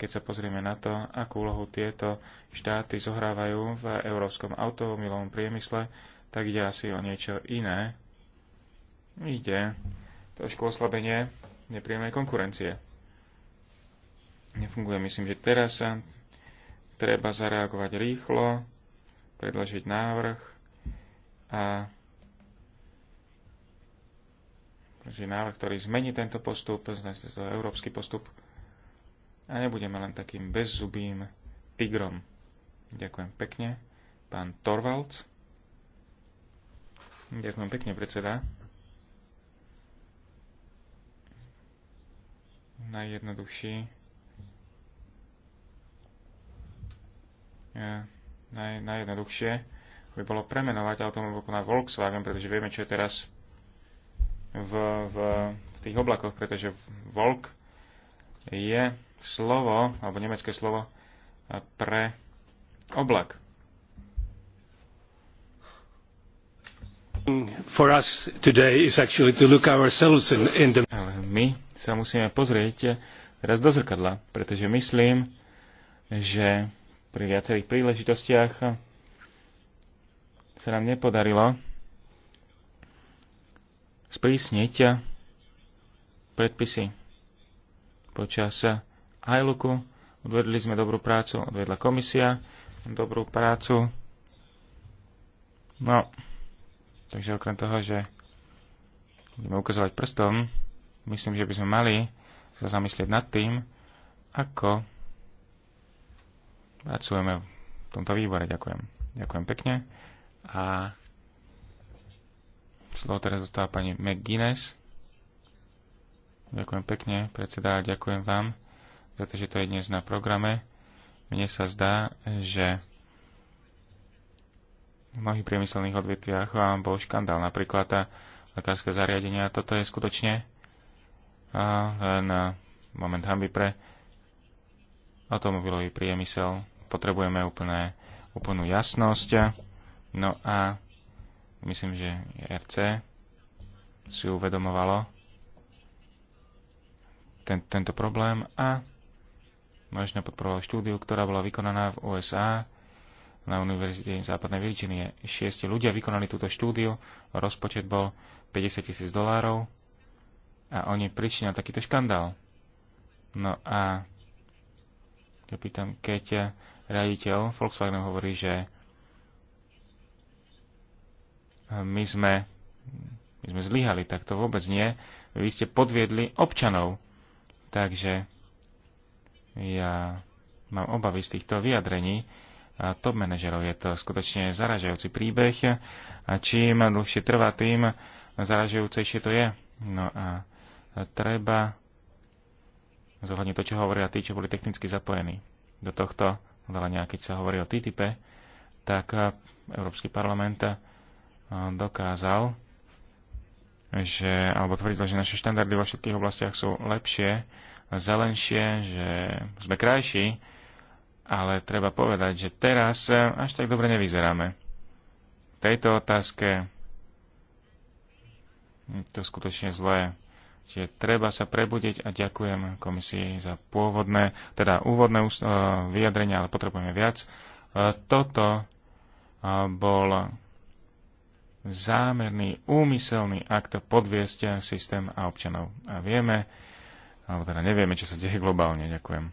keď sa pozrieme na to, akú úlohu tieto štáty zohrávajú v európskom automobilovom priemysle, tak ide asi o niečo iné. Ide trošku oslabenie nepríjemnej konkurencie. Nefunguje, myslím, že teraz sa treba zareagovať rýchlo, predložiť návrh a že návrh, ktorý zmení tento postup, to je európsky postup, a nebudeme len takým bezzubým tigrom. Ďakujem pekne. Pán Torvalds. Ďakujem pekne, predseda. Najjednoduchší. Naj, najjednoduchšie by bolo premenovať automobilku na Volkswagen, pretože vieme, čo je teraz v, v, v tých oblakoch, pretože Volk je slovo, alebo nemecké slovo e, pre oblak. For us today is actually to look ourselves in, in the... Ale my sa musíme pozrieť teraz do zrkadla, pretože myslím, že pri viacerých príležitostiach sa nám nepodarilo sprísniť predpisy počas ILUKu. Odvedli sme dobrú prácu, odvedla komisia dobrú prácu. No, takže okrem toho, že budeme ukazovať prstom, myslím, že by sme mali sa zamyslieť nad tým, ako pracujeme v tomto výbore. Ďakujem. Ďakujem pekne. A slovo teraz zostáva pani McGuinness. Ďakujem pekne, predseda, a ďakujem vám pretože to je dnes na programe. Mne sa zdá, že v mnohých priemyselných odvetviach vám bol škandál, napríklad tá lekárske zariadenia. Toto je skutočne len moment hamby pre automobilový priemysel. Potrebujeme úplné, úplnú jasnosť. No a myslím, že RC si uvedomovalo ten, tento problém a vážne podporovala štúdiu, ktorá bola vykonaná v USA na Univerzite Západnej Virginie. Šiesti ľudia vykonali túto štúdiu, rozpočet bol 50 tisíc dolárov a oni na takýto škandál. No a ja pýtam, keď riaditeľ Volkswagen hovorí, že my sme, my sme zlyhali, tak to vôbec nie. Vy ste podviedli občanov. Takže ja mám obavy z týchto vyjadrení top manažerov. Je to skutočne zaražajúci príbeh a čím dlhšie trvá, tým zaražajúcejšie to je. No a treba zohľadne to, čo hovoria tí, čo boli technicky zapojení do tohto velenia. Keď sa hovorí o TTIP, tak Európsky parlament dokázal, že, alebo tvrdil, že naše štandardy vo všetkých oblastiach sú lepšie zelenšie, že sme krajší, ale treba povedať, že teraz až tak dobre nevyzeráme. V tejto otázke je to skutočne zlé. Čiže treba sa prebudiť a ďakujem komisii za pôvodné, teda úvodné eh, vyjadrenia, ale potrebujeme viac. Eh, toto eh, bol zámerný, úmyselný akt podviesť systém a občanov. A vieme, alebo teda nevieme, čo sa deje globálne. Ďakujem.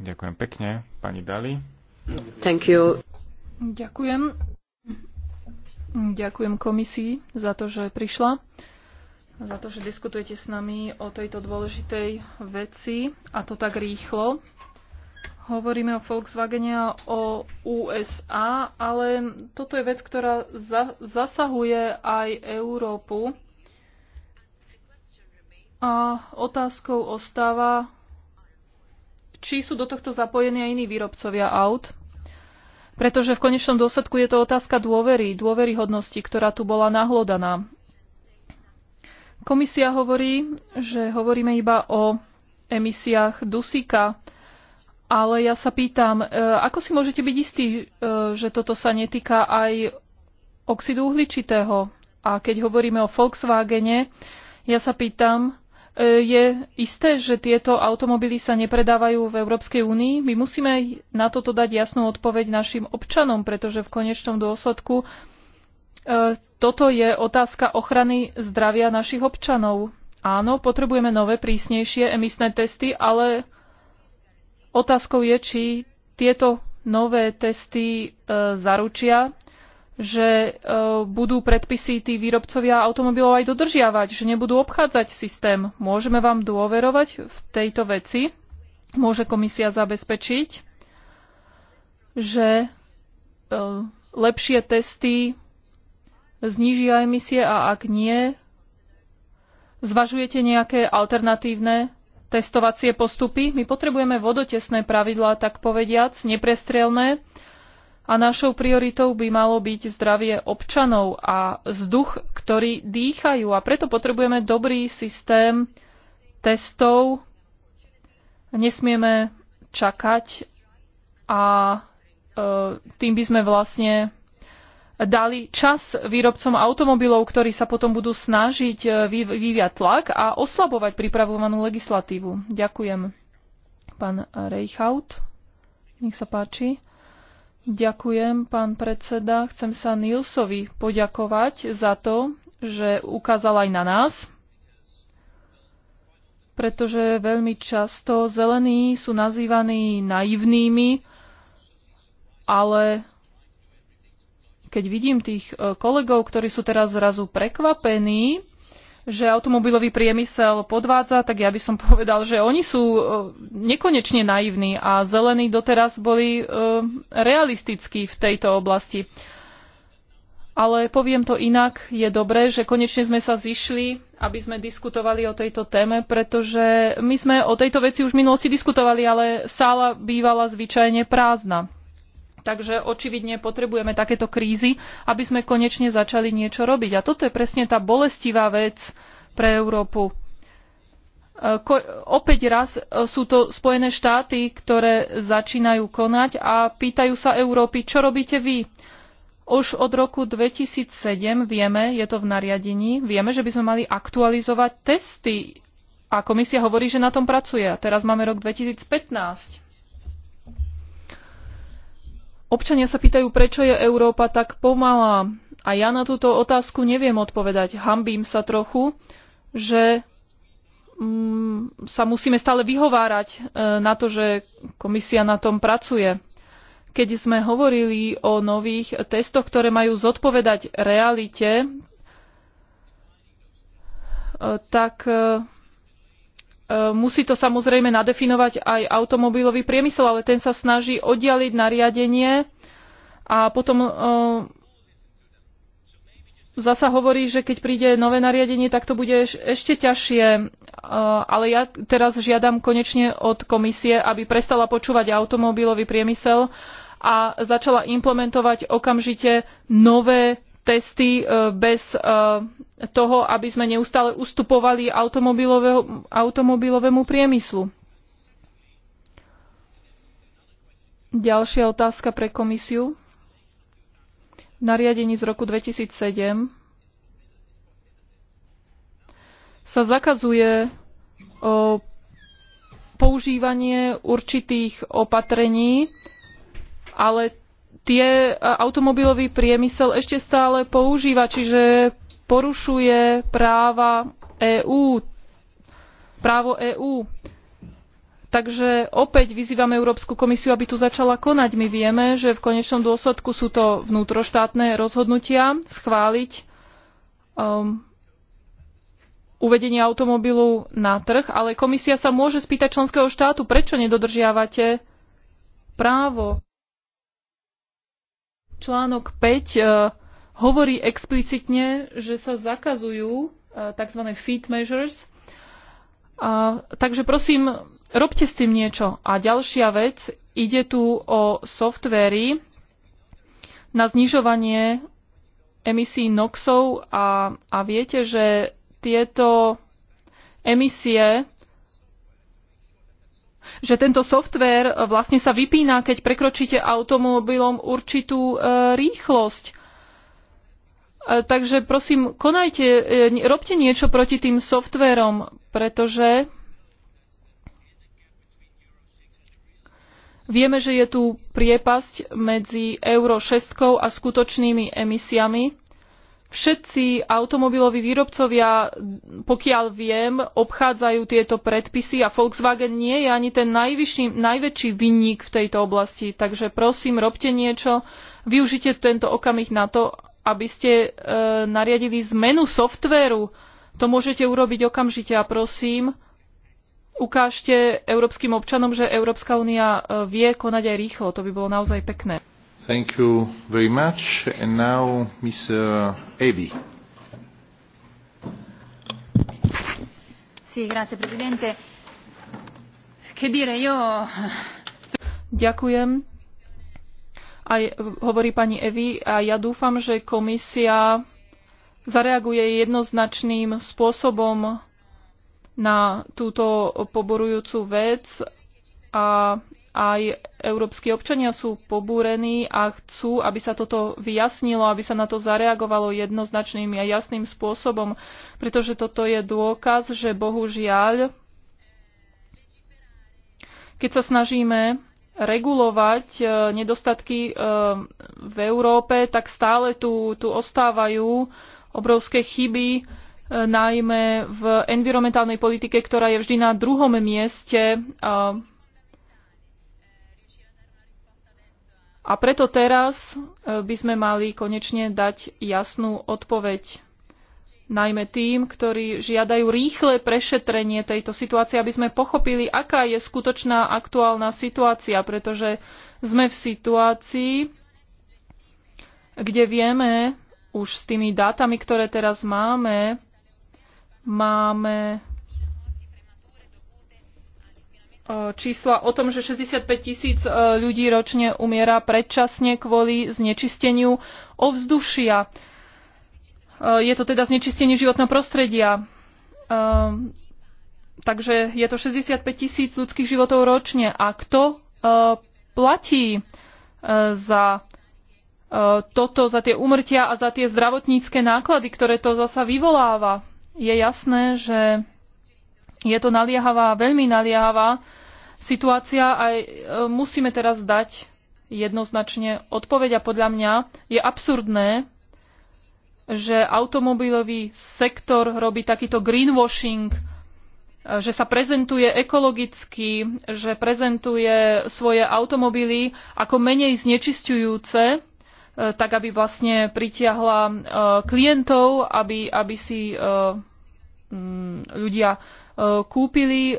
Ďakujem pekne, pani Dali. Thank you. Ďakujem. Ďakujem komisii za to, že prišla, za to, že diskutujete s nami o tejto dôležitej veci a to tak rýchlo. Hovoríme o Volkswagene a o USA, ale toto je vec, ktorá za- zasahuje aj Európu. A otázkou ostáva, či sú do tohto zapojení aj iní výrobcovia aut, pretože v konečnom dôsledku je to otázka dôvery, dôveryhodnosti, ktorá tu bola nahlodaná. Komisia hovorí, že hovoríme iba o emisiách dusíka, ale ja sa pýtam, e, ako si môžete byť istí, e, že toto sa netýka aj oxidu uhličitého? A keď hovoríme o Volkswagene, ja sa pýtam, E, je isté, že tieto automobily sa nepredávajú v Európskej únii? My musíme na toto dať jasnú odpoveď našim občanom, pretože v konečnom dôsledku e, toto je otázka ochrany zdravia našich občanov. Áno, potrebujeme nové, prísnejšie emisné testy, ale otázkou je, či tieto nové testy e, zaručia, že e, budú predpisy tí výrobcovia automobilov aj dodržiavať, že nebudú obchádzať systém. Môžeme vám dôverovať v tejto veci? Môže komisia zabezpečiť, že e, lepšie testy znížia emisie a ak nie, zvažujete nejaké alternatívne testovacie postupy? My potrebujeme vodotesné pravidlá, tak povediac, neprestrelné, a našou prioritou by malo byť zdravie občanov a vzduch, ktorý dýchajú. A preto potrebujeme dobrý systém testov. Nesmieme čakať a e, tým by sme vlastne dali čas výrobcom automobilov, ktorí sa potom budú snažiť e, vyviať tlak a oslabovať pripravovanú legislatívu. Ďakujem. Pán Reichaut, nech sa páči. Ďakujem, pán predseda. Chcem sa Nilsovi poďakovať za to, že ukázal aj na nás, pretože veľmi často zelení sú nazývaní naivnými, ale keď vidím tých e, kolegov, ktorí sú teraz zrazu prekvapení, že automobilový priemysel podvádza, tak ja by som povedal, že oni sú e, nekonečne naivní a zelení doteraz boli e, realistickí v tejto oblasti. Ale poviem to inak, je dobré, že konečne sme sa zišli, aby sme diskutovali o tejto téme, pretože my sme o tejto veci už v minulosti diskutovali, ale sála bývala zvyčajne prázdna. Takže očividne potrebujeme takéto krízy, aby sme konečne začali niečo robiť. A toto je presne tá bolestivá vec pre Európu. E, ko- opäť raz e, sú to Spojené štáty, ktoré začínajú konať a pýtajú sa Európy, čo robíte vy? Už od roku 2007 vieme, je to v nariadení, vieme, že by sme mali aktualizovať testy a komisia hovorí, že na tom pracuje. teraz máme rok 2015 Občania sa pýtajú, prečo je Európa tak pomalá. A ja na túto otázku neviem odpovedať. Hambím sa trochu, že mm, sa musíme stále vyhovárať e, na to, že komisia na tom pracuje. Keď sme hovorili o nových testoch, ktoré majú zodpovedať realite, e, tak e, E, musí to samozrejme nadefinovať aj automobilový priemysel, ale ten sa snaží oddialiť nariadenie a potom e, zasa hovorí, že keď príde nové nariadenie, tak to bude ešte ťažšie. E, ale ja teraz žiadam konečne od komisie, aby prestala počúvať automobilový priemysel a začala implementovať okamžite nové testy e, bez e, toho, aby sme neustále ustupovali automobilovému priemyslu. Ďalšia otázka pre komisiu. V nariadení z roku 2007 sa zakazuje e, používanie určitých opatrení, ale tie e, automobilový priemysel ešte stále používa, čiže porušuje práva EÚ, právo EÚ. Takže opäť vyzývame Európsku komisiu, aby tu začala konať. My vieme, že v konečnom dôsledku sú to vnútroštátne rozhodnutia schváliť um, uvedenie automobilu na trh, ale komisia sa môže spýtať členského štátu, prečo nedodržiavate právo. Článok 5 e, hovorí explicitne, že sa zakazujú e, tzv. feed measures. A, takže prosím, robte s tým niečo. A ďalšia vec, ide tu o softvery na znižovanie emisí NOXov a, a viete, že tieto emisie že tento softvér e, vlastne sa vypína, keď prekročíte automobilom určitú e, rýchlosť. E, takže prosím, konajte, robte niečo proti tým softverom, pretože vieme, že je tu priepasť medzi Euro 6 a skutočnými emisiami. Všetci automobiloví výrobcovia, pokiaľ viem, obchádzajú tieto predpisy a Volkswagen nie je ani ten najvyšší, najväčší vinník v tejto oblasti. Takže prosím, robte niečo, využite tento okamih na to, aby ste e, nariadili zmenu softvéru. To môžete urobiť okamžite a prosím, ukážte európskym občanom, že Európska únia e, vie konať aj rýchlo. To by bolo naozaj pekné. Thank you very much. And now, Ms. Evi. grazie Presidente. Che dire, io... Ďakujem. Aj hovorí pani Evi a ja dúfam, že komisia zareaguje jednoznačným spôsobom na túto poborujúcu vec a aj európsky občania sú pobúrení a chcú, aby sa toto vyjasnilo, aby sa na to zareagovalo jednoznačným a jasným spôsobom, pretože toto je dôkaz, že bohužiaľ, keď sa snažíme regulovať e, nedostatky e, v Európe, tak stále tu, tu ostávajú obrovské chyby, e, najmä v environmentálnej politike, ktorá je vždy na druhom mieste A preto teraz e, by sme mali konečne dať jasnú odpoveď najmä tým, ktorí žiadajú rýchle prešetrenie tejto situácie, aby sme pochopili, aká je skutočná aktuálna situácia, pretože sme v situácii, kde vieme už s tými dátami, ktoré teraz máme, máme E, čísla o tom, že 65 tisíc e, ľudí ročne umiera predčasne kvôli znečisteniu ovzdušia. E, je to teda znečistenie životného prostredia. Takže je to 65 tisíc ľudských životov ročne. A kto platí za toto, za tie úmrtia a za tie zdravotnícke náklady, ktoré to zasa vyvoláva? Je jasné, že je to naliehavá, veľmi naliehavá situácia a e, musíme teraz dať jednoznačne odpoveď a podľa mňa je absurdné, že automobilový sektor robí takýto greenwashing, e, že sa prezentuje ekologicky, že prezentuje svoje automobily ako menej znečisťujúce, e, tak aby vlastne pritiahla klientov, aby, aby si ľudia E, kúpili e,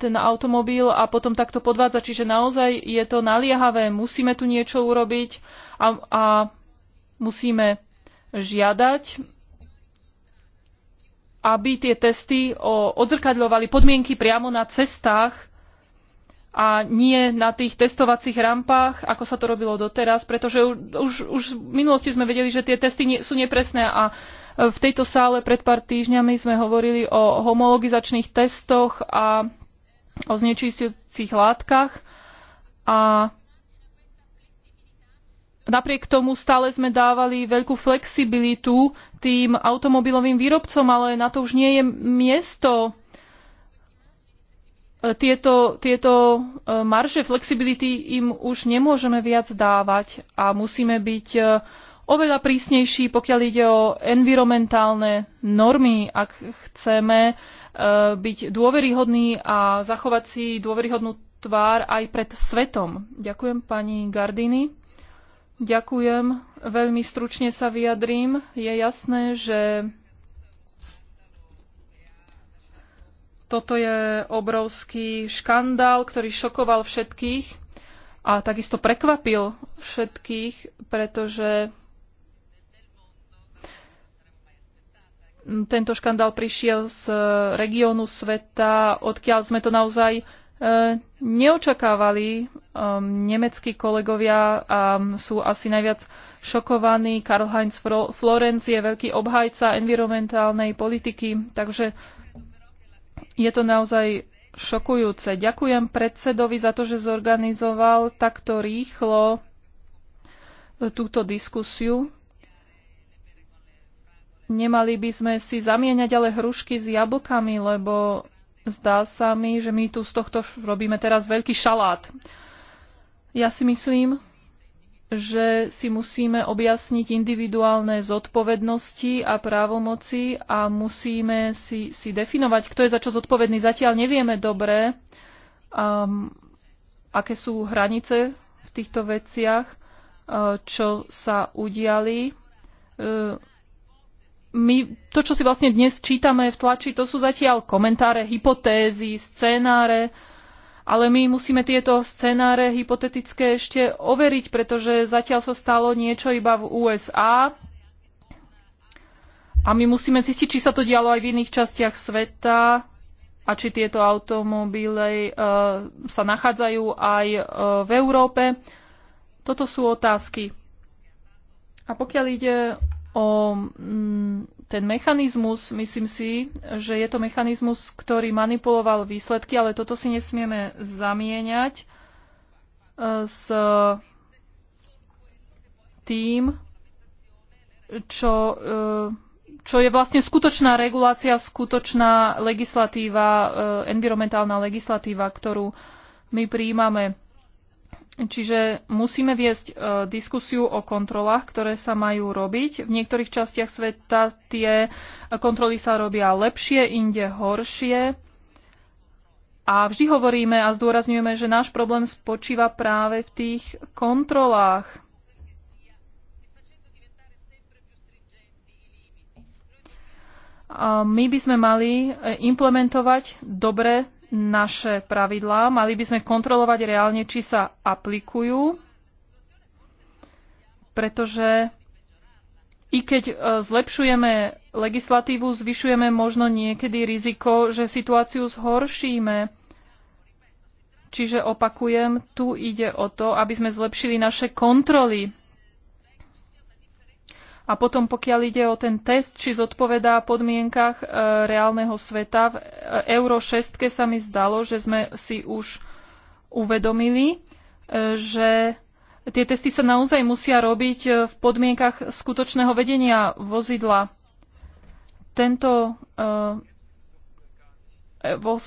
ten automobil a potom takto podvádza. Čiže naozaj je to naliehavé, musíme tu niečo urobiť a, a musíme žiadať, aby tie testy odzrkadľovali podmienky priamo na cestách a nie na tých testovacích rampách, ako sa to robilo doteraz, pretože už, už v minulosti sme vedeli, že tie testy nie, sú nepresné a v tejto sále pred pár týždňami sme hovorili o homologizačných testoch a o znečistujúcich látkach a Napriek tomu stále sme dávali veľkú flexibilitu tým automobilovým výrobcom, ale na to už nie je miesto. Tieto, tieto e, marže flexibility im už nemôžeme viac dávať a musíme byť e, oveľa prísnejší, pokiaľ ide o environmentálne normy, ak chceme e, byť dôveryhodný a zachovať si dôveryhodnú tvár aj pred svetom. Ďakujem pani Gardini. Ďakujem. Veľmi stručne sa vyjadrím. Je jasné, že toto je obrovský škandál, ktorý šokoval všetkých a takisto prekvapil všetkých, pretože tento škandál prišiel z e, regiónu sveta, odkiaľ sme to naozaj e, neočakávali. E, nemeckí kolegovia sú asi najviac šokovaní. Karl-Heinz Florenz je veľký obhajca environmentálnej politiky, takže je to naozaj šokujúce. Ďakujem predsedovi za to, že zorganizoval takto rýchlo túto diskusiu. Nemali by sme si zamieňať ale hrušky s jablkami, lebo zdá sa mi, že my tu z tohto robíme teraz veľký šalát. Ja si myslím, že si musíme objasniť individuálne zodpovednosti a právomoci a musíme si, si definovať, kto je za čo zodpovedný. Zatiaľ nevieme dobre, um, aké sú hranice v týchto veciach, uh, čo sa udiali. Uh, my to, čo si vlastne dnes čítame v tlači, to sú zatiaľ komentáre, hypotézy, scénáre, ale my musíme tieto scénáre hypotetické ešte overiť, pretože zatiaľ sa stalo niečo iba v USA a my musíme zistiť, či sa to dialo aj v iných častiach sveta a či tieto automobily uh, sa nachádzajú aj uh, v Európe. Toto sú otázky. A pokiaľ ide o mm, ten mechanizmus, myslím si, že je to mechanizmus, ktorý manipuloval výsledky, ale toto si nesmieme zamieňať e, s tým, čo, e, čo je vlastne skutočná regulácia, skutočná legislatíva, e, environmentálna legislatíva, ktorú my príjmame. Čiže musíme viesť e, diskusiu o kontrolách, ktoré sa majú robiť. V niektorých častiach sveta tie kontroly sa robia lepšie, inde horšie. A vždy hovoríme a zdôrazňujeme, že náš problém spočíva práve v tých kontrolách. A my by sme mali e, implementovať dobre naše pravidlá. Mali by sme kontrolovať reálne, či sa aplikujú, pretože i keď e, zlepšujeme legislatívu, zvyšujeme možno niekedy riziko, že situáciu zhoršíme. Čiže opakujem, tu ide o to, aby sme zlepšili naše kontroly a potom, pokiaľ ide o ten test, či zodpovedá podmienkach e, reálneho sveta, v e, Euro 6 sa mi zdalo, že sme si už uvedomili, e, že tie testy sa naozaj musia robiť v podmienkach skutočného vedenia vozidla. Tento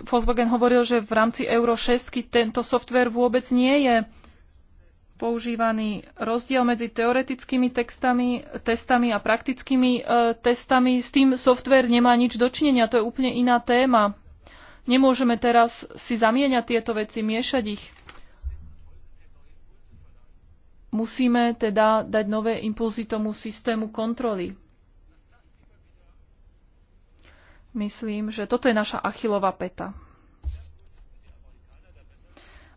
Volkswagen hovoril, že v rámci Euro 6 tento software vôbec nie je používaný rozdiel medzi teoretickými textami, testami a praktickými e, testami. S tým software nemá nič dočinenia, to je úplne iná téma. Nemôžeme teraz si zamieňať tieto veci, miešať ich. Musíme teda dať nové impulzy tomu systému kontroly. Myslím, že toto je naša achilová peta.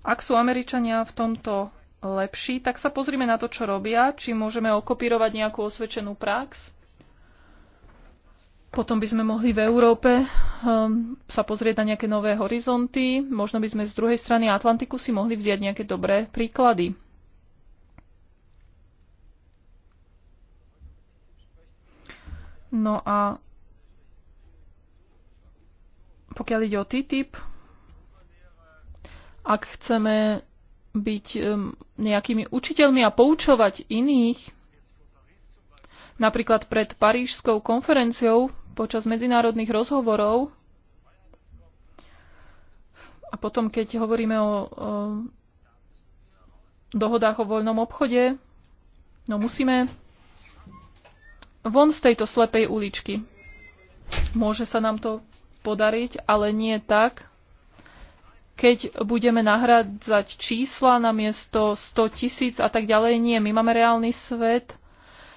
Ak sú Američania v tomto lepší, tak sa pozrime na to, čo robia, či môžeme okopírovať nejakú osvedčenú prax. Potom by sme mohli v Európe um, sa pozrieť na nejaké nové horizonty. Možno by sme z druhej strany Atlantiku si mohli vziať nejaké dobré príklady. No a pokiaľ ide o TTIP, ak chceme byť nejakými učiteľmi a poučovať iných. Napríklad pred Parížskou konferenciou počas medzinárodných rozhovorov a potom, keď hovoríme o, o dohodách o voľnom obchode, no musíme von z tejto slepej uličky. Môže sa nám to podariť, ale nie tak, keď budeme nahradzať čísla na miesto 100 tisíc a tak ďalej. Nie, my máme reálny svet.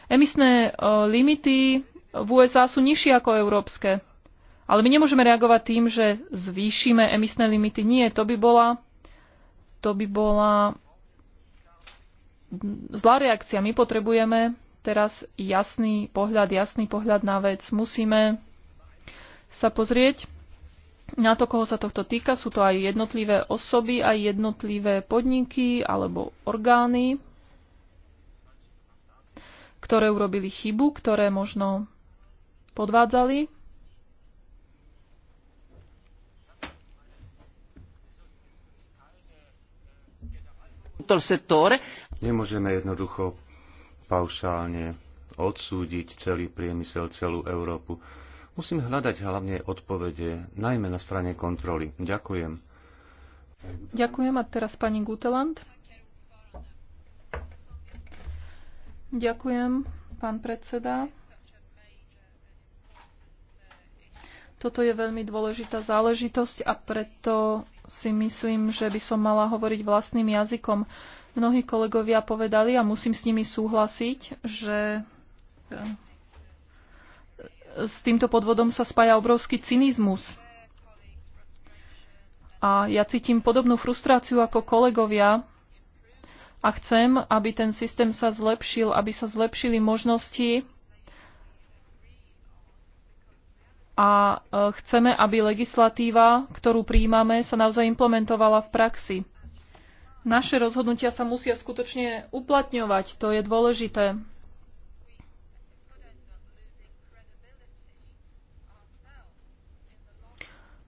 Emisné e, limity v USA sú nižšie ako európske. Ale my nemôžeme reagovať tým, že zvýšime emisné limity. Nie, to by bola, to by bola zlá reakcia. My potrebujeme teraz jasný pohľad, jasný pohľad na vec. Musíme sa pozrieť na to, koho sa tohto týka. Sú to aj jednotlivé osoby, aj jednotlivé podniky alebo orgány, ktoré urobili chybu, ktoré možno podvádzali. Nemôžeme jednoducho paušálne odsúdiť celý priemysel, celú Európu Musím hľadať hlavne odpovede, najmä na strane kontroly. Ďakujem. Ďakujem a teraz pani Guteland. Ďakujem, pán predseda. Toto je veľmi dôležitá záležitosť a preto si myslím, že by som mala hovoriť vlastným jazykom. Mnohí kolegovia povedali, a musím s nimi súhlasiť, že s týmto podvodom sa spája obrovský cynizmus. A ja cítim podobnú frustráciu ako kolegovia a chcem, aby ten systém sa zlepšil, aby sa zlepšili možnosti a e, chceme, aby legislatíva, ktorú príjmame, sa naozaj implementovala v praxi. Naše rozhodnutia sa musia skutočne uplatňovať, to je dôležité.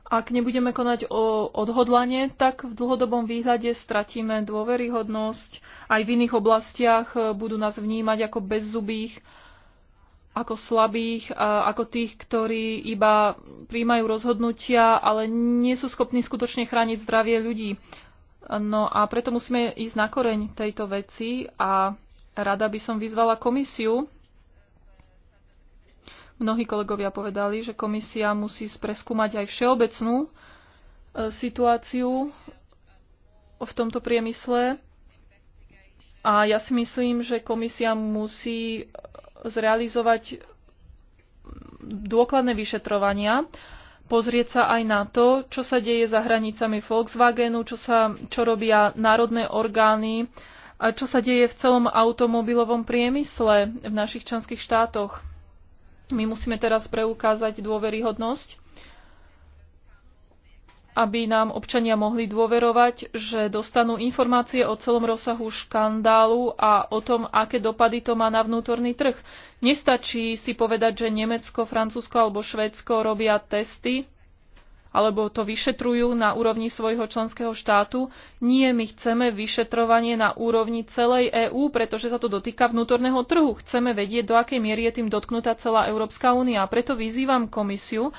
Ak nebudeme konať o odhodlanie, tak v dlhodobom výhľade stratíme dôveryhodnosť. Aj v iných oblastiach e, budú nás vnímať ako bezzubých, ako slabých, ako tých, ktorí iba príjmajú rozhodnutia, ale nie sú schopní skutočne chrániť zdravie ľudí. No a preto musíme ísť na koreň tejto veci a rada by som vyzvala komisiu, Mnohí kolegovia povedali, že komisia musí preskúmať aj všeobecnú e, situáciu v tomto priemysle. A ja si myslím, že komisia musí zrealizovať dôkladné vyšetrovania, pozrieť sa aj na to, čo sa deje za hranicami Volkswagenu, čo, sa, čo robia národné orgány, a čo sa deje v celom automobilovom priemysle v našich členských štátoch. My musíme teraz preukázať dôveryhodnosť, aby nám občania mohli dôverovať, že dostanú informácie o celom rozsahu škandálu a o tom, aké dopady to má na vnútorný trh. Nestačí si povedať, že Nemecko, Francúzsko alebo Švédsko robia testy alebo to vyšetrujú na úrovni svojho členského štátu. Nie, my chceme vyšetrovanie na úrovni celej EÚ, pretože sa to dotýka vnútorného trhu. Chceme vedieť, do akej miery je tým dotknutá celá Európska únia. Preto vyzývam komisiu,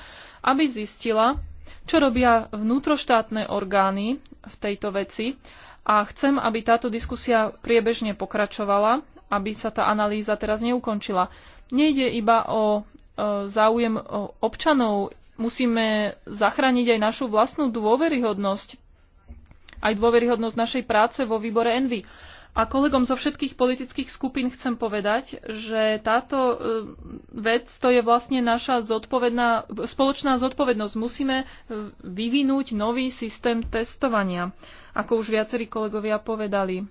aby zistila, čo robia vnútroštátne orgány v tejto veci. A chcem, aby táto diskusia priebežne pokračovala, aby sa tá analýza teraz neukončila. Nejde iba o e, záujem občanov musíme zachrániť aj našu vlastnú dôveryhodnosť, aj dôveryhodnosť našej práce vo výbore Envy. A kolegom zo všetkých politických skupín chcem povedať, že táto e, vec to je vlastne naša zodpovedná, spoločná zodpovednosť. Musíme e, vyvinúť nový systém testovania, ako už viacerí kolegovia povedali.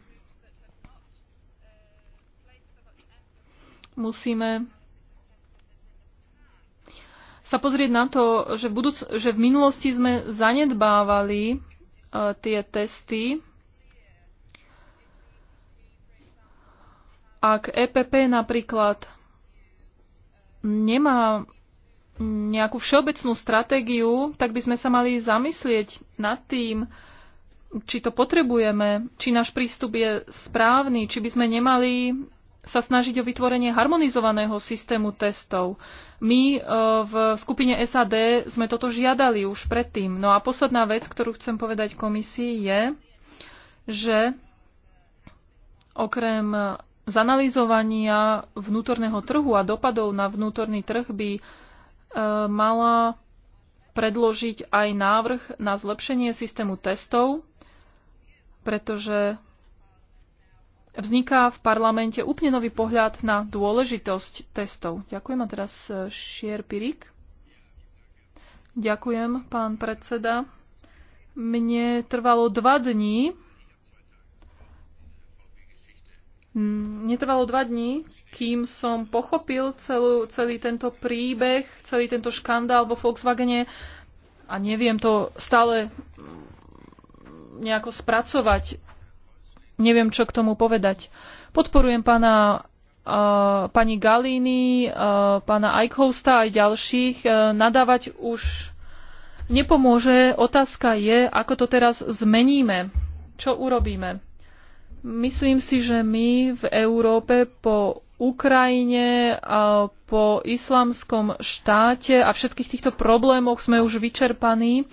Musíme sa pozrieť na to, že v, budúc- že v minulosti sme zanedbávali uh, tie testy. Ak EPP napríklad nemá nejakú všeobecnú stratégiu, tak by sme sa mali zamyslieť nad tým, či to potrebujeme, či náš prístup je správny, či by sme nemali sa snažiť o vytvorenie harmonizovaného systému testov. My e, v skupine SAD sme toto žiadali už predtým. No a posledná vec, ktorú chcem povedať komisii, je, že okrem zanalizovania vnútorného trhu a dopadov na vnútorný trh by e, mala predložiť aj návrh na zlepšenie systému testov, pretože vzniká v parlamente úplne nový pohľad na dôležitosť testov. Ďakujem a teraz e, Šier Pirik. Ďakujem, pán predseda. Mne trvalo dva dní, mm, Netrvalo dva dní, kým som pochopil celú, celý tento príbeh, celý tento škandál vo Volkswagene a neviem to stále mm, nejako spracovať. Neviem, čo k tomu povedať. Podporujem pána Uh, pani Galíny, uh, pána Eichhousta aj ďalších. Uh, nadávať už nepomôže. Otázka je, ako to teraz zmeníme. Čo urobíme? Myslím si, že my v Európe po Ukrajine, a po islamskom štáte a všetkých týchto problémoch sme už vyčerpaní. Uh,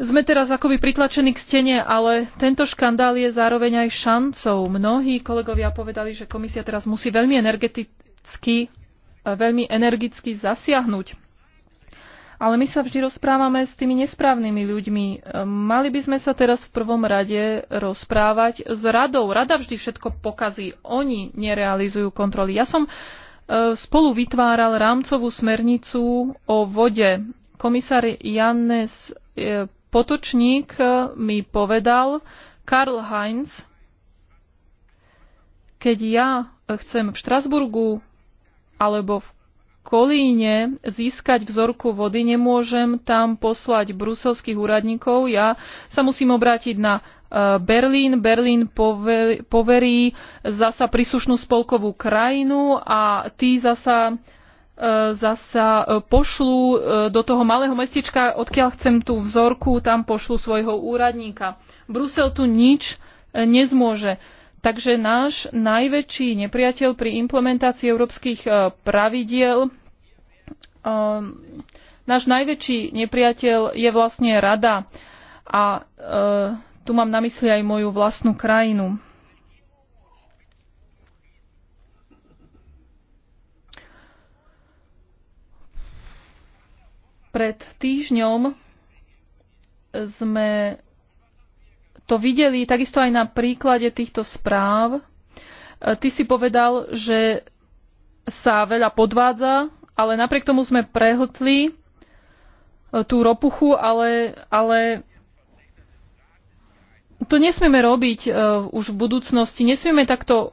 sme teraz akoby pritlačení k stene, ale tento škandál je zároveň aj šancou. Mnohí kolegovia povedali, že komisia teraz musí veľmi energeticky, e, veľmi energicky zasiahnuť. Ale my sa vždy rozprávame s tými nesprávnymi ľuďmi. E, mali by sme sa teraz v prvom rade rozprávať s radou. Rada vždy všetko pokazí. Oni nerealizujú kontroly. Ja som e, spolu vytváral rámcovú smernicu o vode. Komisár Jannes potočník e, mi povedal, Karl Heinz, keď ja chcem v Štrasburgu alebo v Kolíne získať vzorku vody, nemôžem tam poslať bruselských úradníkov. Ja sa musím obrátiť na e, Berlín. Berlín poverí zasa príslušnú spolkovú krajinu a tí zasa E, zasa e, pošlú e, do toho malého mestička, odkiaľ chcem tú vzorku, tam pošlú svojho úradníka. Brusel tu nič nezmôže. Takže náš najväčší nepriateľ pri implementácii európskych pravidiel, náš najväčší nepriateľ je vlastne rada. A tu mám na mysli aj moju vlastnú krajinu. Pred týždňom sme to videli takisto aj na príklade týchto správ. E, ty si povedal, že sa veľa podvádza, ale napriek tomu sme prehotli e, tú ropuchu, ale, ale to nesmieme robiť uh, už v budúcnosti. Nesmieme takto uh,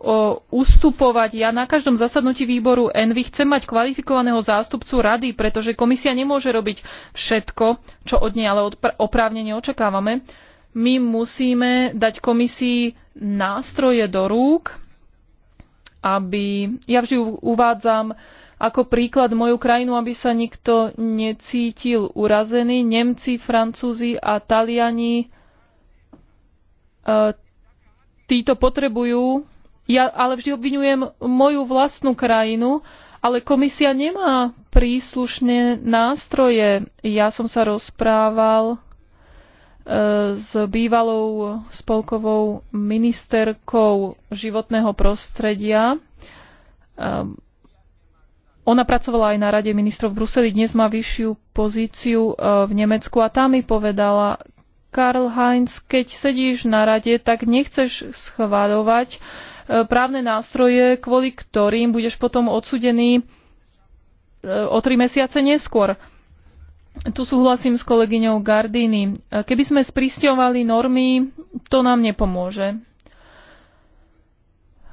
ustupovať. Ja na každom zasadnutí výboru ENVY chcem mať kvalifikovaného zástupcu rady, pretože komisia nemôže robiť všetko, čo od nej ale odpr- oprávne neočakávame. My musíme dať komisii nástroje do rúk, aby... Ja vždy uvádzam ako príklad moju krajinu, aby sa nikto necítil urazený. Nemci, Francúzi a Taliani títo potrebujú. Ja ale vždy obvinujem moju vlastnú krajinu, ale komisia nemá príslušné nástroje. Ja som sa rozprával e, s bývalou spolkovou ministerkou životného prostredia. E, ona pracovala aj na Rade ministrov v Bruseli, dnes má vyššiu pozíciu e, v Nemecku a tá mi povedala, Karl Heinz, keď sedíš na rade, tak nechceš schváľovať e, právne nástroje, kvôli ktorým budeš potom odsudený e, o tri mesiace neskôr. Tu súhlasím s kolegyňou Gardini. E, keby sme sprisťovali normy, to nám nepomôže.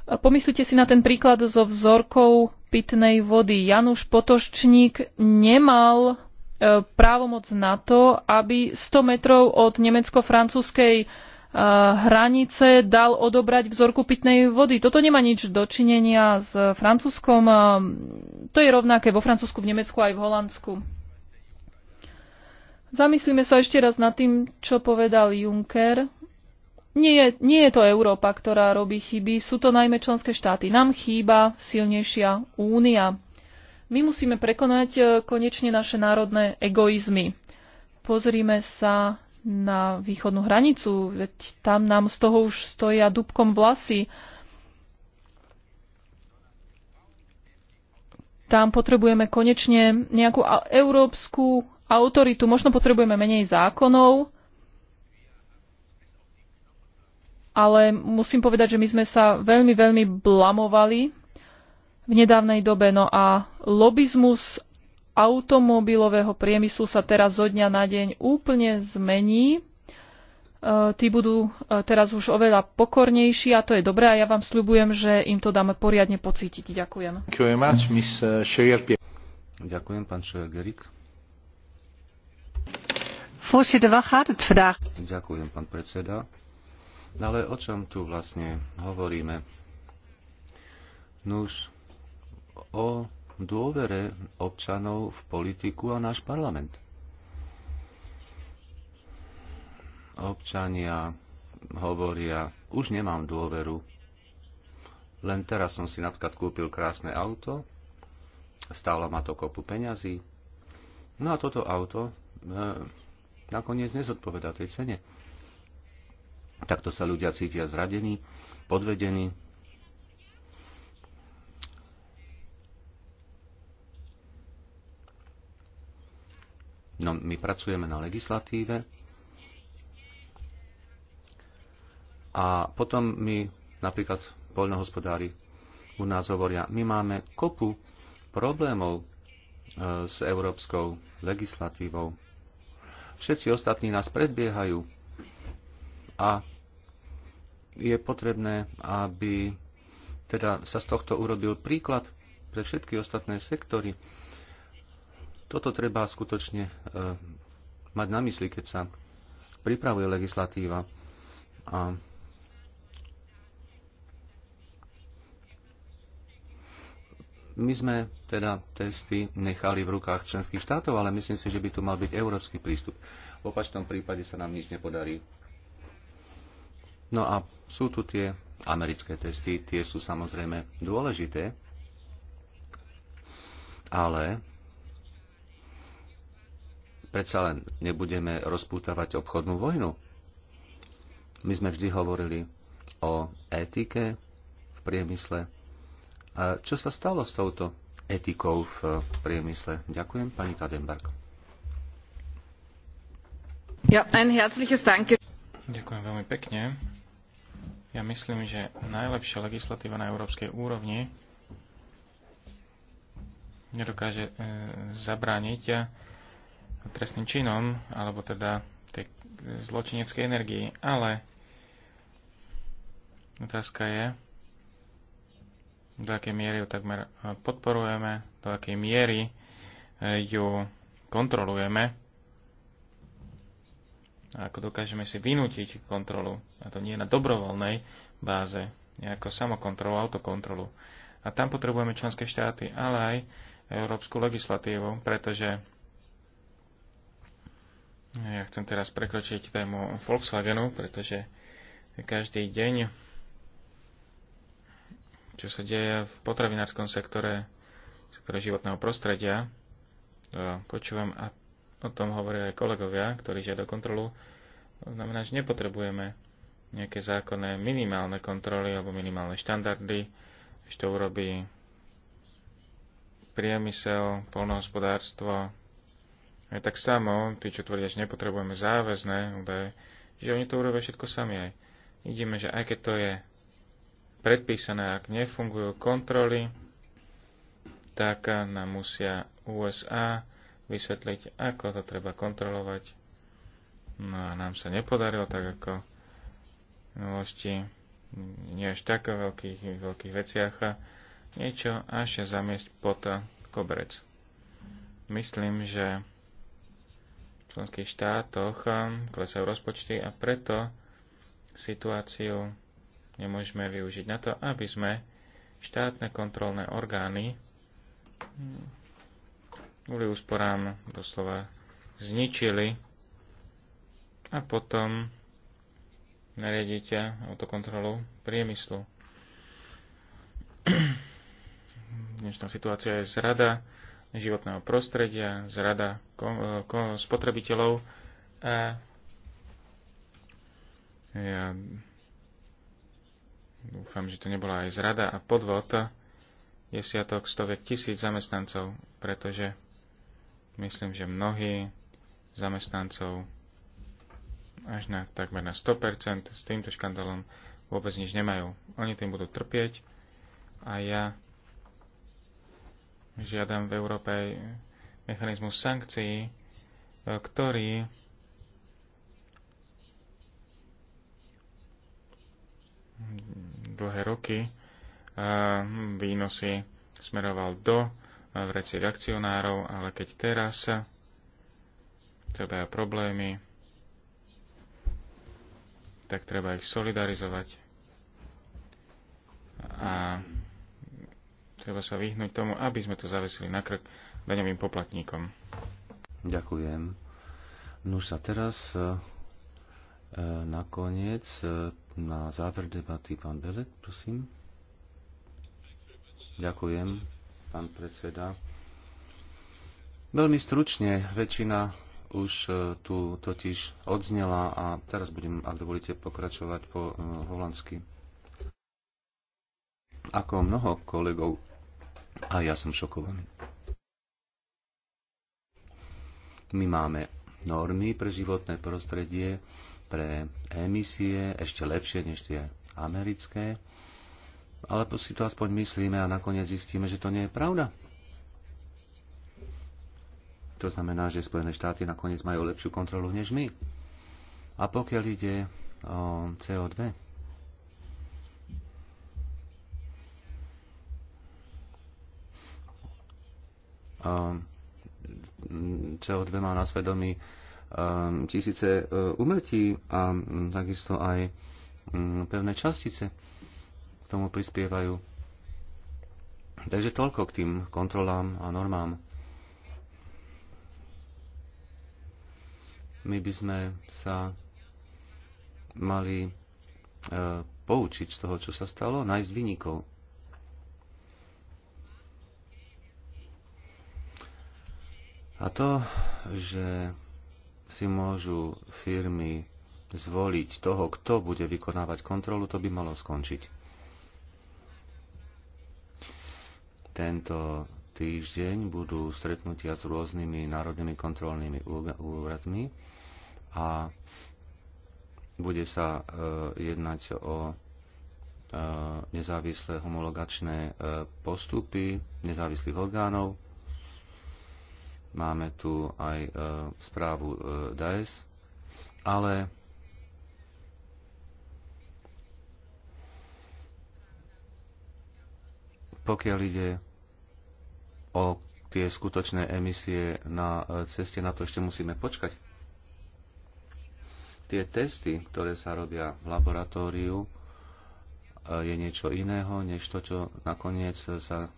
Pomyslite si na ten príklad so vzorkou pitnej vody. Januš Potoščník nemal E, právomoc na to, aby 100 metrov od nemecko-francúzskej e, hranice dal odobrať vzorku pitnej vody. Toto nemá nič dočinenia s Francúzskom. E, to je rovnaké vo Francúzsku, v Nemecku aj v Holandsku. Zamyslíme sa ešte raz nad tým, čo povedal Juncker. Nie je, nie je to Európa, ktorá robí chyby, sú to najmä členské štáty. Nám chýba silnejšia únia. My musíme prekonať e, konečne naše národné egoizmy. Pozrime sa na východnú hranicu, veď tam nám z toho už stoja dubkom vlasy. Tam potrebujeme konečne nejakú európsku autoritu. Možno potrebujeme menej zákonov, ale musím povedať, že my sme sa veľmi, veľmi blamovali v nedávnej dobe. No a lobizmus automobilového priemyslu sa teraz zo dňa na deň úplne zmení. E, tí budú e, teraz už oveľa pokornejší a to je dobré a ja vám sľubujem, že im to dáme poriadne pocítiť. Ďakujem. Uh, Ďakujem, pán Šergerik. Ďakujem, pán predseda. Ale o čom tu vlastne hovoríme? Nuž, o dôvere občanov v politiku a náš parlament. Občania hovoria, už nemám dôveru. Len teraz som si napríklad kúpil krásne auto, stálo ma to kopu peňazí. No a toto auto e, nakoniec nezodpoveda tej cene. Takto sa ľudia cítia zradení, podvedení, No, my pracujeme na legislatíve a potom my, napríklad poľnohospodári u nás hovoria, my máme kopu problémov e, s európskou legislatívou. Všetci ostatní nás predbiehajú a je potrebné, aby teda sa z tohto urobil príklad pre všetky ostatné sektory. Toto treba skutočne e, mať na mysli, keď sa pripravuje legislatíva. A My sme teda testy nechali v rukách členských štátov, ale myslím si, že by tu mal byť európsky prístup. V opačnom prípade sa nám nič nepodarí. No a sú tu tie americké testy, tie sú samozrejme dôležité, ale Predsa len nebudeme rozpútavať obchodnú vojnu. My sme vždy hovorili o etike v priemysle. A čo sa stalo s touto etikou v priemysle? Ďakujem, pani Kadenberg. Ja, ein herzliches Danke. Ďakujem veľmi pekne. Ja myslím, že najlepšia legislatíva na európskej úrovni nedokáže e, zabrániť trestným činom, alebo teda tej zločineckej energii. Ale otázka je, do akej miery ju takmer eh, podporujeme, do akej miery eh, ju kontrolujeme a ako dokážeme si vynútiť kontrolu, a to nie na dobrovoľnej báze, ako samokontrolu, autokontrolu. A tam potrebujeme členské štáty, ale aj európsku legislatívu, pretože ja chcem teraz prekročiť tému Volkswagenu, pretože každý deň, čo sa deje v potravinárskom sektore, sektore životného prostredia, e, počúvam a o tom hovoria aj kolegovia, ktorí žiadajú kontrolu, znamená, že nepotrebujeme nejaké zákonné minimálne kontroly alebo minimálne štandardy, že to urobí priemysel, polnohospodárstvo, aj tak samo, tí, čo tvrdia, že nepotrebujeme záväzné údaje, že oni to urobia všetko sami aj. Vidíme, že aj keď to je predpísané, ak nefungujú kontroly, tak nám musia USA vysvetliť, ako to treba kontrolovať. No a nám sa nepodarilo, tak ako v minulosti, nie až tak veľkých, veľkých veciach, a niečo až zamiesť pod koberec. Myslím, že členských štátoch um, klesajú rozpočty a preto situáciu nemôžeme využiť na to, aby sme štátne kontrolné orgány hm, kvôli úsporám doslova zničili a potom nariadíte autokontrolu priemyslu. (clears throat) Dnešná situácia je zrada životného prostredia, z rada e, spotrebiteľov a ja dúfam, že to nebola aj zrada a podvod desiatok, stoviek tisíc zamestnancov, pretože myslím, že mnohí zamestnancov až na takmer na 100% s týmto škandálom vôbec nič nemajú. Oni tým budú trpieť a ja Žiadam v Európe mechanizmus sankcií, e, ktorý dlhé roky e, výnosy smeroval do e, vrecie akcionárov, ale keď teraz treba problémy, tak treba ich solidarizovať a Treba sa vyhnúť tomu, aby sme to zavesili na krk daňovým poplatníkom. Ďakujem. No sa teraz e, e, nakoniec e, na záver debaty pán Belek, prosím. Ďakujem, pán predseda. Veľmi stručne, väčšina už tu totiž odznela a teraz budem, ak dovolíte, pokračovať po holandsky. Ako mnoho kolegov a ja som šokovaný. My máme normy pre životné prostredie, pre emisie, ešte lepšie než tie americké. Ale si to aspoň myslíme a nakoniec zistíme, že to nie je pravda. To znamená, že Spojené štáty nakoniec majú lepšiu kontrolu než my. A pokiaľ ide o CO2, Ehm, CO2 má na svedomí ehm, tisíce eh, umrtí a mm, takisto aj mm, pevné častice k tomu prispievajú. Takže toľko k tým kontrolám a normám. My by sme sa mali eh, poučiť z toho, čo sa stalo, nájsť vynikov. A to, že si môžu firmy zvoliť toho, kto bude vykonávať kontrolu, to by malo skončiť. Tento týždeň budú stretnutia s rôznymi národnými kontrolnými úradmi a bude sa e, jednať o e, nezávislé homologačné e, postupy nezávislých orgánov máme tu aj e, správu e, DAES, ale pokiaľ ide o tie skutočné emisie na e, ceste, na to ešte musíme počkať. Tie testy, ktoré sa robia v laboratóriu, je niečo iného, než to, čo nakoniec sa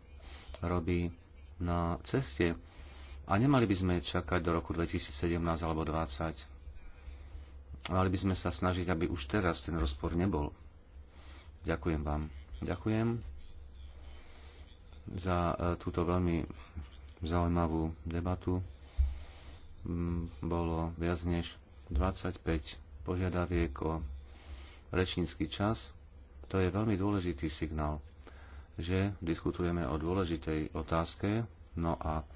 robí na ceste. A nemali by sme čakať do roku 2017 alebo 2020. Mali by sme sa snažiť, aby už teraz ten rozpor nebol. Ďakujem vám. Ďakujem za e, túto veľmi zaujímavú debatu. Mm, bolo viac než 25 požiadaviek o rečnícky čas. To je veľmi dôležitý signál, že diskutujeme o dôležitej otázke. No a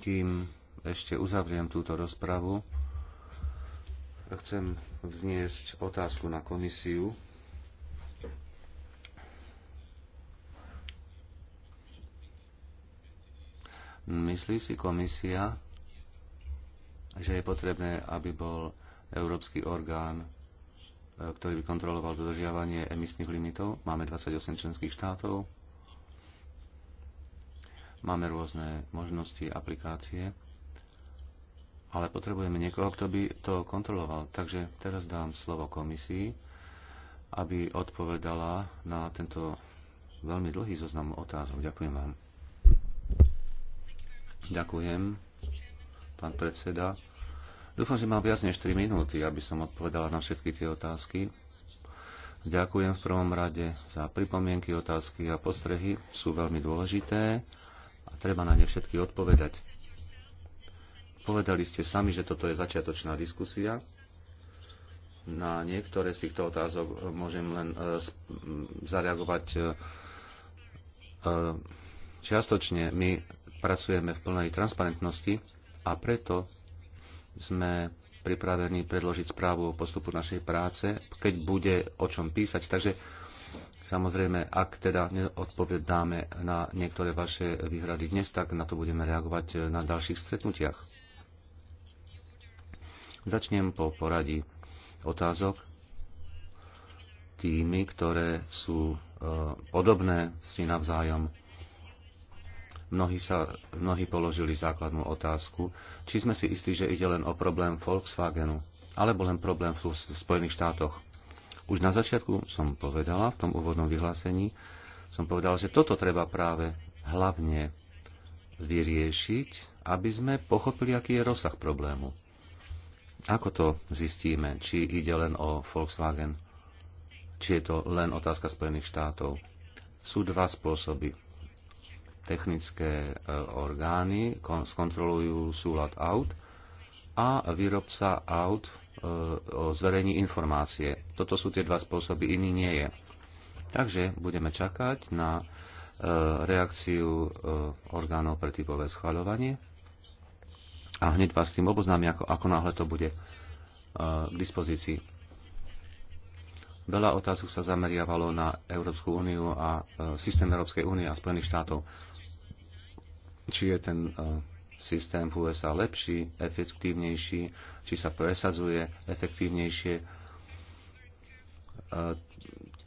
kým ešte uzavriem túto rozpravu, chcem vzniesť otázku na komisiu. Myslí si komisia, že je potrebné, aby bol európsky orgán, e, ktorý by kontroloval dodržiavanie emisných limitov? Máme 28 členských štátov, Máme rôzne možnosti, aplikácie, ale potrebujeme niekoho, kto by to kontroloval. Takže teraz dám slovo komisii, aby odpovedala na tento veľmi dlhý zoznam otázok. Ďakujem vám. Ďakujem, pán predseda. Dúfam, že mám viac než 3 minúty, aby som odpovedala na všetky tie otázky. Ďakujem v prvom rade za pripomienky, otázky a postrehy. Sú veľmi dôležité. Treba na ne všetky odpovedať. Povedali ste sami, že toto je začiatočná diskusia. Na niektoré z týchto otázok e, môžem len e, zareagovať e, čiastočne. My pracujeme v plnej transparentnosti a preto sme pripravení predložiť správu o postupu našej práce, keď bude o čom písať. Takže Samozrejme, ak teda neodpovedáme na niektoré vaše výhrady dnes, tak na to budeme reagovať e, na ďalších stretnutiach. Začnem po poradí otázok tými, ktoré sú e, podobné si navzájom. Mnohí, sa, mnohí položili základnú otázku, či sme si istí, že ide len o problém Volkswagenu, alebo len problém v Spojených štátoch. Už na začiatku som povedala, v tom úvodnom vyhlásení, som povedala, že toto treba práve hlavne vyriešiť, aby sme pochopili, aký je rozsah problému. Ako to zistíme? Či ide len o Volkswagen? Či je to len otázka Spojených štátov? Sú dva spôsoby. Technické e, orgány skontrolujú súlad aut a výrobca aut E, o zverejní informácie. Toto sú tie dva spôsoby, iný nie je. Takže budeme čakať na e, reakciu e, orgánov pre typové schvaľovanie a hneď vás s tým oboznám, ako, ako náhle to bude k dispozícii. Veľa otázok sa zameriavalo na Európsku úniu a systém Európskej únie a Spojených štátov. Či je ten systém v USA lepší, efektívnejší, či sa presadzuje efektívnejšie. E,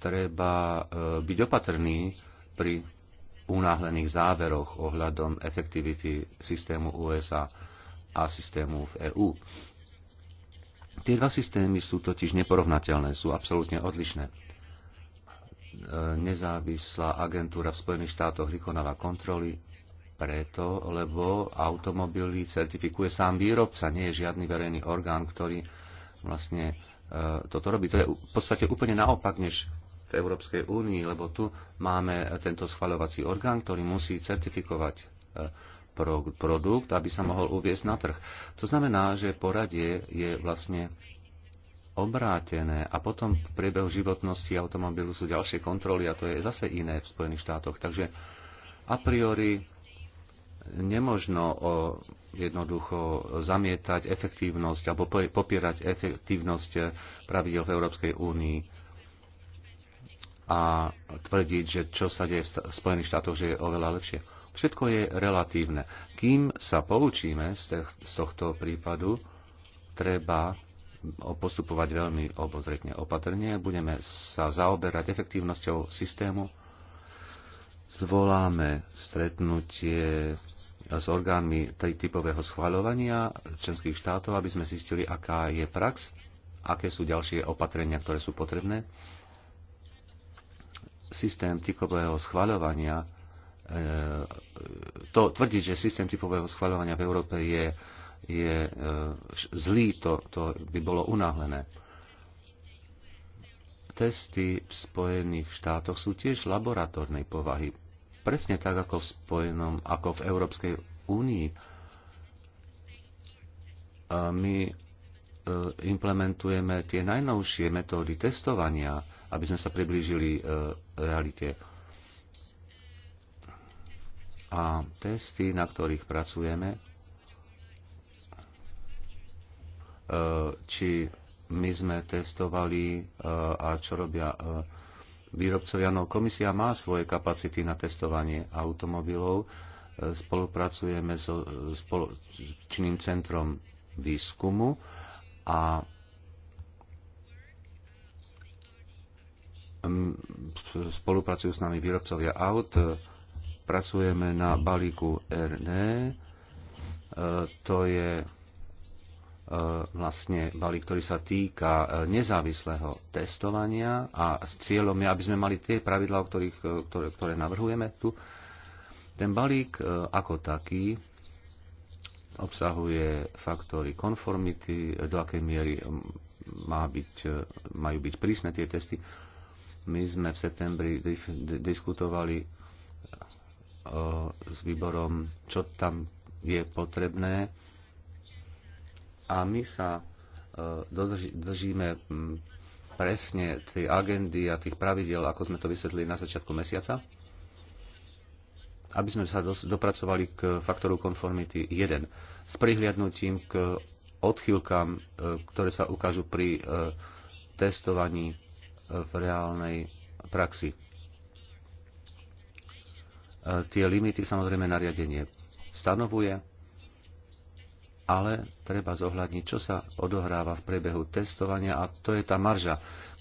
treba e, byť opatrný pri unáhlených záveroch ohľadom efektivity systému USA a systému v EÚ. Tie dva systémy sú totiž neporovnateľné, sú absolútne odlišné. E, nezávislá agentúra v Spojených štátoch vykonáva kontroly preto, lebo automobily certifikuje sám výrobca, nie je žiadny verejný orgán, ktorý vlastne e, toto robí. To je v podstate úplne naopak, než v Európskej únii, lebo tu máme tento schvaľovací orgán, ktorý musí certifikovať e, produkt, aby sa mohol uviezť na trh. To znamená, že poradie je vlastne obrátené a potom v priebehu životnosti automobilu sú ďalšie kontroly a to je zase iné v Spojených štátoch. Takže a priori nemožno jednoducho zamietať efektívnosť alebo popierať efektívnosť e, pravidel v Európskej únii a tvrdiť, že čo sa deje v Spojených štátoch, že je oveľa lepšie. Všetko je relatívne. Kým sa poučíme z tohto prípadu, treba postupovať veľmi obozretne opatrne. Budeme sa zaoberať efektívnosťou systému. Zvoláme stretnutie s orgánmi typového schvaľovania členských štátov, aby sme zistili, aká je prax, aké sú ďalšie opatrenia, ktoré sú potrebné. Systém typového schvaľovania, e, to tvrdiť, že systém typového schvaľovania v Európe je, je e, zlý, to, to by bolo unáhlené testy v Spojených štátoch sú tiež laboratórnej povahy presne tak ako v Spojenom, ako v Európskej únii. A my e, implementujeme tie najnovšie metódy testovania, aby sme sa priblížili e, realite. A testy, na ktorých pracujeme, e, či my sme testovali a čo robia výrobcovia. No, komisia má svoje kapacity na testovanie automobilov. E, spolupracujeme so e, spoločným centrom výskumu a spolupracujú s nami výrobcovia aut. E, pracujeme na balíku RD. To je E, vlastne balík, ktorý sa týka e, nezávislého testovania a s cieľom je, aby sme mali tie pravidlá, o ktorých, e, ktoré, ktoré navrhujeme tu. Ten balík ako taký obsahuje faktory konformity, do akej miery má byť, majú byť prísne tie testy. My sme v septembri diskutovali s výborom, čo tam je potrebné a my sa e, držíme presne tej agendy a tých pravidel, ako sme to vysvetlili na začiatku mesiaca, aby sme sa dopracovali k faktoru konformity 1 s prihliadnutím k odchýlkam, e, ktoré sa ukážu pri e, testovaní v reálnej praxi. Tie limity samozrejme nariadenie stanovuje ale treba zohľadniť, čo sa odohráva v priebehu testovania a to je tá marža,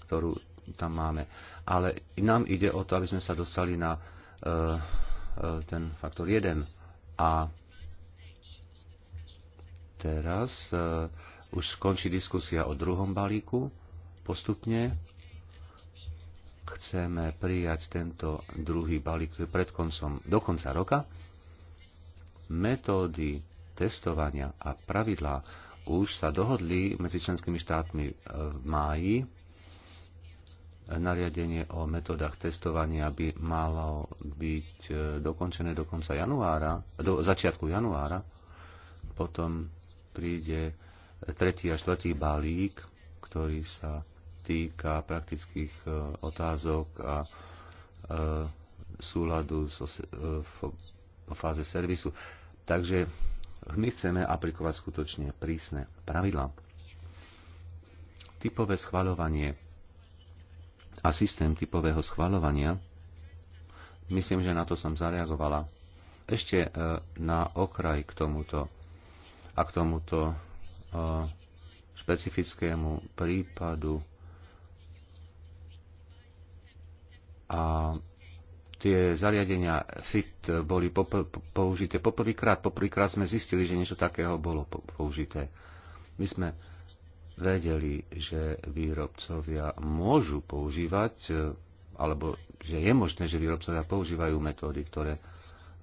ktorú tam máme. Ale nám ide o to, aby sme sa dostali na uh, uh, ten faktor 1. A teraz uh, už skončí diskusia o druhom balíku. Postupne chceme prijať tento druhý balík pred koncom, do konca roka. Metódy testovania a pravidlá už sa dohodli medzi členskými štátmi v máji. Nariadenie o metodách testovania by malo byť e, dokončené do konca januára, do začiatku januára. Potom príde tretí a štvrtý balík, ktorý sa týka praktických e, otázok a e, súladu v fáze servisu. Takže my chceme aplikovať skutočne prísne pravidlá. Typové schvaľovanie a systém typového schvaľovania, myslím, že na to som zareagovala. Ešte e, na okraj k tomuto a k tomuto e, špecifickému prípadu a tie zariadenia FIT boli popr- použité poprvýkrát. Poprvýkrát sme zistili, že niečo takého bolo použité. My sme vedeli, že výrobcovia môžu používať, e, alebo že je možné, že výrobcovia používajú metódy, ktoré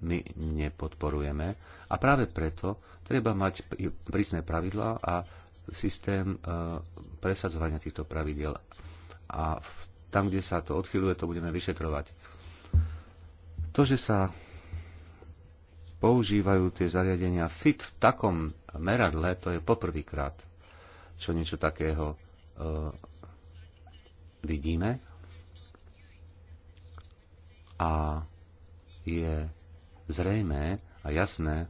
my nepodporujeme. A práve preto treba mať prísne pravidlá a systém e, presadzovania týchto pravidiel. A tam, kde sa to odchyluje, to budeme vyšetrovať. To, že sa používajú tie zariadenia FIT v takom meradle, to je poprvýkrát, čo niečo takého e, vidíme. A je zrejmé a jasné,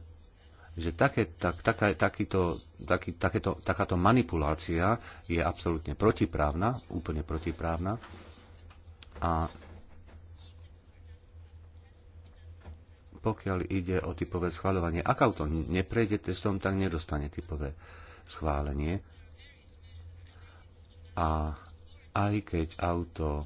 že také, tak, taká, takýto, taký, takéto, takáto manipulácia je absolútne protiprávna, úplne protiprávna. A pokiaľ ide o typové schváľovanie. Ak auto neprejde testom, tak nedostane typové schválenie. A aj keď auto e,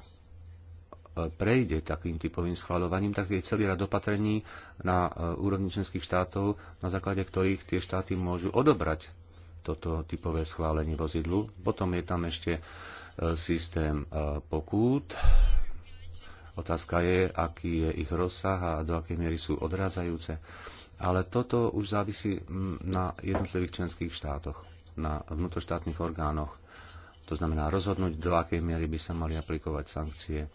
prejde takým typovým schváľovaním, tak je celý rad opatrení na e, úrovni členských štátov, na základe ktorých tie štáty môžu odobrať toto typové schválenie vozidlu. Potom je tam ešte e, systém pokút, Otázka je, aký je ich rozsah a do akej miery sú odrádzajúce. Ale toto už závisí na jednotlivých členských štátoch, na vnútroštátnych orgánoch. To znamená rozhodnúť, do akej miery by sa mali aplikovať sankcie.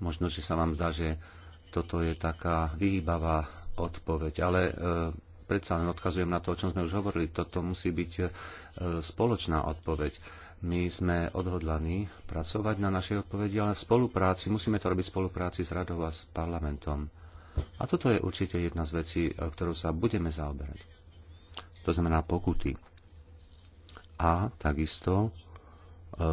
Možno, že sa vám zdá, že toto je taká vyhýbavá odpoveď, ale e, predsa len odkazujem na to, o čom sme už hovorili. Toto musí byť e, spoločná odpoveď my sme odhodlaní pracovať na našej odpovedi, ale v spolupráci, musíme to robiť v spolupráci s radou a s parlamentom. A toto je určite jedna z vecí, e, ktorou sa budeme zaoberať. To znamená pokuty. A takisto e,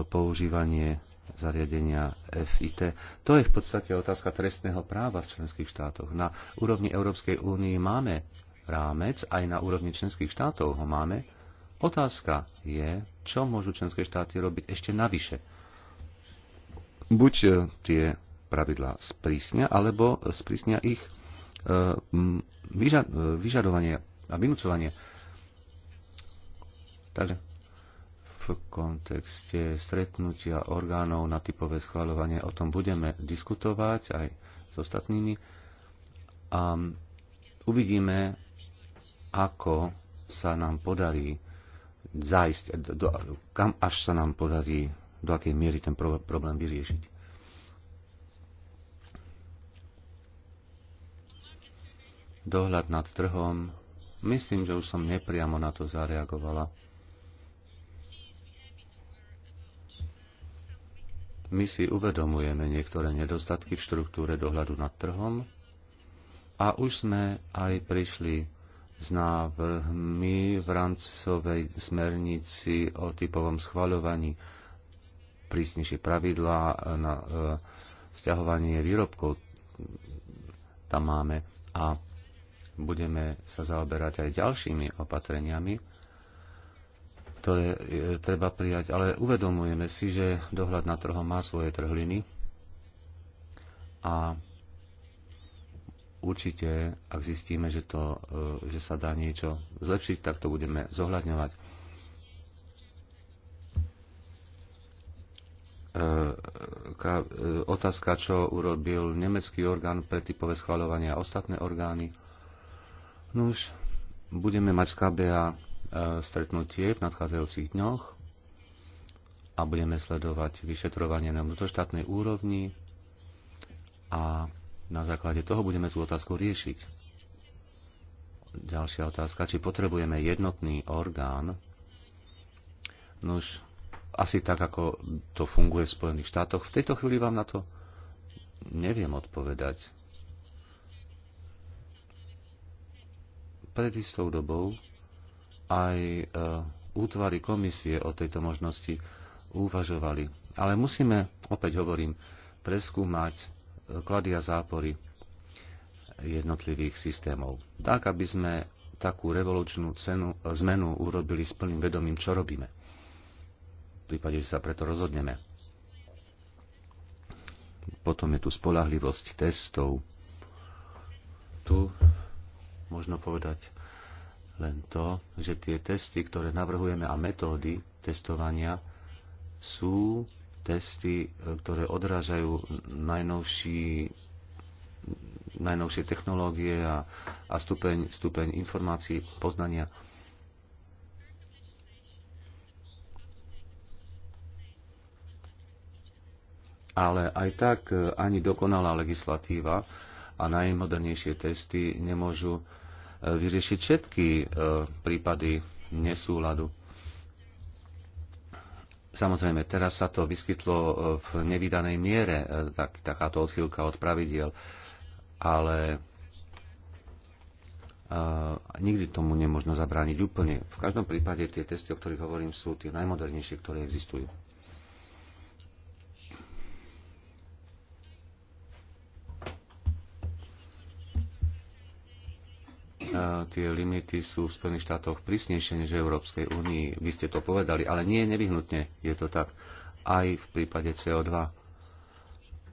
používanie zariadenia FIT. To je v podstate otázka trestného práva v členských štátoch. Na úrovni Európskej únie máme rámec, aj na úrovni členských štátov ho máme Otázka je, čo môžu členské štáty robiť ešte navyše. Buď e, tie pravidlá sprísnia, alebo sprísnia ich e, e, vyžadovanie a vynúcovanie. Takže v kontexte stretnutia orgánov na typové schváľovanie o tom budeme diskutovať aj s ostatnými a uvidíme, ako sa nám podarí zájsť, do, kam až sa nám podarí, do akej miery ten problém vyriešiť. Dohľad nad trhom. Myslím, že už som nepriamo na to zareagovala. My si uvedomujeme niektoré nedostatky v štruktúre dohľadu nad trhom a už sme aj prišli s návrhmi v rámcovej smernici o typovom schvaľovaní prísnejšie pravidlá na stiahovanie e, výrobkov tam máme a budeme sa zaoberať aj ďalšími opatreniami, ktoré e, treba prijať, ale uvedomujeme si, že dohľad na trhom má svoje trhliny a určite, ak zistíme, že, to, e, že sa dá niečo zlepšiť, tak to budeme zohľadňovať. E, e, otázka, čo urobil nemecký orgán pre typové schvaľovanie a ostatné orgány. No už budeme mať z KBA stretnutie v nadchádzajúcich dňoch a budeme sledovať vyšetrovanie na vnútroštátnej úrovni a na základe toho budeme tú otázku riešiť. Ďalšia otázka, či potrebujeme jednotný orgán. No už asi tak, ako to funguje v Spojených štátoch. V tejto chvíli vám na to neviem odpovedať. Pred istou dobou aj e, útvary komisie o tejto možnosti uvažovali. Ale musíme, opäť hovorím, preskúmať kladia zápory jednotlivých systémov. Tak, aby sme takú revolučnú cenu, zmenu urobili s plným vedomím, čo robíme. V prípade, že sa preto rozhodneme. Potom je tu spolahlivosť testov. Tu možno povedať len to, že tie testy, ktoré navrhujeme a metódy testovania sú testy, e, ktoré odrážajú najnovší najnovšie technológie a, a stupeň, stupeň informácií, poznania. Ale aj tak e, ani dokonalá legislatíva a najmodernejšie testy nemôžu e, vyriešiť všetky prípady nesúladu. Samozrejme, teraz sa to vyskytlo e, v nevydanej miere, e, tak, takáto odchýlka od pravidiel, ale Uh, nikdy tomu nemôžno zabrániť úplne. V každom prípade tie testy, o ktorých hovorím, sú tie najmodernejšie, ktoré existujú. tie limity sú v Spojených štátoch prísnejšie než v Európskej únii. Vy ste to povedali, ale nie nevyhnutne je to tak. Aj v prípade CO2.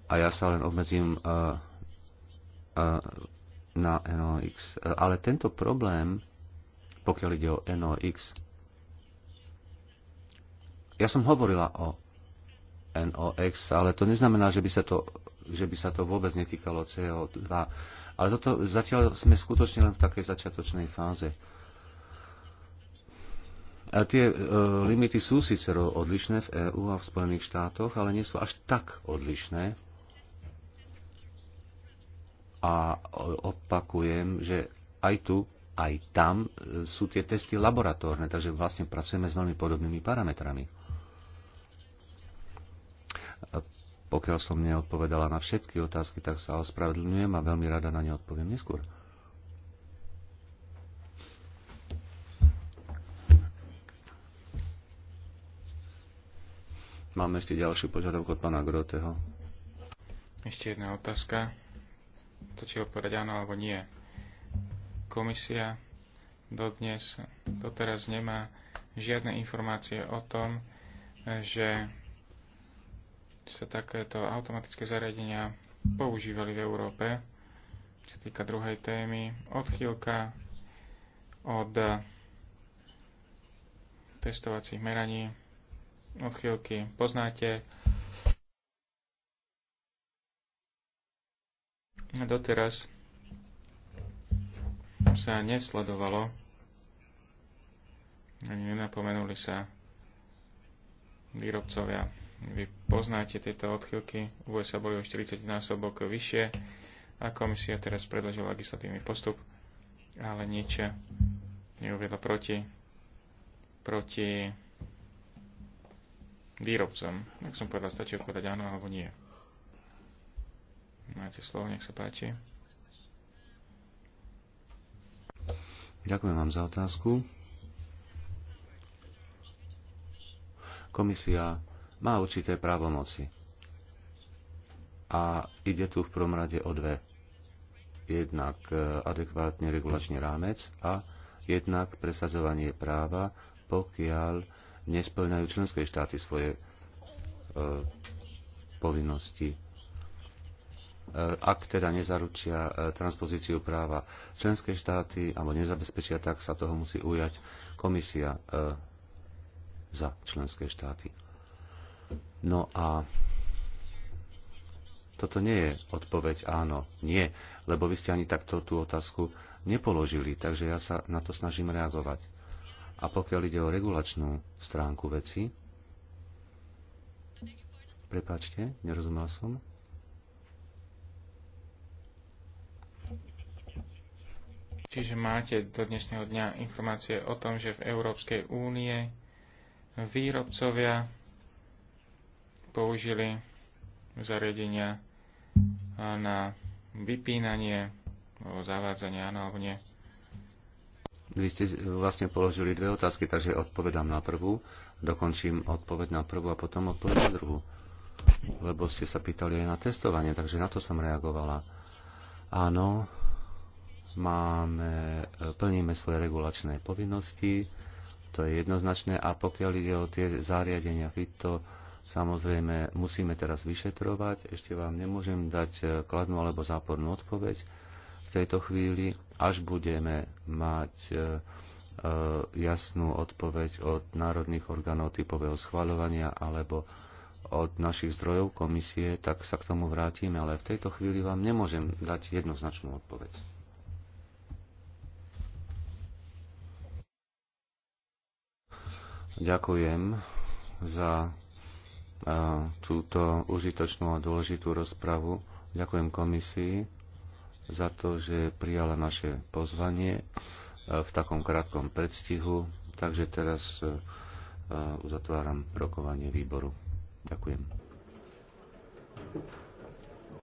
A ja sa len obmedzím uh, uh, na NOx. Ale tento problém, pokiaľ ide o NOx, ja som hovorila o NOx, ale to neznamená, že by sa to, že by sa to vôbec netýkalo CO2 ale toto zatiaľ sme skutočne len v takej začiatočnej fáze. A tie e, limity sú síce odlišné v EÚ a v Spojených štátoch, ale nie sú až tak odlišné. A opakujem, že aj tu, aj tam e, sú tie testy laboratórne, takže vlastne pracujeme s veľmi podobnými parametrami pokiaľ som neodpovedala na všetky otázky, tak sa ospravedlňujem a veľmi rada na ne odpoviem neskôr. Máme ešte ďalšiu požiadavku od pána Groteho. Ešte jedna otázka. To či odpovedať áno alebo nie. Komisia dodnes, doteraz nemá žiadne informácie o tom, že sa takéto automatické zariadenia používali v Európe. Čo sa týka druhej témy, odchýlka od testovacích meraní, odchýlky poznáte. Doteraz sa nesledovalo, ani nenapomenuli sa výrobcovia vy poznáte tieto odchylky. V USA boli o 40 násobok vyššie a komisia teraz predložila legislatívny postup, ale nič neuviedla proti, proti výrobcom. Ak som povedal, stačí povedať áno alebo nie. Máte slovo, nech sa páči. Ďakujem vám za otázku. Komisia má určité právomoci. A ide tu v prvom rade o dve. Jednak e, adekvátny regulačný rámec a jednak presadzovanie práva, pokiaľ nesplňajú členské štáty svoje e, povinnosti. E, ak teda nezaručia e, transpozíciu práva členské štáty alebo nezabezpečia, tak sa toho musí ujať komisia e, za členské štáty. No a toto nie je odpoveď áno, nie, lebo vy ste ani takto tú otázku nepoložili, takže ja sa na to snažím reagovať. A pokiaľ ide o regulačnú stránku veci, prepáčte, nerozumel som. Čiže máte do dnešného dňa informácie o tom, že v Európskej únie výrobcovia použili zariadenia na vypínanie alebo zavádzanie, áno alebo nie. Vy ste vlastne položili dve otázky, takže odpovedám na prvú, dokončím odpoveď na prvú a potom odpoveď na druhú. Lebo ste sa pýtali aj na testovanie, takže na to som reagovala. Áno, máme, plníme svoje regulačné povinnosti, to je jednoznačné a pokiaľ ide o tie zariadenia FITO, Samozrejme, musíme teraz vyšetrovať, ešte vám nemôžem dať e, kladnú alebo zápornú odpoveď v tejto chvíli, až budeme mať e, e, jasnú odpoveď od národných orgánov typového schvaľovania alebo od našich zdrojov komisie, tak sa k tomu vrátime, ale v tejto chvíli vám nemôžem dať jednoznačnú odpoveď. Ďakujem za túto užitočnú a dôležitú rozpravu. Ďakujem komisii za to, že prijala naše pozvanie e, v takom krátkom predstihu. Takže teraz e, e, uzatváram rokovanie výboru. Ďakujem.